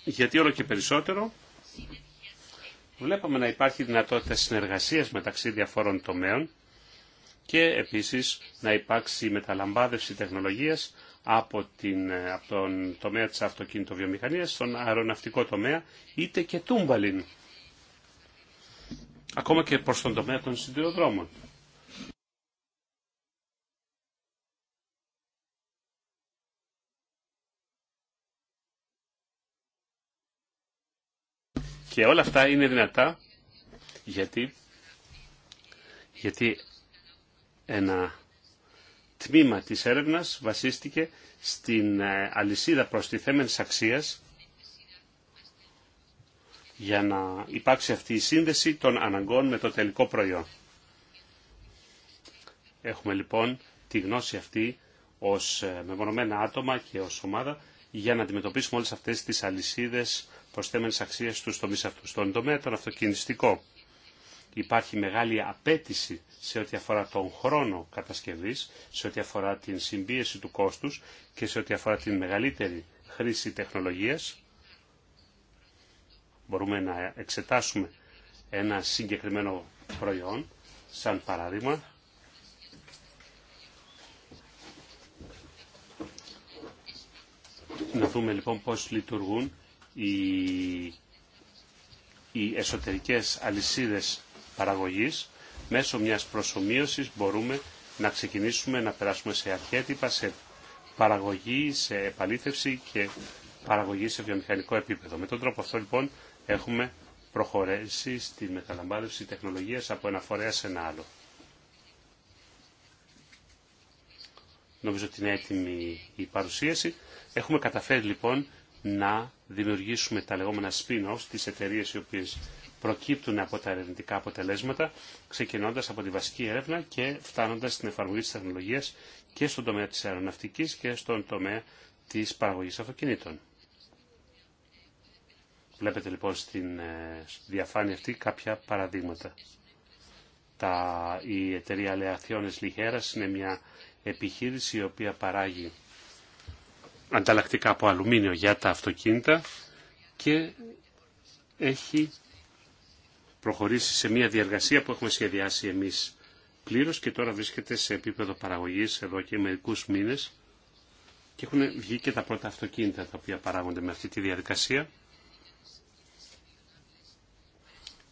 Γιατί όλο και περισσότερο βλέπαμε να υπάρχει δυνατότητα συνεργασίας μεταξύ διαφόρων τομέων και επίσης να υπάρξει μεταλαμπάδευση τεχνολογίας από, την, από τον τομέα της αυτοκινητοβιομηχανίας στον αεροναυτικό τομέα, είτε και τούμπαλιν, ακόμα και προς τον τομέα των συντηροδρόμων. Και όλα αυτά είναι δυνατά γιατί, γιατί ένα τμήμα της έρευνας βασίστηκε στην ε, αλυσίδα προστιθέμενης αξίας για να υπάρξει αυτή η σύνδεση των αναγκών με το τελικό προϊόν. Έχουμε λοιπόν τη γνώση αυτή ως ε, μεμονωμένα άτομα και ως ομάδα για να αντιμετωπίσουμε όλες αυτές τις αλυσίδες προστιθέμενης αξίες στους τομείς αυτούς. Στον τομέα τον αυτοκινηστικό υπάρχει μεγάλη απέτηση σε ό,τι αφορά τον χρόνο κατασκευής, σε ό,τι αφορά την συμπίεση του κόστους και σε ό,τι αφορά την μεγαλύτερη χρήση τεχνολογίας. Μπορούμε να εξετάσουμε ένα συγκεκριμένο προϊόν, σαν παράδειγμα, Να δούμε λοιπόν πώς λειτουργούν οι, οι εσωτερικές αλυσίδες παραγωγής, μέσω μιας προσωμείωσης μπορούμε να ξεκινήσουμε να περάσουμε σε αρχέτυπα, σε παραγωγή, σε επαλήθευση και παραγωγή σε βιομηχανικό επίπεδο. Με τον τρόπο αυτό λοιπόν έχουμε προχωρήσει στη μεταλαμβάνευση τεχνολογίας από ένα φορέα σε ένα άλλο. Νομίζω ότι είναι έτοιμη η παρουσίαση. Έχουμε καταφέρει λοιπόν να δημιουργήσουμε τα λεγόμενα spin-offs, τις εταιρείες οι οποίες προκύπτουν από τα ερευνητικά αποτελέσματα, ξεκινώντας από τη βασική έρευνα και φτάνοντας στην εφαρμογή της τεχνολογίας και στον τομέα της αεροναυτικής και στον τομέα της παραγωγής αυτοκινήτων. Βλέπετε λοιπόν στην ε, διαφάνεια αυτή κάποια παραδείγματα. Τα, η εταιρεία Λεαθιώνες Λιχέρας είναι μια επιχείρηση η οποία παράγει ανταλλακτικά από αλουμίνιο για τα αυτοκίνητα και έχει προχωρήσει σε μια διαργασία που έχουμε σχεδιάσει εμείς πλήρως και τώρα βρίσκεται σε επίπεδο παραγωγής εδώ και μερικούς μήνες και έχουν βγει και τα πρώτα αυτοκίνητα τα οποία παράγονται με αυτή τη διαδικασία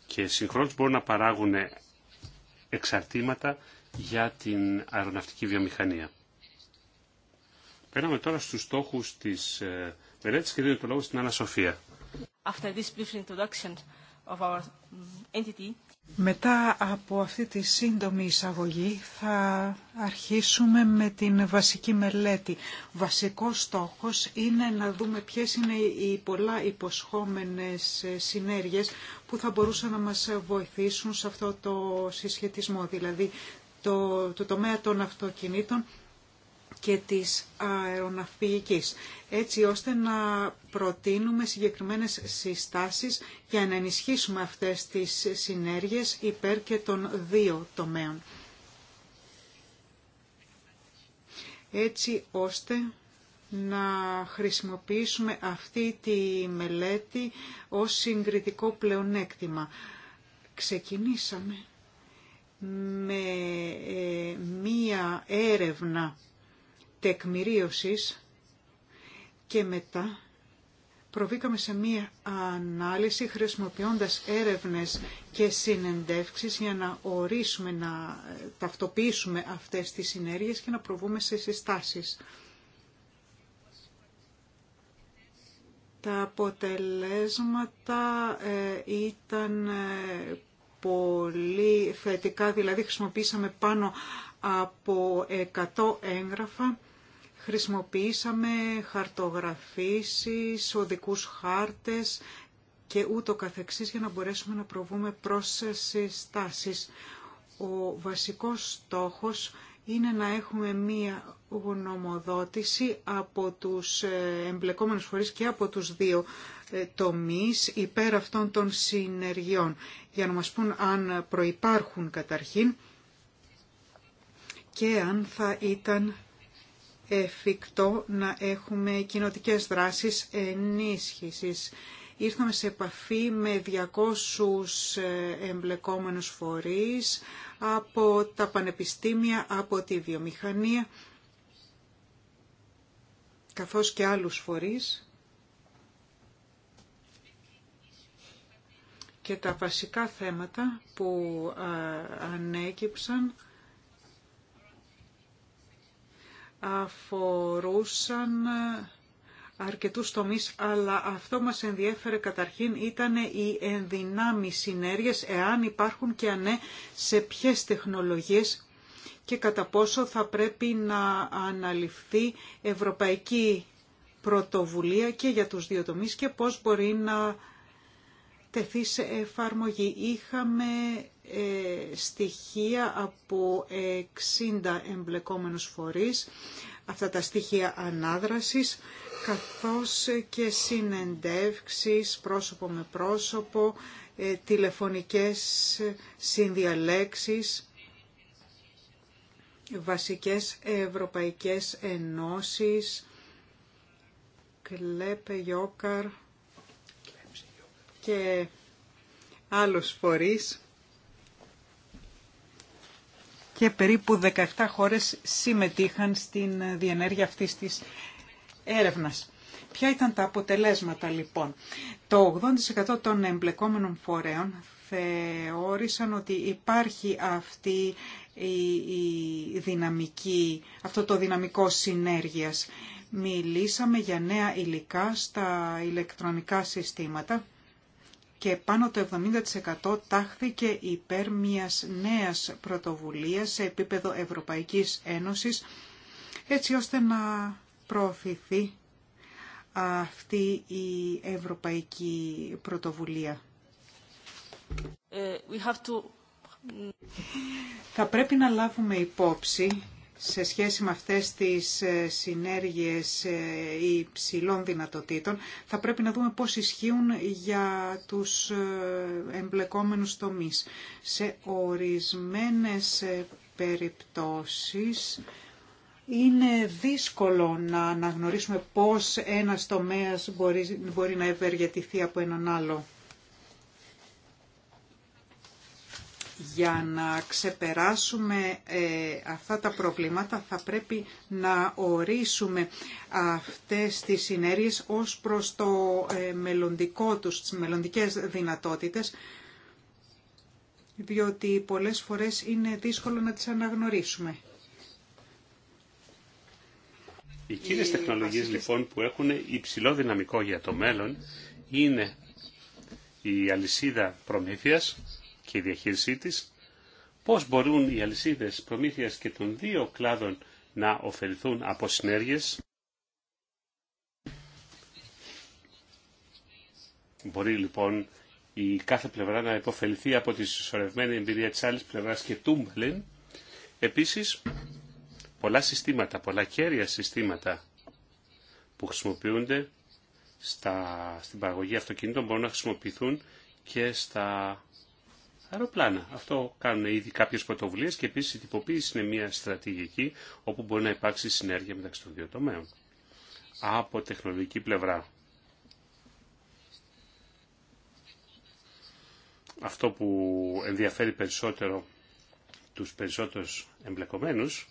και συγχρόνως μπορούν να παράγουν εξαρτήματα για την αεροναυτική βιομηχανία. Πέραμε τώρα στους στόχους της ε, μελέτη και δίνω το λόγο στην Ανασοφία. After this brief introduction, of our Μετά από αυτή τη σύντομη εισαγωγή θα αρχίσουμε με την βασική μελέτη. Βασικός στόχος είναι να δούμε ποιες είναι οι πολλά υποσχόμενες συνέργειες που θα μπορούσαν να μας βοηθήσουν σε αυτό το συσχετισμό, δηλαδή το, το τομέα των αυτοκινήτων και της αεροναυπηγικής, έτσι ώστε να προτείνουμε συγκεκριμένες συστάσεις για να ενισχύσουμε αυτές τις συνέργειες υπέρ και των δύο τομέων. Έτσι ώστε να χρησιμοποιήσουμε αυτή τη μελέτη ως συγκριτικό πλεονέκτημα. Ξεκινήσαμε με ε, μία έρευνα τεκμηρίωσης και μετά προβήκαμε σε μία ανάλυση χρησιμοποιώντας έρευνες και συνεντεύξεις για να ορίσουμε, να ταυτοποιήσουμε αυτές τις συνέργειες και να προβούμε σε συστάσεις. Τα αποτελέσματα ε, ήταν ε, πολύ θετικά, δηλαδή χρησιμοποίησαμε πάνω από 100 έγγραφα Χρησιμοποιήσαμε χαρτογραφήσεις, οδικούς χάρτες και ούτω καθεξής για να μπορέσουμε να προβούμε προς στάσεις. Ο βασικός στόχος είναι να έχουμε μία γνωμοδότηση από τους ε, εμπλεκόμενους φορείς και από τους δύο ε, τομείς υπέρ αυτών των συνεργειών για να μας πούν αν προϋπάρχουν καταρχήν και αν θα ήταν εφικτό να έχουμε κοινοτικέ δράσεις ενίσχυσης. Ήρθαμε σε επαφή με 200 ε, εμπλεκόμενους φορείς από τα πανεπιστήμια, από τη βιομηχανία, καθώς και άλλους φορείς. Και τα βασικά θέματα που ε, ανέκυψαν αφορούσαν αρκετούς τομείς, αλλά αυτό μας ενδιέφερε καταρχήν ήταν οι ενδυνάμεις συνέργειες, εάν υπάρχουν και ανέ, ναι, σε ποιες τεχνολογίες και κατά πόσο θα πρέπει να αναλυφθεί ευρωπαϊκή πρωτοβουλία και για τους δύο τομείς και πώς μπορεί να τεθεί σε εφαρμογή. Είχαμε ε, στοιχεία από 60 εμπλεκόμενους φορείς, αυτά τα στοιχεία ανάδρασης, καθώς και συνεντεύξεις πρόσωπο με πρόσωπο, ε, τηλεφωνικές συνδιαλέξεις, βασικές ευρωπαϊκές ενώσεις, κλέπε, γιόκαρ και άλλους φορείς και περίπου 17 χώρες συμμετείχαν στην διενέργεια αυτής της έρευνας. Ποια ήταν τα αποτελέσματα λοιπόν. Το 80% των εμπλεκόμενων φορέων θεώρησαν ότι υπάρχει αυτή η, δυναμική, αυτό το δυναμικό συνέργειας. Μιλήσαμε για νέα υλικά στα ηλεκτρονικά συστήματα και πάνω το 70% τάχθηκε υπέρ μιας νέας πρωτοβουλίας σε επίπεδο Ευρωπαϊκής Ένωσης έτσι ώστε να προωθηθεί αυτή η ευρωπαϊκή πρωτοβουλία. Ε, Θα πρέπει να λάβουμε υπόψη σε σχέση με αυτές τις ε, συνέργειες ε, υψηλών δυνατοτήτων, θα πρέπει να δούμε πώς ισχύουν για τους ε, εμπλεκόμενους τομείς. Σε ορισμένες περιπτώσεις είναι δύσκολο να αναγνωρίσουμε πώς ένας τομέας μπορεί, μπορεί να ευεργετηθεί από έναν άλλο. Για να ξεπεράσουμε ε, αυτά τα προβλήματα θα πρέπει να ορίσουμε αυτές τις συνέργειες ως προς το ε, μελλοντικό τους, τις μελλοντικές δυνατότητες, διότι πολλές φορές είναι δύσκολο να τις αναγνωρίσουμε. Οι κύριες τεχνολογίες λοιπόν που έχουν υψηλό δυναμικό για το μέλλον είναι η αλυσίδα προμήθειας, και η διαχείρισή της, πώς μπορούν οι αλυσίδες προμήθειας και των δύο κλάδων να ωφεληθούν από συνέργειες. Μπορεί λοιπόν η κάθε πλευρά να υποφεληθεί από τη συσσωρευμένη εμπειρία της άλλης πλευράς και τούμπλεν. Επίσης, πολλά συστήματα, πολλά κέρια συστήματα που χρησιμοποιούνται στα, στην παραγωγή αυτοκινήτων μπορούν να χρησιμοποιηθούν και στα αεροπλάνα. Αυτό κάνουν ήδη κάποιες πρωτοβουλίες και επίσης η τυποποίηση είναι μια στρατηγική όπου μπορεί να υπάρξει συνέργεια μεταξύ των δύο τομέων. Από τεχνολογική πλευρά. Αυτό που ενδιαφέρει περισσότερο τους περισσότερους εμπλεκομένους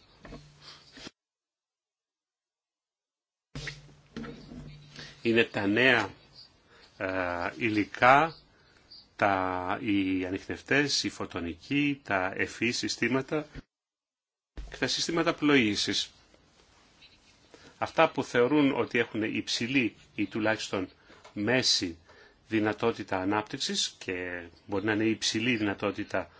είναι τα νέα ε, υλικά τα, οι ανοιχνευτές, οι φωτονικοί, τα ΕΦΗ συστήματα και τα συστήματα πλοήγησης. Αυτά που θεωρούν ότι έχουν υψηλή ή τουλάχιστον μέση δυνατότητα ανάπτυξης και μπορεί να είναι υψηλή δυνατότητα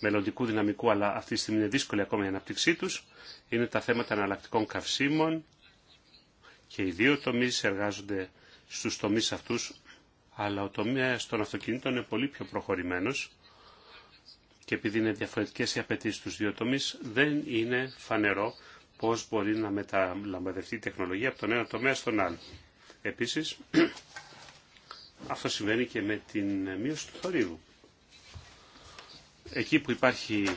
μελλοντικού δυναμικού, αλλά αυτή τη στιγμή είναι δύσκολη ακόμα η ανάπτυξή τους, είναι τα θέματα αναλλακτικών καυσίμων και οι δύο τομείς εργάζονται στους τομείς αυτούς αλλά ο τομέας των αυτοκινήτων είναι πολύ πιο προχωρημένος και επειδή είναι διαφορετικές οι απαιτήσει στους δύο τομείς, δεν είναι φανερό πώς μπορεί να μεταλαμβαδευτεί η τεχνολογία από τον ένα τομέα στον άλλο. Επίσης, αυτό συμβαίνει και με την μείωση του θορύβου. Εκεί που υπάρχει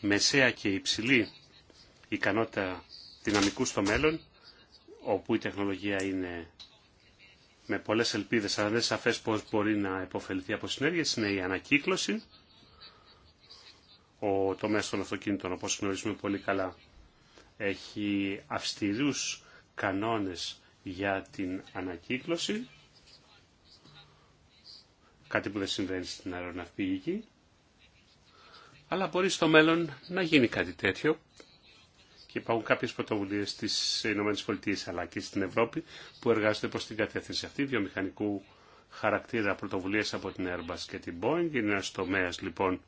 μεσαία και υψηλή ικανότητα δυναμικού στο μέλλον, όπου η τεχνολογία είναι με πολλές ελπίδε. αλλά δεν σαφές πώς μπορεί να υποφεληθεί από συνέργειες, είναι η ανακύκλωση. Ο τομέας των αυτοκίνητων, όπω γνωρίζουμε πολύ καλά, έχει αυστηρού κανόνες για την ανακύκλωση, κάτι που δεν συμβαίνει στην αεροναυπηγική, αλλά μπορεί στο μέλλον να γίνει κάτι τέτοιο και υπάρχουν κάποιες πρωτοβουλίες στις ΗΠΑ αλλά και στην Ευρώπη που εργάζονται προς την κατεύθυνση αυτή βιομηχανικού χαρακτήρα πρωτοβουλίες από την Airbus και την Boeing. Είναι ένα τομέα λοιπόν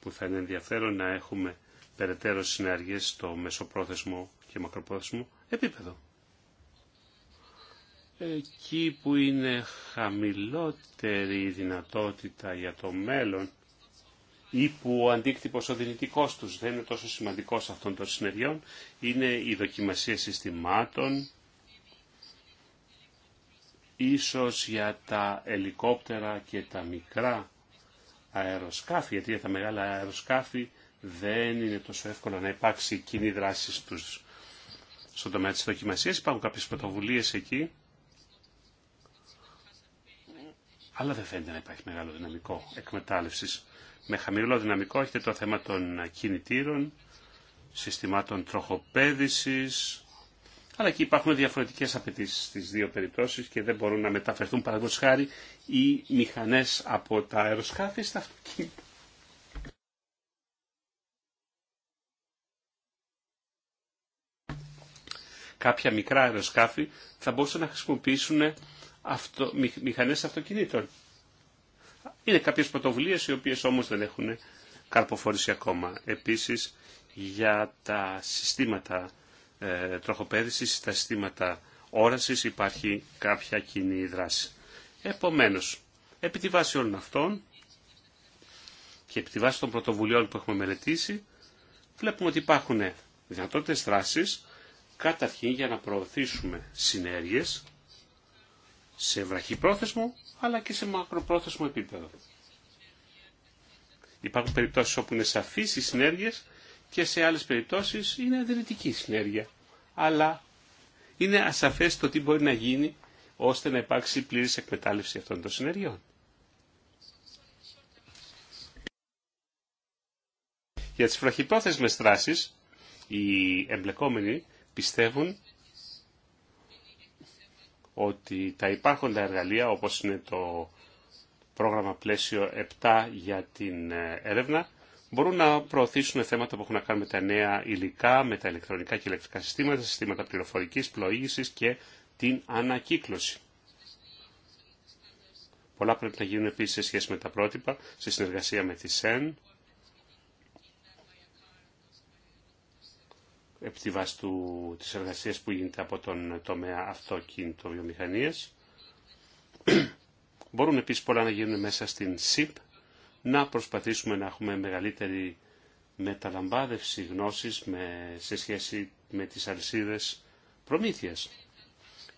που θα είναι ενδιαφέρον να έχουμε περαιτέρω συνεργίες στο μεσοπρόθεσμο και μακροπρόθεσμο επίπεδο. Εκεί που είναι χαμηλότερη η δυνατότητα για το μέλλον ή που ο αντίκτυπος ο δυνητικός τους δεν είναι τόσο σημαντικός αυτών των συνεργειών, είναι η δοκιμασία συστημάτων, ίσως για τα ελικόπτερα και τα μικρά αεροσκάφη, γιατί για τα μεγάλα αεροσκάφη δεν είναι τόσο εύκολο να υπάρξει κοινή δράση στους, στον τομέα της δοκιμασίας. Υπάρχουν κάποιες πρωτοβουλίε εκεί, αλλά δεν φαίνεται να υπάρχει μεγάλο δυναμικό εκμετάλλευσης με χαμηλό δυναμικό. Έχετε το θέμα των κινητήρων, συστημάτων τροχοπαίδησης, αλλά και υπάρχουν διαφορετικές απαιτήσει στις δύο περιπτώσεις και δεν μπορούν να μεταφερθούν παραγωγός χάρη οι μηχανές από τα αεροσκάφη στα αυτοκίνητα. Κάποια μικρά αεροσκάφη θα μπορούσαν να χρησιμοποιήσουν αυτο, μηχανές αυτοκινήτων. Είναι κάποιε πρωτοβουλίε οι οποίες όμως δεν έχουν καρποφόρηση ακόμα. Επίσης για τα συστήματα ε, τροχοπέδησης, τα συστήματα όρασης υπάρχει κάποια κοινή δράση. Επομένως, επί τη βάση όλων αυτών και επί τη βάση των πρωτοβουλειών που έχουμε μελετήσει, βλέπουμε ότι υπάρχουν δυνατότητες δράσεις, καταρχήν για να προωθήσουμε συνέργειες σε βραχυπρόθεσμο αλλά και σε μακροπρόθεσμο επίπεδο. Υπάρχουν περιπτώσεις όπου είναι σαφείς οι συνέργειες και σε άλλες περιπτώσεις είναι η συνέργεια. Αλλά είναι ασαφές το τι μπορεί να γίνει ώστε να υπάρξει πλήρης εκμετάλλευση αυτών των συνεργειών. Για τις βραχυπρόθεσμες δράσεις, οι εμπλεκόμενοι πιστεύουν ότι τα υπάρχοντα εργαλεία, όπως είναι το πρόγραμμα πλαίσιο 7 για την ε, έρευνα, μπορούν να προωθήσουν θέματα που έχουν να κάνουν με τα νέα υλικά, με τα ηλεκτρονικά και ηλεκτρικά συστήματα, συστήματα πληροφορικής, πλοήγησης και την ανακύκλωση. Πολλά πρέπει να γίνουν επίσης σε σχέση με τα πρότυπα, σε συνεργασία με τη ΣΕΝ, επί τη βάση του, της που γίνεται από τον τομέα αυτοκίνητο βιομηχανίας. Μπορούν επίσης πολλά να γίνουν μέσα στην ΣΥΠ, να προσπαθήσουμε να έχουμε μεγαλύτερη μεταλαμπάδευση γνώσης με, σε σχέση με τις αλυσίδες προμήθειας.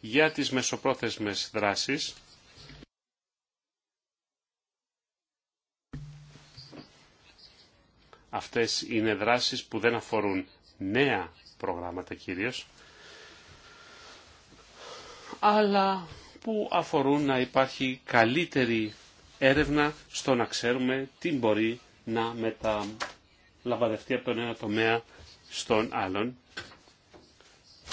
Για τις μεσοπρόθεσμες δράσεις, αυτές είναι δράσεις που δεν αφορούν νέα προγράμματα κυρίως, αλλά που αφορούν να υπάρχει καλύτερη έρευνα στο να ξέρουμε τι μπορεί να μεταλαμπαδευτεί από τον ένα τομέα στον άλλον.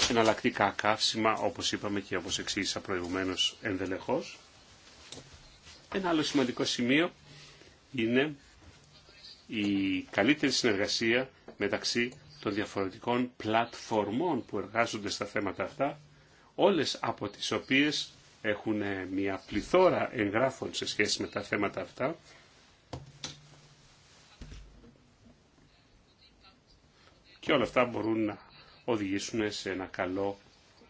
Εναλλακτικά καύσιμα, όπως είπαμε και όπως εξήγησα προηγουμένως ενδελεχώς. Ένα άλλο σημαντικό σημείο είναι η καλύτερη συνεργασία μεταξύ των διαφορετικών πλατφορμών που εργάζονται στα θέματα αυτά, όλες από τις οποίες έχουν μια πληθώρα εγγράφων σε σχέση με τα θέματα αυτά. Και όλα αυτά μπορούν να οδηγήσουν σε ένα καλό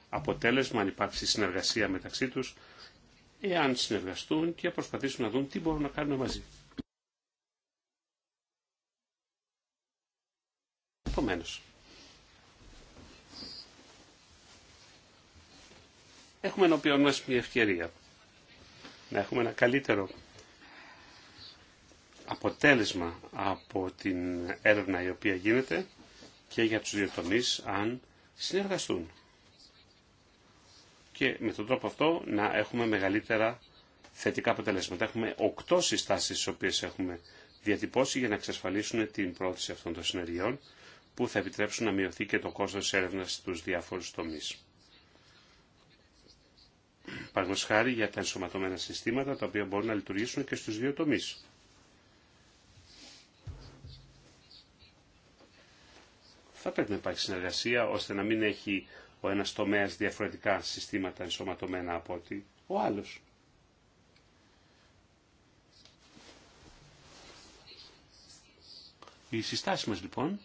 αποτέλεσμα αν υπάρξει συνεργασία μεταξύ τους, εάν συνεργαστούν και προσπαθήσουν να δουν τι μπορούν να κάνουν μαζί. επομένω. Έχουμε ενώπιον μας μια ευκαιρία να έχουμε ένα καλύτερο αποτέλεσμα από την έρευνα η οποία γίνεται και για τους δύο αν συνεργαστούν. Και με τον τρόπο αυτό να έχουμε μεγαλύτερα θετικά αποτελέσματα. Έχουμε οκτώ συστάσεις τις οποίες έχουμε διατυπώσει για να εξασφαλίσουν την πρόθεση αυτών των συνεργειών που θα επιτρέψουν να μειωθεί και το κόστος της έρευνας στους διάφορους τομείς. Παραδείγματος χάρη για τα ενσωματωμένα συστήματα τα οποία μπορούν να λειτουργήσουν και στους δύο τομείς. Θα πρέπει να υπάρχει συνεργασία ώστε να μην έχει ο ένας τομέας διαφορετικά συστήματα ενσωματωμένα από ότι ο άλλος. Οι συστάσει μας λοιπόν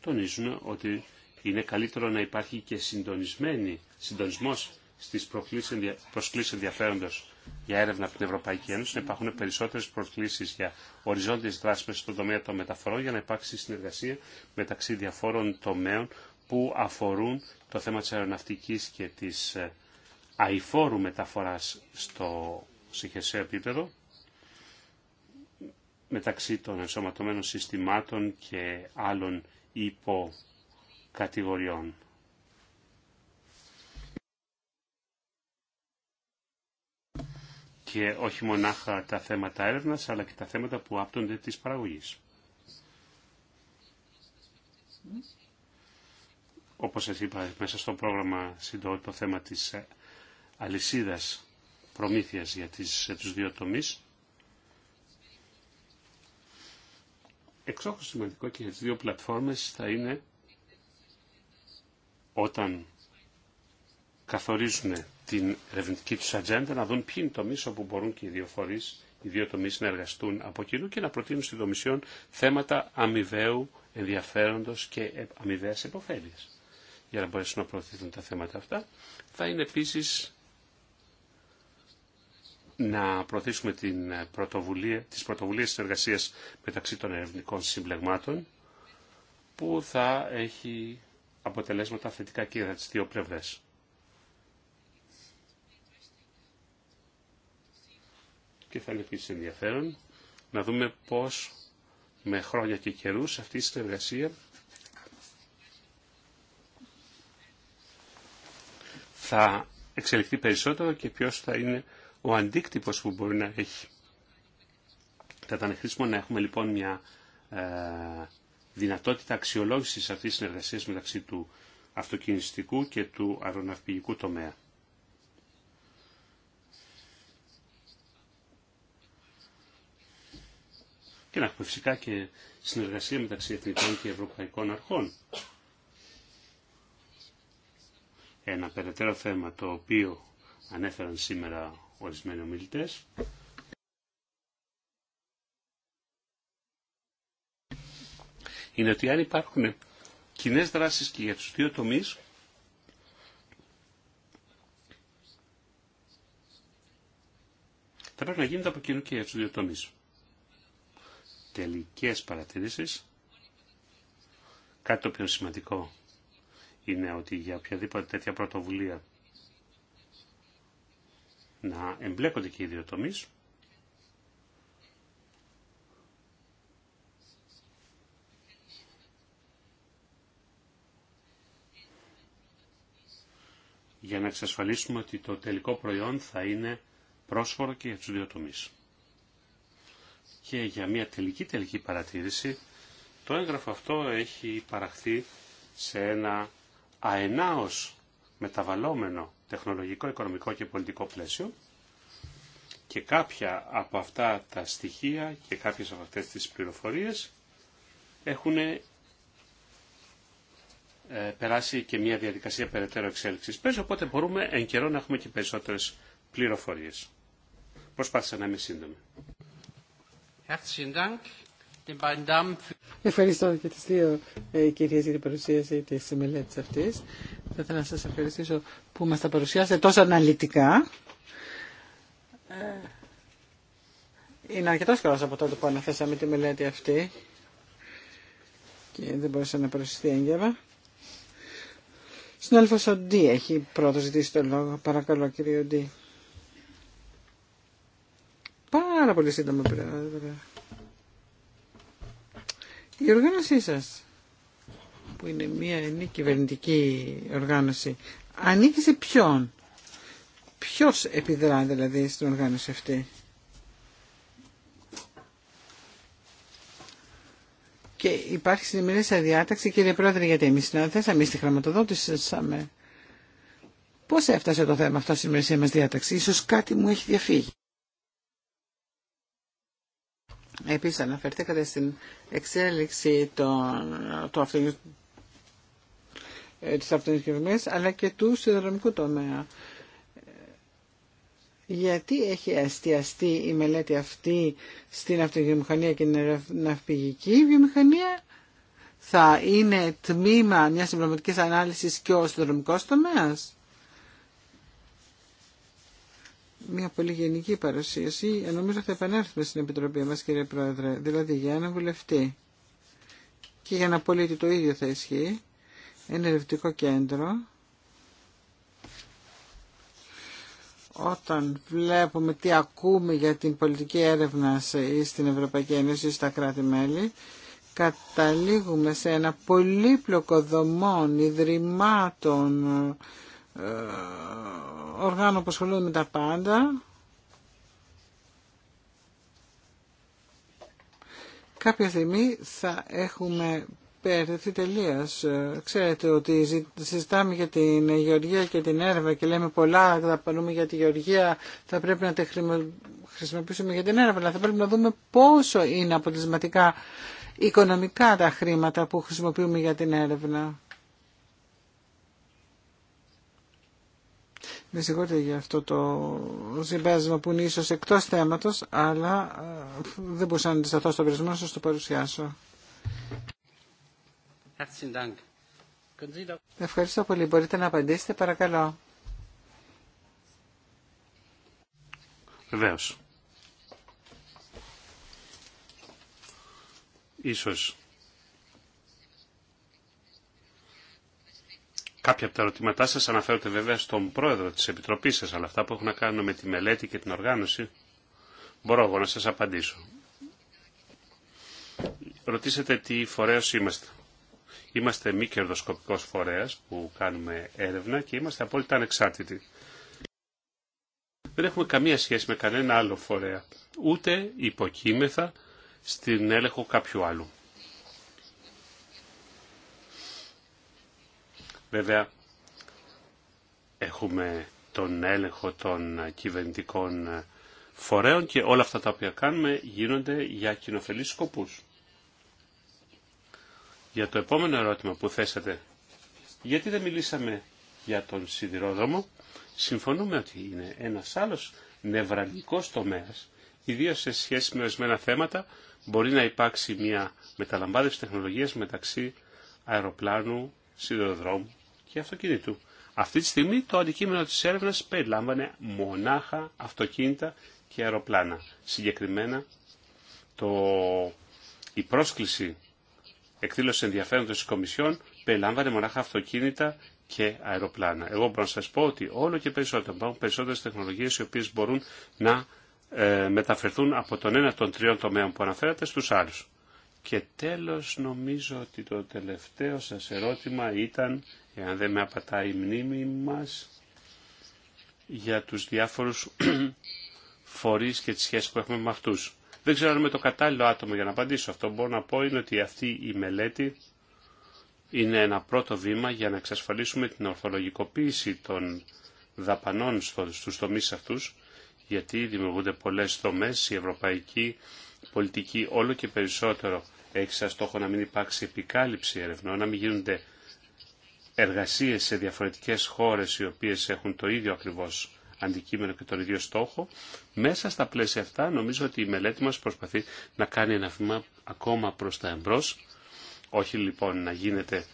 τονίζουν ότι είναι καλύτερο να υπάρχει και συντονισμένη, συντονισμός στις προσκλήσεις ενδιαφέροντος για έρευνα από την Ευρωπαϊκή Ένωση, να υπάρχουν περισσότερες προσκλήσεις για οριζόντιες δράσεις μέσα στον τομέα των μεταφορών για να υπάρξει συνεργασία μεταξύ διαφόρων τομέων που αφορούν το θέμα της αεροναυτικής και της ε, αηφόρου μεταφοράς στο συγχεσαίο επίπεδο μεταξύ των ενσωματωμένων συστημάτων και άλλων υποκατηγοριών. Και όχι μονάχα τα θέματα έρευνας, αλλά και τα θέματα που άπτονται της παραγωγής. Όπως σας είπα, μέσα στο πρόγραμμα συντοώ το θέμα της αλυσίδας προμήθειας για τις, τους δύο τομείς Εξόχως σημαντικό και για τις δύο πλατφόρμες θα είναι όταν καθορίζουν την ερευνητική τους ατζέντα να δουν ποιοι είναι τομείς όπου μπορούν και οι δύο φορείς, οι δύο τομείς να εργαστούν από κοινού και να προτείνουν στην Κομισιόν θέματα αμοιβαίου ενδιαφέροντος και αμοιβαίας επωφέλειας Για να μπορέσουν να προωθηθούν τα θέματα αυτά θα είναι επίσης να προωθήσουμε την πρωτοβουλία, τις πρωτοβουλίες εργασίας μεταξύ των ερευνικών συμπλεγμάτων που θα έχει αποτελέσματα θετικά και για τις δύο πλευρές. Και θα είναι επίση ενδιαφέρον να δούμε πώς με χρόνια και καιρούς αυτή η συνεργασία θα εξελιχθεί περισσότερο και ποιος θα είναι ο αντίκτυπος που μπορεί να έχει. Θα ήταν χρήσιμο να έχουμε λοιπόν μια ε, δυνατότητα αξιολόγησης αυτής της συνεργασίας μεταξύ του αυτοκινηστικού και του αεροναυπηγικού τομέα. Και να έχουμε φυσικά και συνεργασία μεταξύ εθνικών και ευρωπαϊκών αρχών. Ένα περαιτέρω θέμα το οποίο ανέφεραν σήμερα ορισμένοι ομιλητέ. Είναι ότι αν υπάρχουν κοινέ δράσεις και για τους δύο τομεί. θα πρέπει να γίνεται από κοινού και για τους δύο Τελικές παρατηρήσεις. Κάτι το πιο σημαντικό είναι ότι για οποιαδήποτε τέτοια πρωτοβουλία να εμπλέκονται και οι δύο τομείς. για να εξασφαλίσουμε ότι το τελικό προϊόν θα είναι πρόσφορο και για τους δύο τομείς. Και για μια τελική τελική παρατήρηση, το έγγραφο αυτό έχει παραχθεί σε ένα αενάως μεταβαλλόμενο τεχνολογικό, οικονομικό και πολιτικό πλαίσιο. Και κάποια από αυτά τα στοιχεία και κάποιες από αυτές τις πληροφορίες έχουν ε, περάσει και μια διαδικασία περαιτέρω εξέλιξης πες, οπότε μπορούμε εν καιρό να έχουμε και περισσότερες πληροφορίες. Προσπάθησα να είμαι σύντομη. Ευχαριστώ και τις δύο ε, κυρίες για την παρουσίαση της μελέτης αυτής. Θα ήθελα να σας ευχαριστήσω που μας τα παρουσιάσετε τόσο αναλυτικά. Ε, είναι αρκετό σκορός από τότε που αναθέσαμε τη μελέτη αυτή και δεν μπορούσα να παρουσιαστεί έγκαιρα. Συνάδελφος ο Ντί έχει πρώτο ζητήσει το λόγο. Παρακαλώ κύριε Ντί. Πάρα πολύ σύντομα πρόεδρε. Η οργάνωσή σας, που είναι μια είναι κυβερνητική οργάνωση, ανήκει σε ποιον. Ποιος επιδρά δηλαδή στην οργάνωση αυτή. Και υπάρχει στην διάταξη, κύριε Πρόεδρε, γιατί εμεί συνανθέσαμε εμεί τη χρηματοδότηση Πώ έφτασε το θέμα αυτό στην ημερήσια μα διάταξη, ίσω κάτι μου έχει διαφύγει. Επίσης αναφερθήκατε στην εξέλιξη των, του αυτοκινητού ε, της αλλά και του σιδηροδρομικού τομέα. Γιατί έχει αστιαστεί η μελέτη αυτή στην βιομηχανία και την ναυπηγική βιομηχανία θα είναι τμήμα μιας συμπληρωματικής ανάλυσης και ο συνδρομικός τομέας. μια πολύ γενική παρουσίαση. Ε, νομίζω θα επανέλθουμε στην Επιτροπή μας κύριε Πρόεδρε. Δηλαδή για ένα βουλευτή και για ένα πολίτη το ίδιο θα ισχύει. Ένα ερευνητικό κέντρο. Όταν βλέπουμε τι ακούμε για την πολιτική έρευνα στην Ευρωπαϊκή Ένωση ή στα κράτη-μέλη, καταλήγουμε σε ένα πολύπλοκο δομών, ιδρυμάτων, ε, οργάνω που ασχολούνται με τα πάντα. Κάποια στιγμή θα έχουμε Περθεί τελεία. Ε, ξέρετε ότι συζητάμε για την γεωργία και την έρευνα και λέμε πολλά, θα πανούμε για τη γεωργία, θα πρέπει να τα χρησιμοποιήσουμε για την έρευνα, αλλά θα πρέπει να δούμε πόσο είναι αποτελεσματικά οικονομικά τα χρήματα που χρησιμοποιούμε για την έρευνα. Με συγχωρείτε για αυτό το συμπέρασμα που είναι ίσως εκτός θέματος, αλλά ε, δεν μπορούσα να αντισταθώ στον πειρασμό σας το παρουσιάσω. Ευχαριστώ πολύ. Μπορείτε να απαντήσετε, παρακαλώ. Βεβαίως. Ίσως Κάποια από τα ερωτήματά σας αναφέρονται βέβαια στον πρόεδρο της Επιτροπής σας, αλλά αυτά που έχουν να κάνουν με τη μελέτη και την οργάνωση, μπορώ εγώ να σας απαντήσω. Ρωτήσατε τι φορέας είμαστε. Είμαστε μη κερδοσκοπικό φορέας που κάνουμε έρευνα και είμαστε απόλυτα ανεξάρτητοι. Δεν έχουμε καμία σχέση με κανένα άλλο φορέα, ούτε υποκείμεθα στην έλεγχο κάποιου άλλου. Βέβαια, έχουμε τον έλεγχο των κυβερνητικών φορέων και όλα αυτά τα οποία κάνουμε γίνονται για κοινοφελείς σκοπούς. Για το επόμενο ερώτημα που θέσατε, γιατί δεν μιλήσαμε για τον σιδηρόδρομο, συμφωνούμε ότι είναι ένας άλλος νευραλικός τομέας, ιδίως σε σχέση με ορισμένα θέματα, μπορεί να υπάρξει μια μεταλαμβάνευση τεχνολογίας μεταξύ αεροπλάνου, σιδηροδρόμου και αυτοκινήτου. Αυτή τη στιγμή το αντικείμενο της έρευνας περιλάμβανε μονάχα αυτοκίνητα και αεροπλάνα. Συγκεκριμένα το... η πρόσκληση εκδήλωση ενδιαφέροντος της Κομισιόν περιλάμβανε μονάχα αυτοκίνητα και αεροπλάνα. Εγώ μπορώ να σας πω ότι όλο και περισσότερο υπάρχουν περισσότερες τεχνολογίες οι οποίες μπορούν να ε, μεταφερθούν από τον ένα των τριών τομέων που αναφέρατε στους άλλους. Και τέλος νομίζω ότι το τελευταίο σας ερώτημα ήταν, εάν δεν με απατάει η μνήμη μας, για τους διάφορους φορείς και τις σχέσεις που έχουμε με αυτούς. Δεν ξέρω αν είμαι το κατάλληλο άτομο για να απαντήσω αυτό. Μπορώ να πω είναι ότι αυτή η μελέτη είναι ένα πρώτο βήμα για να εξασφαλίσουμε την ορθολογικοποίηση των δαπανών στους τομείς αυτούς, γιατί δημιουργούνται πολλές τομές, η Ευρωπαϊκή πολιτική όλο και περισσότερο έχει σαν στόχο να μην υπάρξει επικάλυψη ερευνών, να μην γίνονται εργασίες σε διαφορετικές χώρες οι οποίες έχουν το ίδιο ακριβώς αντικείμενο και τον ίδιο στόχο. Μέσα στα πλαίσια αυτά νομίζω ότι η μελέτη μας προσπαθεί να κάνει ένα βήμα ακόμα προς τα εμπρός, όχι λοιπόν να γίνεται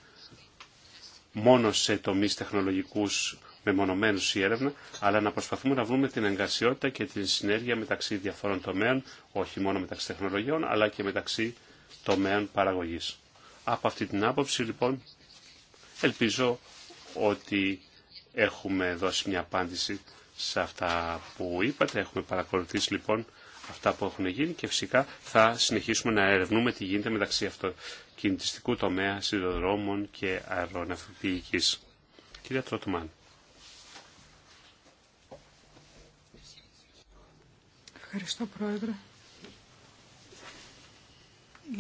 μόνο σε τομείς τεχνολογικούς μονομένου η έρευνα, αλλά να προσπαθούμε να βρούμε την εγκαρσιότητα και την συνέργεια μεταξύ διαφόρων τομέων, όχι μόνο μεταξύ τεχνολογιών, αλλά και μεταξύ τομέων παραγωγή. Από αυτή την άποψη, λοιπόν, ελπίζω ότι έχουμε δώσει μια απάντηση σε αυτά που είπατε. Έχουμε παρακολουθήσει, λοιπόν, αυτά που έχουν γίνει και φυσικά θα συνεχίσουμε να ερευνούμε τι γίνεται μεταξύ αυτοκινητιστικού τομέα, σιδηροδρόμων και αεροναυπηγικής. Κυρία Τροτουμάν. Ευχαριστώ Πρόεδρε.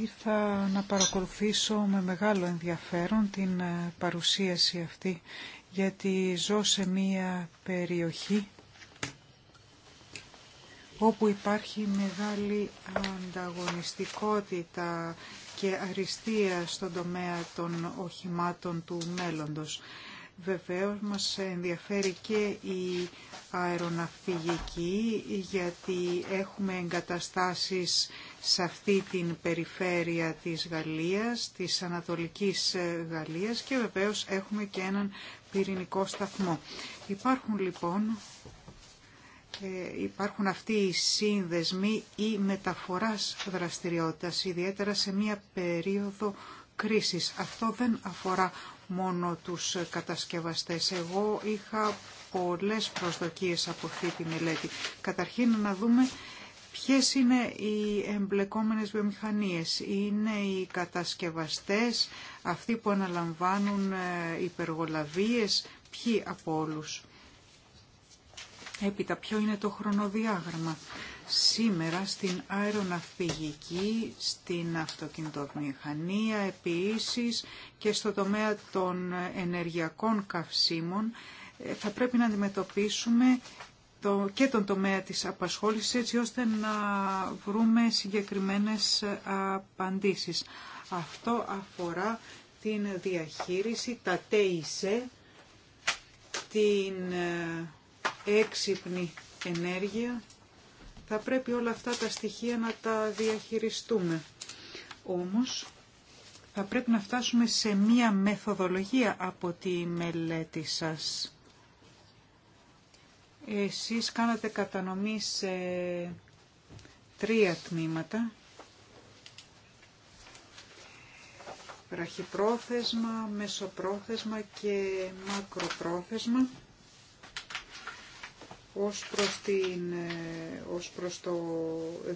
Ήρθα να παρακολουθήσω με μεγάλο ενδιαφέρον την ε, παρουσίαση αυτή γιατί ζω σε μία περιοχή όπου υπάρχει μεγάλη ανταγωνιστικότητα και αριστεία στον τομέα των οχημάτων του μέλλοντος. Βεβαίως μας ενδιαφέρει και η αεροναυπηγική γιατί έχουμε εγκαταστάσεις σε αυτή την περιφέρεια της Γαλλίας, της Ανατολικής Γαλλίας και βεβαίως έχουμε και έναν πυρηνικό σταθμό. Υπάρχουν λοιπόν ε, υπάρχουν αυτοί οι σύνδεσμοι ή μεταφοράς δραστηριότητας, ιδιαίτερα σε μία περίοδο κρίσης. Αυτό δεν αφορά μόνο τους κατασκευαστές. Εγώ είχα πολλές προσδοκίες από αυτή τη μελέτη. Καταρχήν να δούμε ποιες είναι οι εμπλεκόμενες βιομηχανίες. Είναι οι κατασκευαστές, αυτοί που αναλαμβάνουν ε, υπεργολαβίες, ποιοι από όλους. Έπειτα ποιο είναι το χρονοδιάγραμμα σήμερα στην αεροναυπηγική, στην αυτοκινητομηχανία επίσης και στο τομέα των ενεργειακών καυσίμων ε, θα πρέπει να αντιμετωπίσουμε το, και τον τομέα της απασχόλησης έτσι ώστε να βρούμε συγκεκριμένες ε, απαντήσεις. Αυτό αφορά την διαχείριση, τα ΤΕΙΣΕ, την ε, έξυπνη ενέργεια θα πρέπει όλα αυτά τα στοιχεία να τα διαχειριστούμε. Όμως θα πρέπει να φτάσουμε σε μία μεθοδολογία από τη μελέτη σας. Εσείς κάνατε κατανομή σε τρία τμήματα. Βραχυπρόθεσμα, μεσοπρόθεσμα και μακροπρόθεσμα ως προς, την, ε, το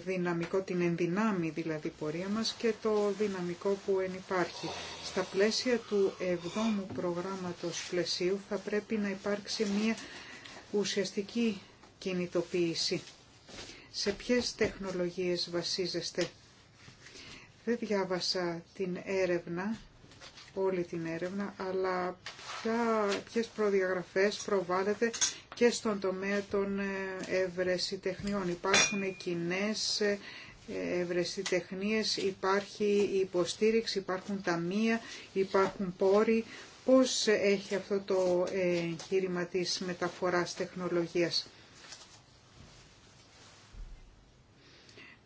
δυναμικό, την ενδυνάμει δηλαδή πορεία μας και το δυναμικό που ενυπάρχει. Στα πλαίσια του 7ου προγράμματος πλαισίου θα πρέπει να υπάρξει μια ουσιαστική κινητοποίηση. Σε ποιες τεχνολογίες βασίζεστε. Δεν διάβασα την έρευνα, όλη την έρευνα, αλλά ποια, ποιες προδιαγραφές προβάλλεται και στον τομέα των ε, ευρεσιτεχνιών. Υπάρχουν κοινέ ε, ευρεσιτεχνίες, υπάρχει υποστήριξη, υπάρχουν ταμεία, υπάρχουν πόροι. Πώς έχει αυτό το εγχείρημα της μεταφοράς τεχνολογίας.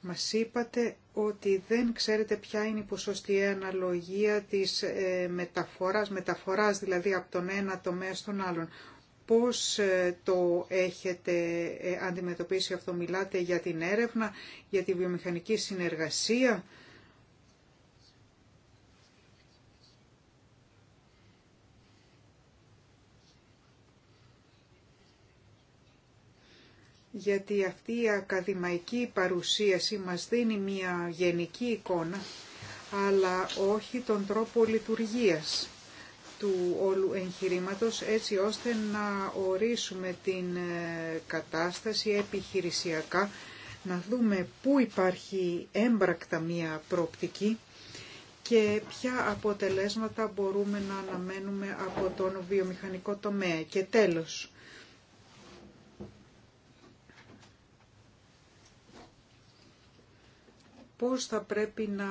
Μας είπατε ότι δεν ξέρετε ποια είναι η ποσοστιαία αναλογία της ε, μεταφοράς, μεταφοράς δηλαδή από τον ένα τομέα στον άλλον. Πώς ε, το έχετε ε, αντιμετωπίσει αυτό, μιλάτε για την έρευνα, για τη βιομηχανική συνεργασία. γιατί αυτή η ακαδημαϊκή παρουσίαση μας δίνει μια γενική εικόνα, αλλά όχι τον τρόπο λειτουργίας του όλου εγχειρήματος έτσι ώστε να ορίσουμε την ε, κατάσταση επιχειρησιακά, να δούμε πού υπάρχει έμπρακτα μία πρόπτικη και ποια αποτελέσματα μπορούμε να αναμένουμε από τον βιομηχανικό τομέα. Και τέλος, πώς θα πρέπει να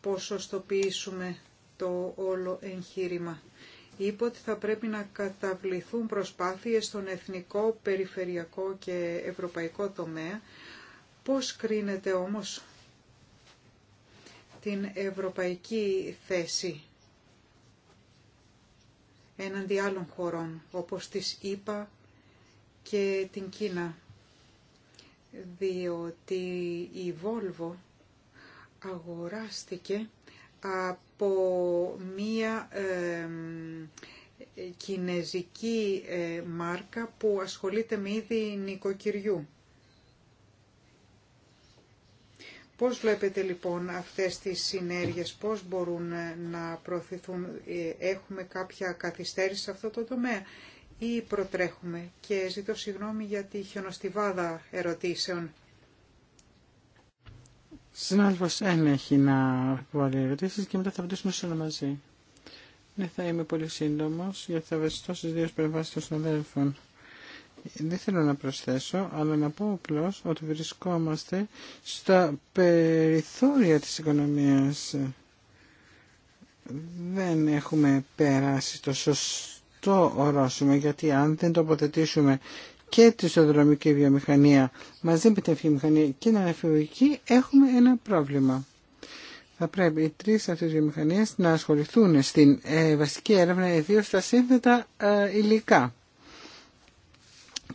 ποσοστοποιήσουμε το όλο εγχείρημα είπε ότι θα πρέπει να καταβληθούν προσπάθειες στον εθνικό, περιφερειακό και ευρωπαϊκό τομέα. Πώς κρίνεται όμως την ευρωπαϊκή θέση έναντι άλλων χωρών, όπως της είπα και την Κίνα, διότι η Volvo αγοράστηκε από μία κινέζικη ε, μάρκα που ασχολείται με είδη νοικοκυριού. Πώς βλέπετε λοιπόν αυτές τις συνέργειες, πώς μπορούν ε, να προωθηθούν, ε, έχουμε κάποια καθυστέρηση σε αυτό το τομέα ή προτρέχουμε και ζητώ συγγνώμη για τη χιονοστιβάδα ερωτήσεων. Συνάδελφος ένα έχει να βάλει ερωτήσει και μετά θα απαντήσουμε σε όλα μαζί. Ναι, θα είμαι πολύ σύντομο γιατί θα βασιστώ στις δύο περιβάσεις των συναδέλφων. Δεν θέλω να προσθέσω, αλλά να πω απλώ ότι βρισκόμαστε στα περιθώρια της οικονομίας. Δεν έχουμε περάσει το σωστό ορόσημο, γιατί αν δεν τοποθετήσουμε και τη σοδρομική βιομηχανία μαζί με την βιομηχανία και την αναφιολογική έχουμε ένα πρόβλημα. Θα πρέπει οι τρεις αυτές βιομηχανίες να ασχοληθούν στην ε, βασική έρευνα ιδίως στα σύνθετα ε, υλικά.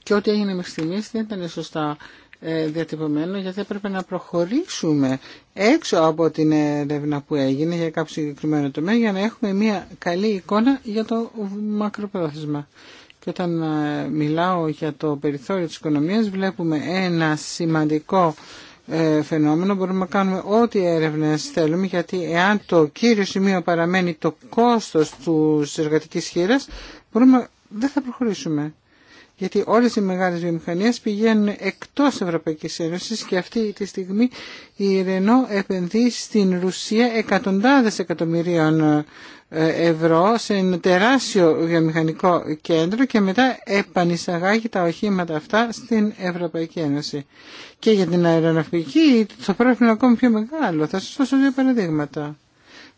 Και ό,τι έγινε μέχρι στιγμής δεν ήταν σωστά ε, διατυπωμένο γιατί έπρεπε να προχωρήσουμε έξω από την έρευνα που έγινε για κάποιο συγκεκριμένο τομέα για να έχουμε μια καλή εικόνα για το μακροπρόθεσμα. Και όταν ε, μιλάω για το περιθώριο της οικονομίας βλέπουμε ένα σημαντικό ε, φαινόμενο. Μπορούμε να κάνουμε ό,τι έρευνες θέλουμε γιατί εάν το κύριο σημείο παραμένει το κόστος της εργατικής χείρας μπορούμε, δεν θα προχωρήσουμε γιατί όλες οι μεγάλες βιομηχανίες πηγαίνουν εκτός Ευρωπαϊκής Ένωσης και αυτή τη στιγμή η Ρενό επενδύει στην Ρουσία εκατοντάδες εκατομμυρίων ε, ευρώ σε ένα τεράστιο βιομηχανικό κέντρο και μετά επανεισαγάγει τα οχήματα αυτά στην Ευρωπαϊκή Ένωση. Και για την αεροναυτική το πρόβλημα είναι ακόμη πιο μεγάλο. Θα σας δώσω δύο παραδείγματα.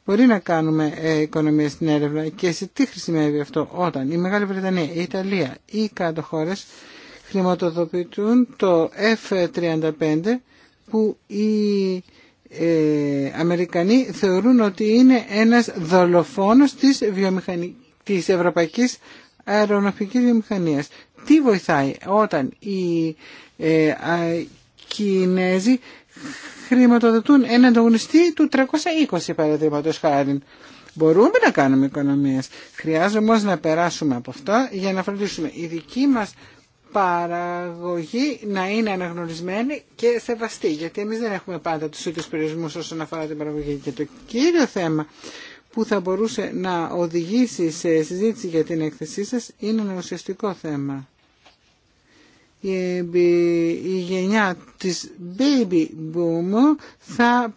Μπορεί να κάνουμε ε, οικονομία στην έρευνα και σε τι χρησιμεύει αυτό όταν η Μεγάλη Βρετανία, η Ιταλία ή οι κάτω χώρες χρηματοδοτούν το F-35 που οι ε, Αμερικανοί θεωρούν ότι είναι ένας δολοφόνος της, Ευρωπαϊκή της ευρωπαϊκής αερονομικής βιομηχανίας. Τι βοηθάει όταν οι ε, Κινέζοι χρηματοδοτούν έναν ανταγωνιστή του 320 παραδείγματο χάρη. Μπορούμε να κάνουμε οικονομίες. Χρειάζομαι όμως να περάσουμε από αυτά για να φροντίσουμε η δική μας παραγωγή να είναι αναγνωρισμένη και σεβαστή. Γιατί εμείς δεν έχουμε πάντα τους ίδιους περιορισμούς όσον αφορά την παραγωγή. Και το κύριο θέμα που θα μπορούσε να οδηγήσει σε συζήτηση για την έκθεσή σας είναι ένα ουσιαστικό θέμα η γενιά της baby boom θα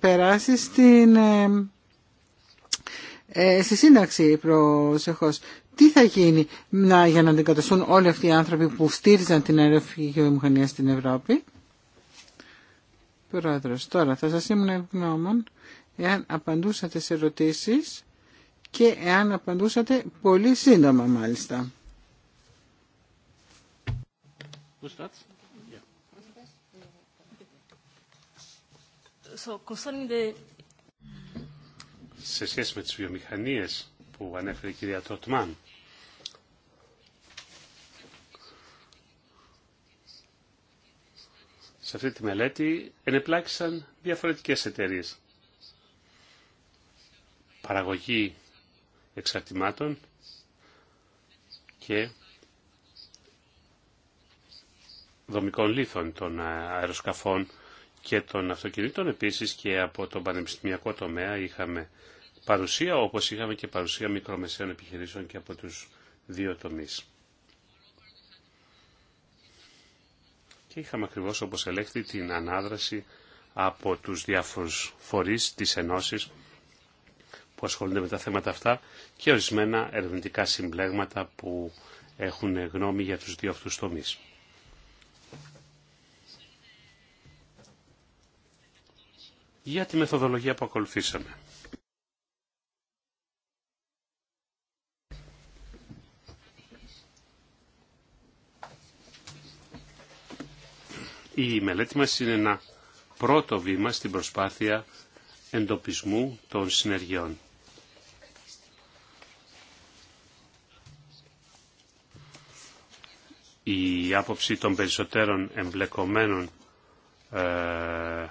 περάσει στην, ε, ε, στη σύνταξη προσεχώς. Τι θα γίνει να, για να αντικαταστούν όλοι αυτοί οι άνθρωποι που στήριζαν την αεροφυγική βιομηχανία στην Ευρώπη. Πρόεδρος, τώρα θα σας ήμουν ευγνώμων εάν απαντούσατε σε ερωτήσεις και εάν απαντούσατε πολύ σύντομα μάλιστα. Σε σχέση με τις βιομηχανίες που ανέφερε η κυρία Τροτμάν, σε αυτή τη μελέτη ενεπλάκησαν διαφορετικές εταιρείες. Παραγωγή εξαρτημάτων και δομικών λίθων των αεροσκαφών και των αυτοκινήτων. Επίσης και από τον πανεπιστημιακό τομέα είχαμε παρουσία, όπως είχαμε και παρουσία μικρομεσαίων επιχειρήσεων και από τους δύο τομείς. Και είχαμε ακριβώς όπως ελέγχθη την ανάδραση από τους διάφορους φορείς της Ενώσης που ασχολούνται με τα θέματα αυτά και ορισμένα ερευνητικά συμπλέγματα που έχουν γνώμη για τους δύο αυτούς τομείς. για τη μεθοδολογία που ακολουθήσαμε. Η μελέτη μας είναι ένα πρώτο βήμα στην προσπάθεια εντοπισμού των συνεργειών. Η άποψη των περισσότερων εμπλεκομένων ε,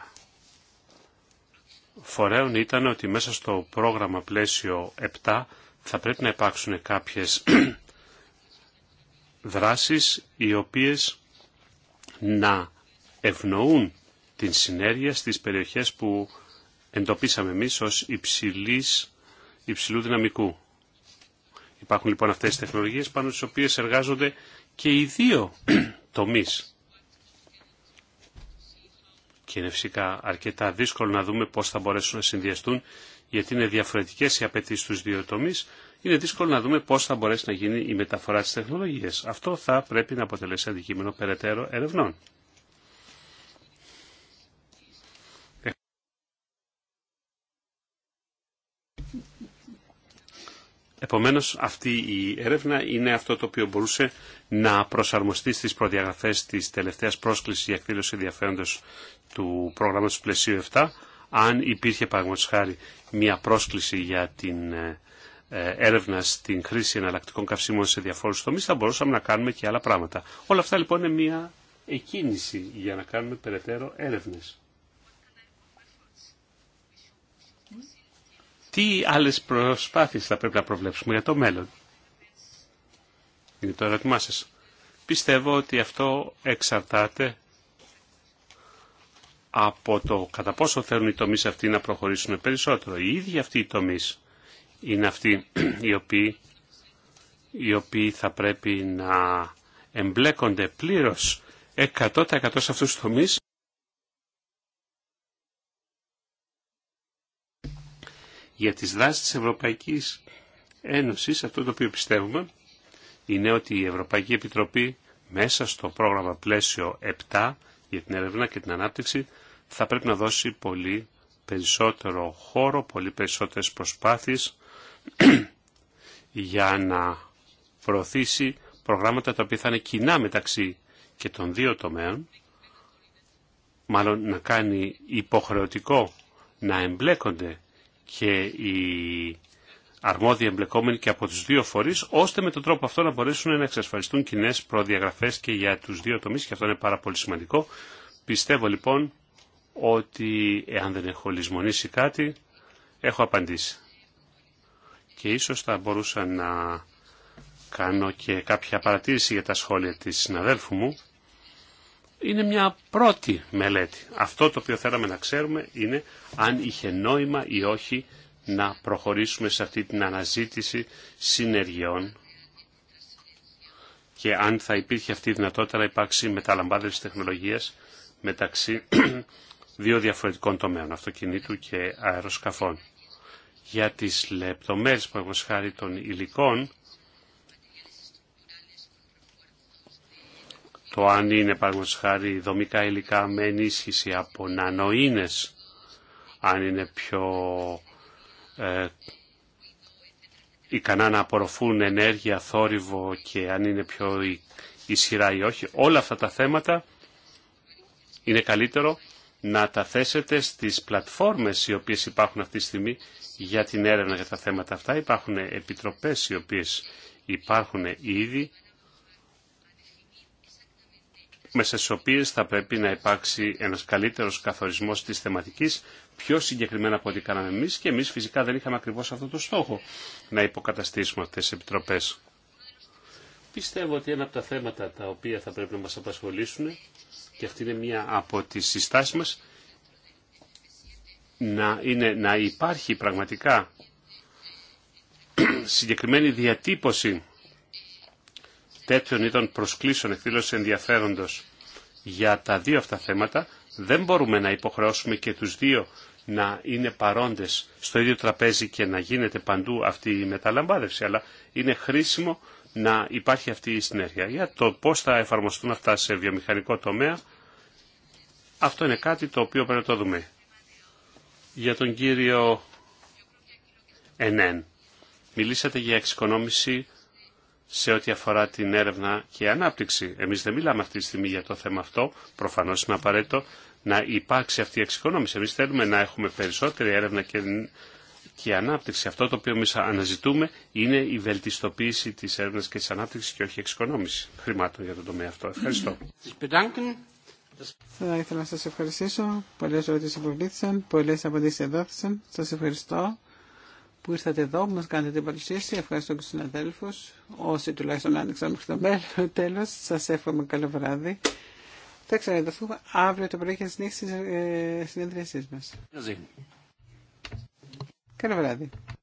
φορέων ήταν ότι μέσα στο πρόγραμμα πλαίσιο 7 θα πρέπει να υπάρξουν κάποιες δράσεις οι οποίες να ευνοούν την συνέργεια στις περιοχές που εντοπίσαμε εμείς ως υψηλής, υψηλού δυναμικού. Υπάρχουν λοιπόν αυτές οι τεχνολογίες πάνω στις οποίες εργάζονται και οι δύο τομείς. Και είναι φυσικά αρκετά δύσκολο να δούμε πώς θα μπορέσουν να συνδυαστούν, γιατί είναι διαφορετικές οι απαιτήσει στους δύο τομείς. Είναι δύσκολο να δούμε πώς θα μπορέσει να γίνει η μεταφορά της τεχνολογίας. Αυτό θα πρέπει να αποτελέσει αντικείμενο περαιτέρω ερευνών. Επομένως αυτή η έρευνα είναι αυτό το οποίο μπορούσε να προσαρμοστεί στις προδιαγραφές της τελευταίας πρόσκλησης για εκδήλωση ενδιαφέροντος του πρόγραμματος πλαισίου 7, αν υπήρχε παραγωγή χάρη μια πρόσκληση για την ε, ε, έρευνα στην χρήση εναλλακτικών καυσίμων σε διαφόρους τομείς, θα μπορούσαμε να κάνουμε και άλλα πράγματα. Όλα αυτά λοιπόν είναι μια εκκίνηση για να κάνουμε περαιτέρω έρευνες. Τι άλλες προσπάθειες θα πρέπει να προβλέψουμε για το μέλλον. Είναι το ερώτημά σα. Πιστεύω ότι αυτό εξαρτάται από το κατά πόσο θέλουν οι τομείς αυτοί να προχωρήσουν περισσότερο. Οι ίδιοι αυτοί οι τομείς είναι αυτοί οι οποίοι, οι οποίοι θα πρέπει να εμπλέκονται πλήρως 100% σε αυτούς τους τομείς. Για τις δράσεις της Ευρωπαϊκής Ένωσης, αυτό το οποίο πιστεύουμε, είναι ότι η Ευρωπαϊκή Επιτροπή μέσα στο πρόγραμμα πλαίσιο 7 για την έρευνα και την ανάπτυξη θα πρέπει να δώσει πολύ περισσότερο χώρο, πολύ περισσότερες προσπάθειες για να προωθήσει προγράμματα τα οποία θα είναι κοινά μεταξύ και των δύο τομέων, μάλλον να κάνει υποχρεωτικό να εμπλέκονται και οι αρμόδιοι εμπλεκόμενοι και από τους δύο φορείς, ώστε με τον τρόπο αυτό να μπορέσουν να εξασφαλιστούν κοινέ προδιαγραφές και για τους δύο τομείς και αυτό είναι πάρα πολύ σημαντικό. Πιστεύω λοιπόν ότι εάν δεν έχω λησμονήσει κάτι, έχω απαντήσει. Και ίσως θα μπορούσα να κάνω και κάποια παρατήρηση για τα σχόλια της συναδέλφου μου. Είναι μια πρώτη μελέτη. Αυτό το οποίο θέλαμε να ξέρουμε είναι αν είχε νόημα ή όχι να προχωρήσουμε σε αυτή την αναζήτηση συνεργειών και αν θα υπήρχε αυτή η δυνατότητα να υπάρξει μεταλαμπάδευση τεχνολογίας μεταξύ δύο διαφορετικών τομέων, αυτοκινήτου και αεροσκαφών. Για τις λεπτομέρειες που χάρη των υλικών, το αν είναι παραγωγός χάρη δομικά υλικά με ενίσχυση από νανοίνες, αν είναι πιο ε, ικανά να απορροφούν ενέργεια, θόρυβο και αν είναι πιο ισχυρά ή όχι. Όλα αυτά τα θέματα είναι καλύτερο να τα θέσετε στις πλατφόρμες οι οποίες υπάρχουν αυτή τη στιγμή για την έρευνα για τα θέματα αυτά. Υπάρχουν επιτροπές οι οποίες υπάρχουν ήδη μέσα στις οποίες θα πρέπει να υπάρξει ένας καλύτερος καθορισμός της θεματικής, πιο συγκεκριμένα από ό,τι κάναμε εμείς και εμείς φυσικά δεν είχαμε ακριβώς αυτό το στόχο να υποκαταστήσουμε αυτές τις επιτροπές. Πιστεύω ότι ένα από τα θέματα τα οποία θα πρέπει να μας απασχολήσουν και αυτή είναι μία από τις συστάσεις μας να, είναι, να υπάρχει πραγματικά συγκεκριμένη διατύπωση τέτοιων είδων προσκλήσεων εκδήλωση ενδιαφέροντος για τα δύο αυτά θέματα, δεν μπορούμε να υποχρεώσουμε και τους δύο να είναι παρόντες στο ίδιο τραπέζι και να γίνεται παντού αυτή η μεταλαμπάδευση, αλλά είναι χρήσιμο να υπάρχει αυτή η συνέργεια. Για το πώς θα εφαρμοστούν αυτά σε βιομηχανικό τομέα, αυτό είναι κάτι το οποίο πρέπει να το δούμε. Για τον κύριο Ενέν, μιλήσατε για εξοικονόμηση σε ό,τι αφορά την έρευνα και ανάπτυξη. Εμείς δεν μιλάμε αυτή τη στιγμή για το θέμα αυτό, προφανώς είναι απαραίτητο να υπάρξει αυτή η εξοικονόμηση. Εμείς θέλουμε να έχουμε περισσότερη έρευνα και, και ανάπτυξη. Αυτό το οποίο εμείς αναζητούμε είναι η βελτιστοποίηση της έρευνας και της ανάπτυξης και όχι η εξοικονόμηση χρημάτων για τον τομέα αυτό. Ευχαριστώ. Θα ήθελα να σας ευχαριστήσω. Πολλές ερωτήσεις υποβλήθησαν, ευχαριστώ που ήρθατε εδώ, που μας κάνετε την παρουσίαση. Ευχαριστώ και συναδέλφου. όσοι τουλάχιστον άνοιξαν μέχρι το μέλλον. Τέλος, σας εύχομαι καλό βράδυ. Θα ξαναδεθούμε αύριο το πρωί και συνέχιση της μας. Καλό βράδυ.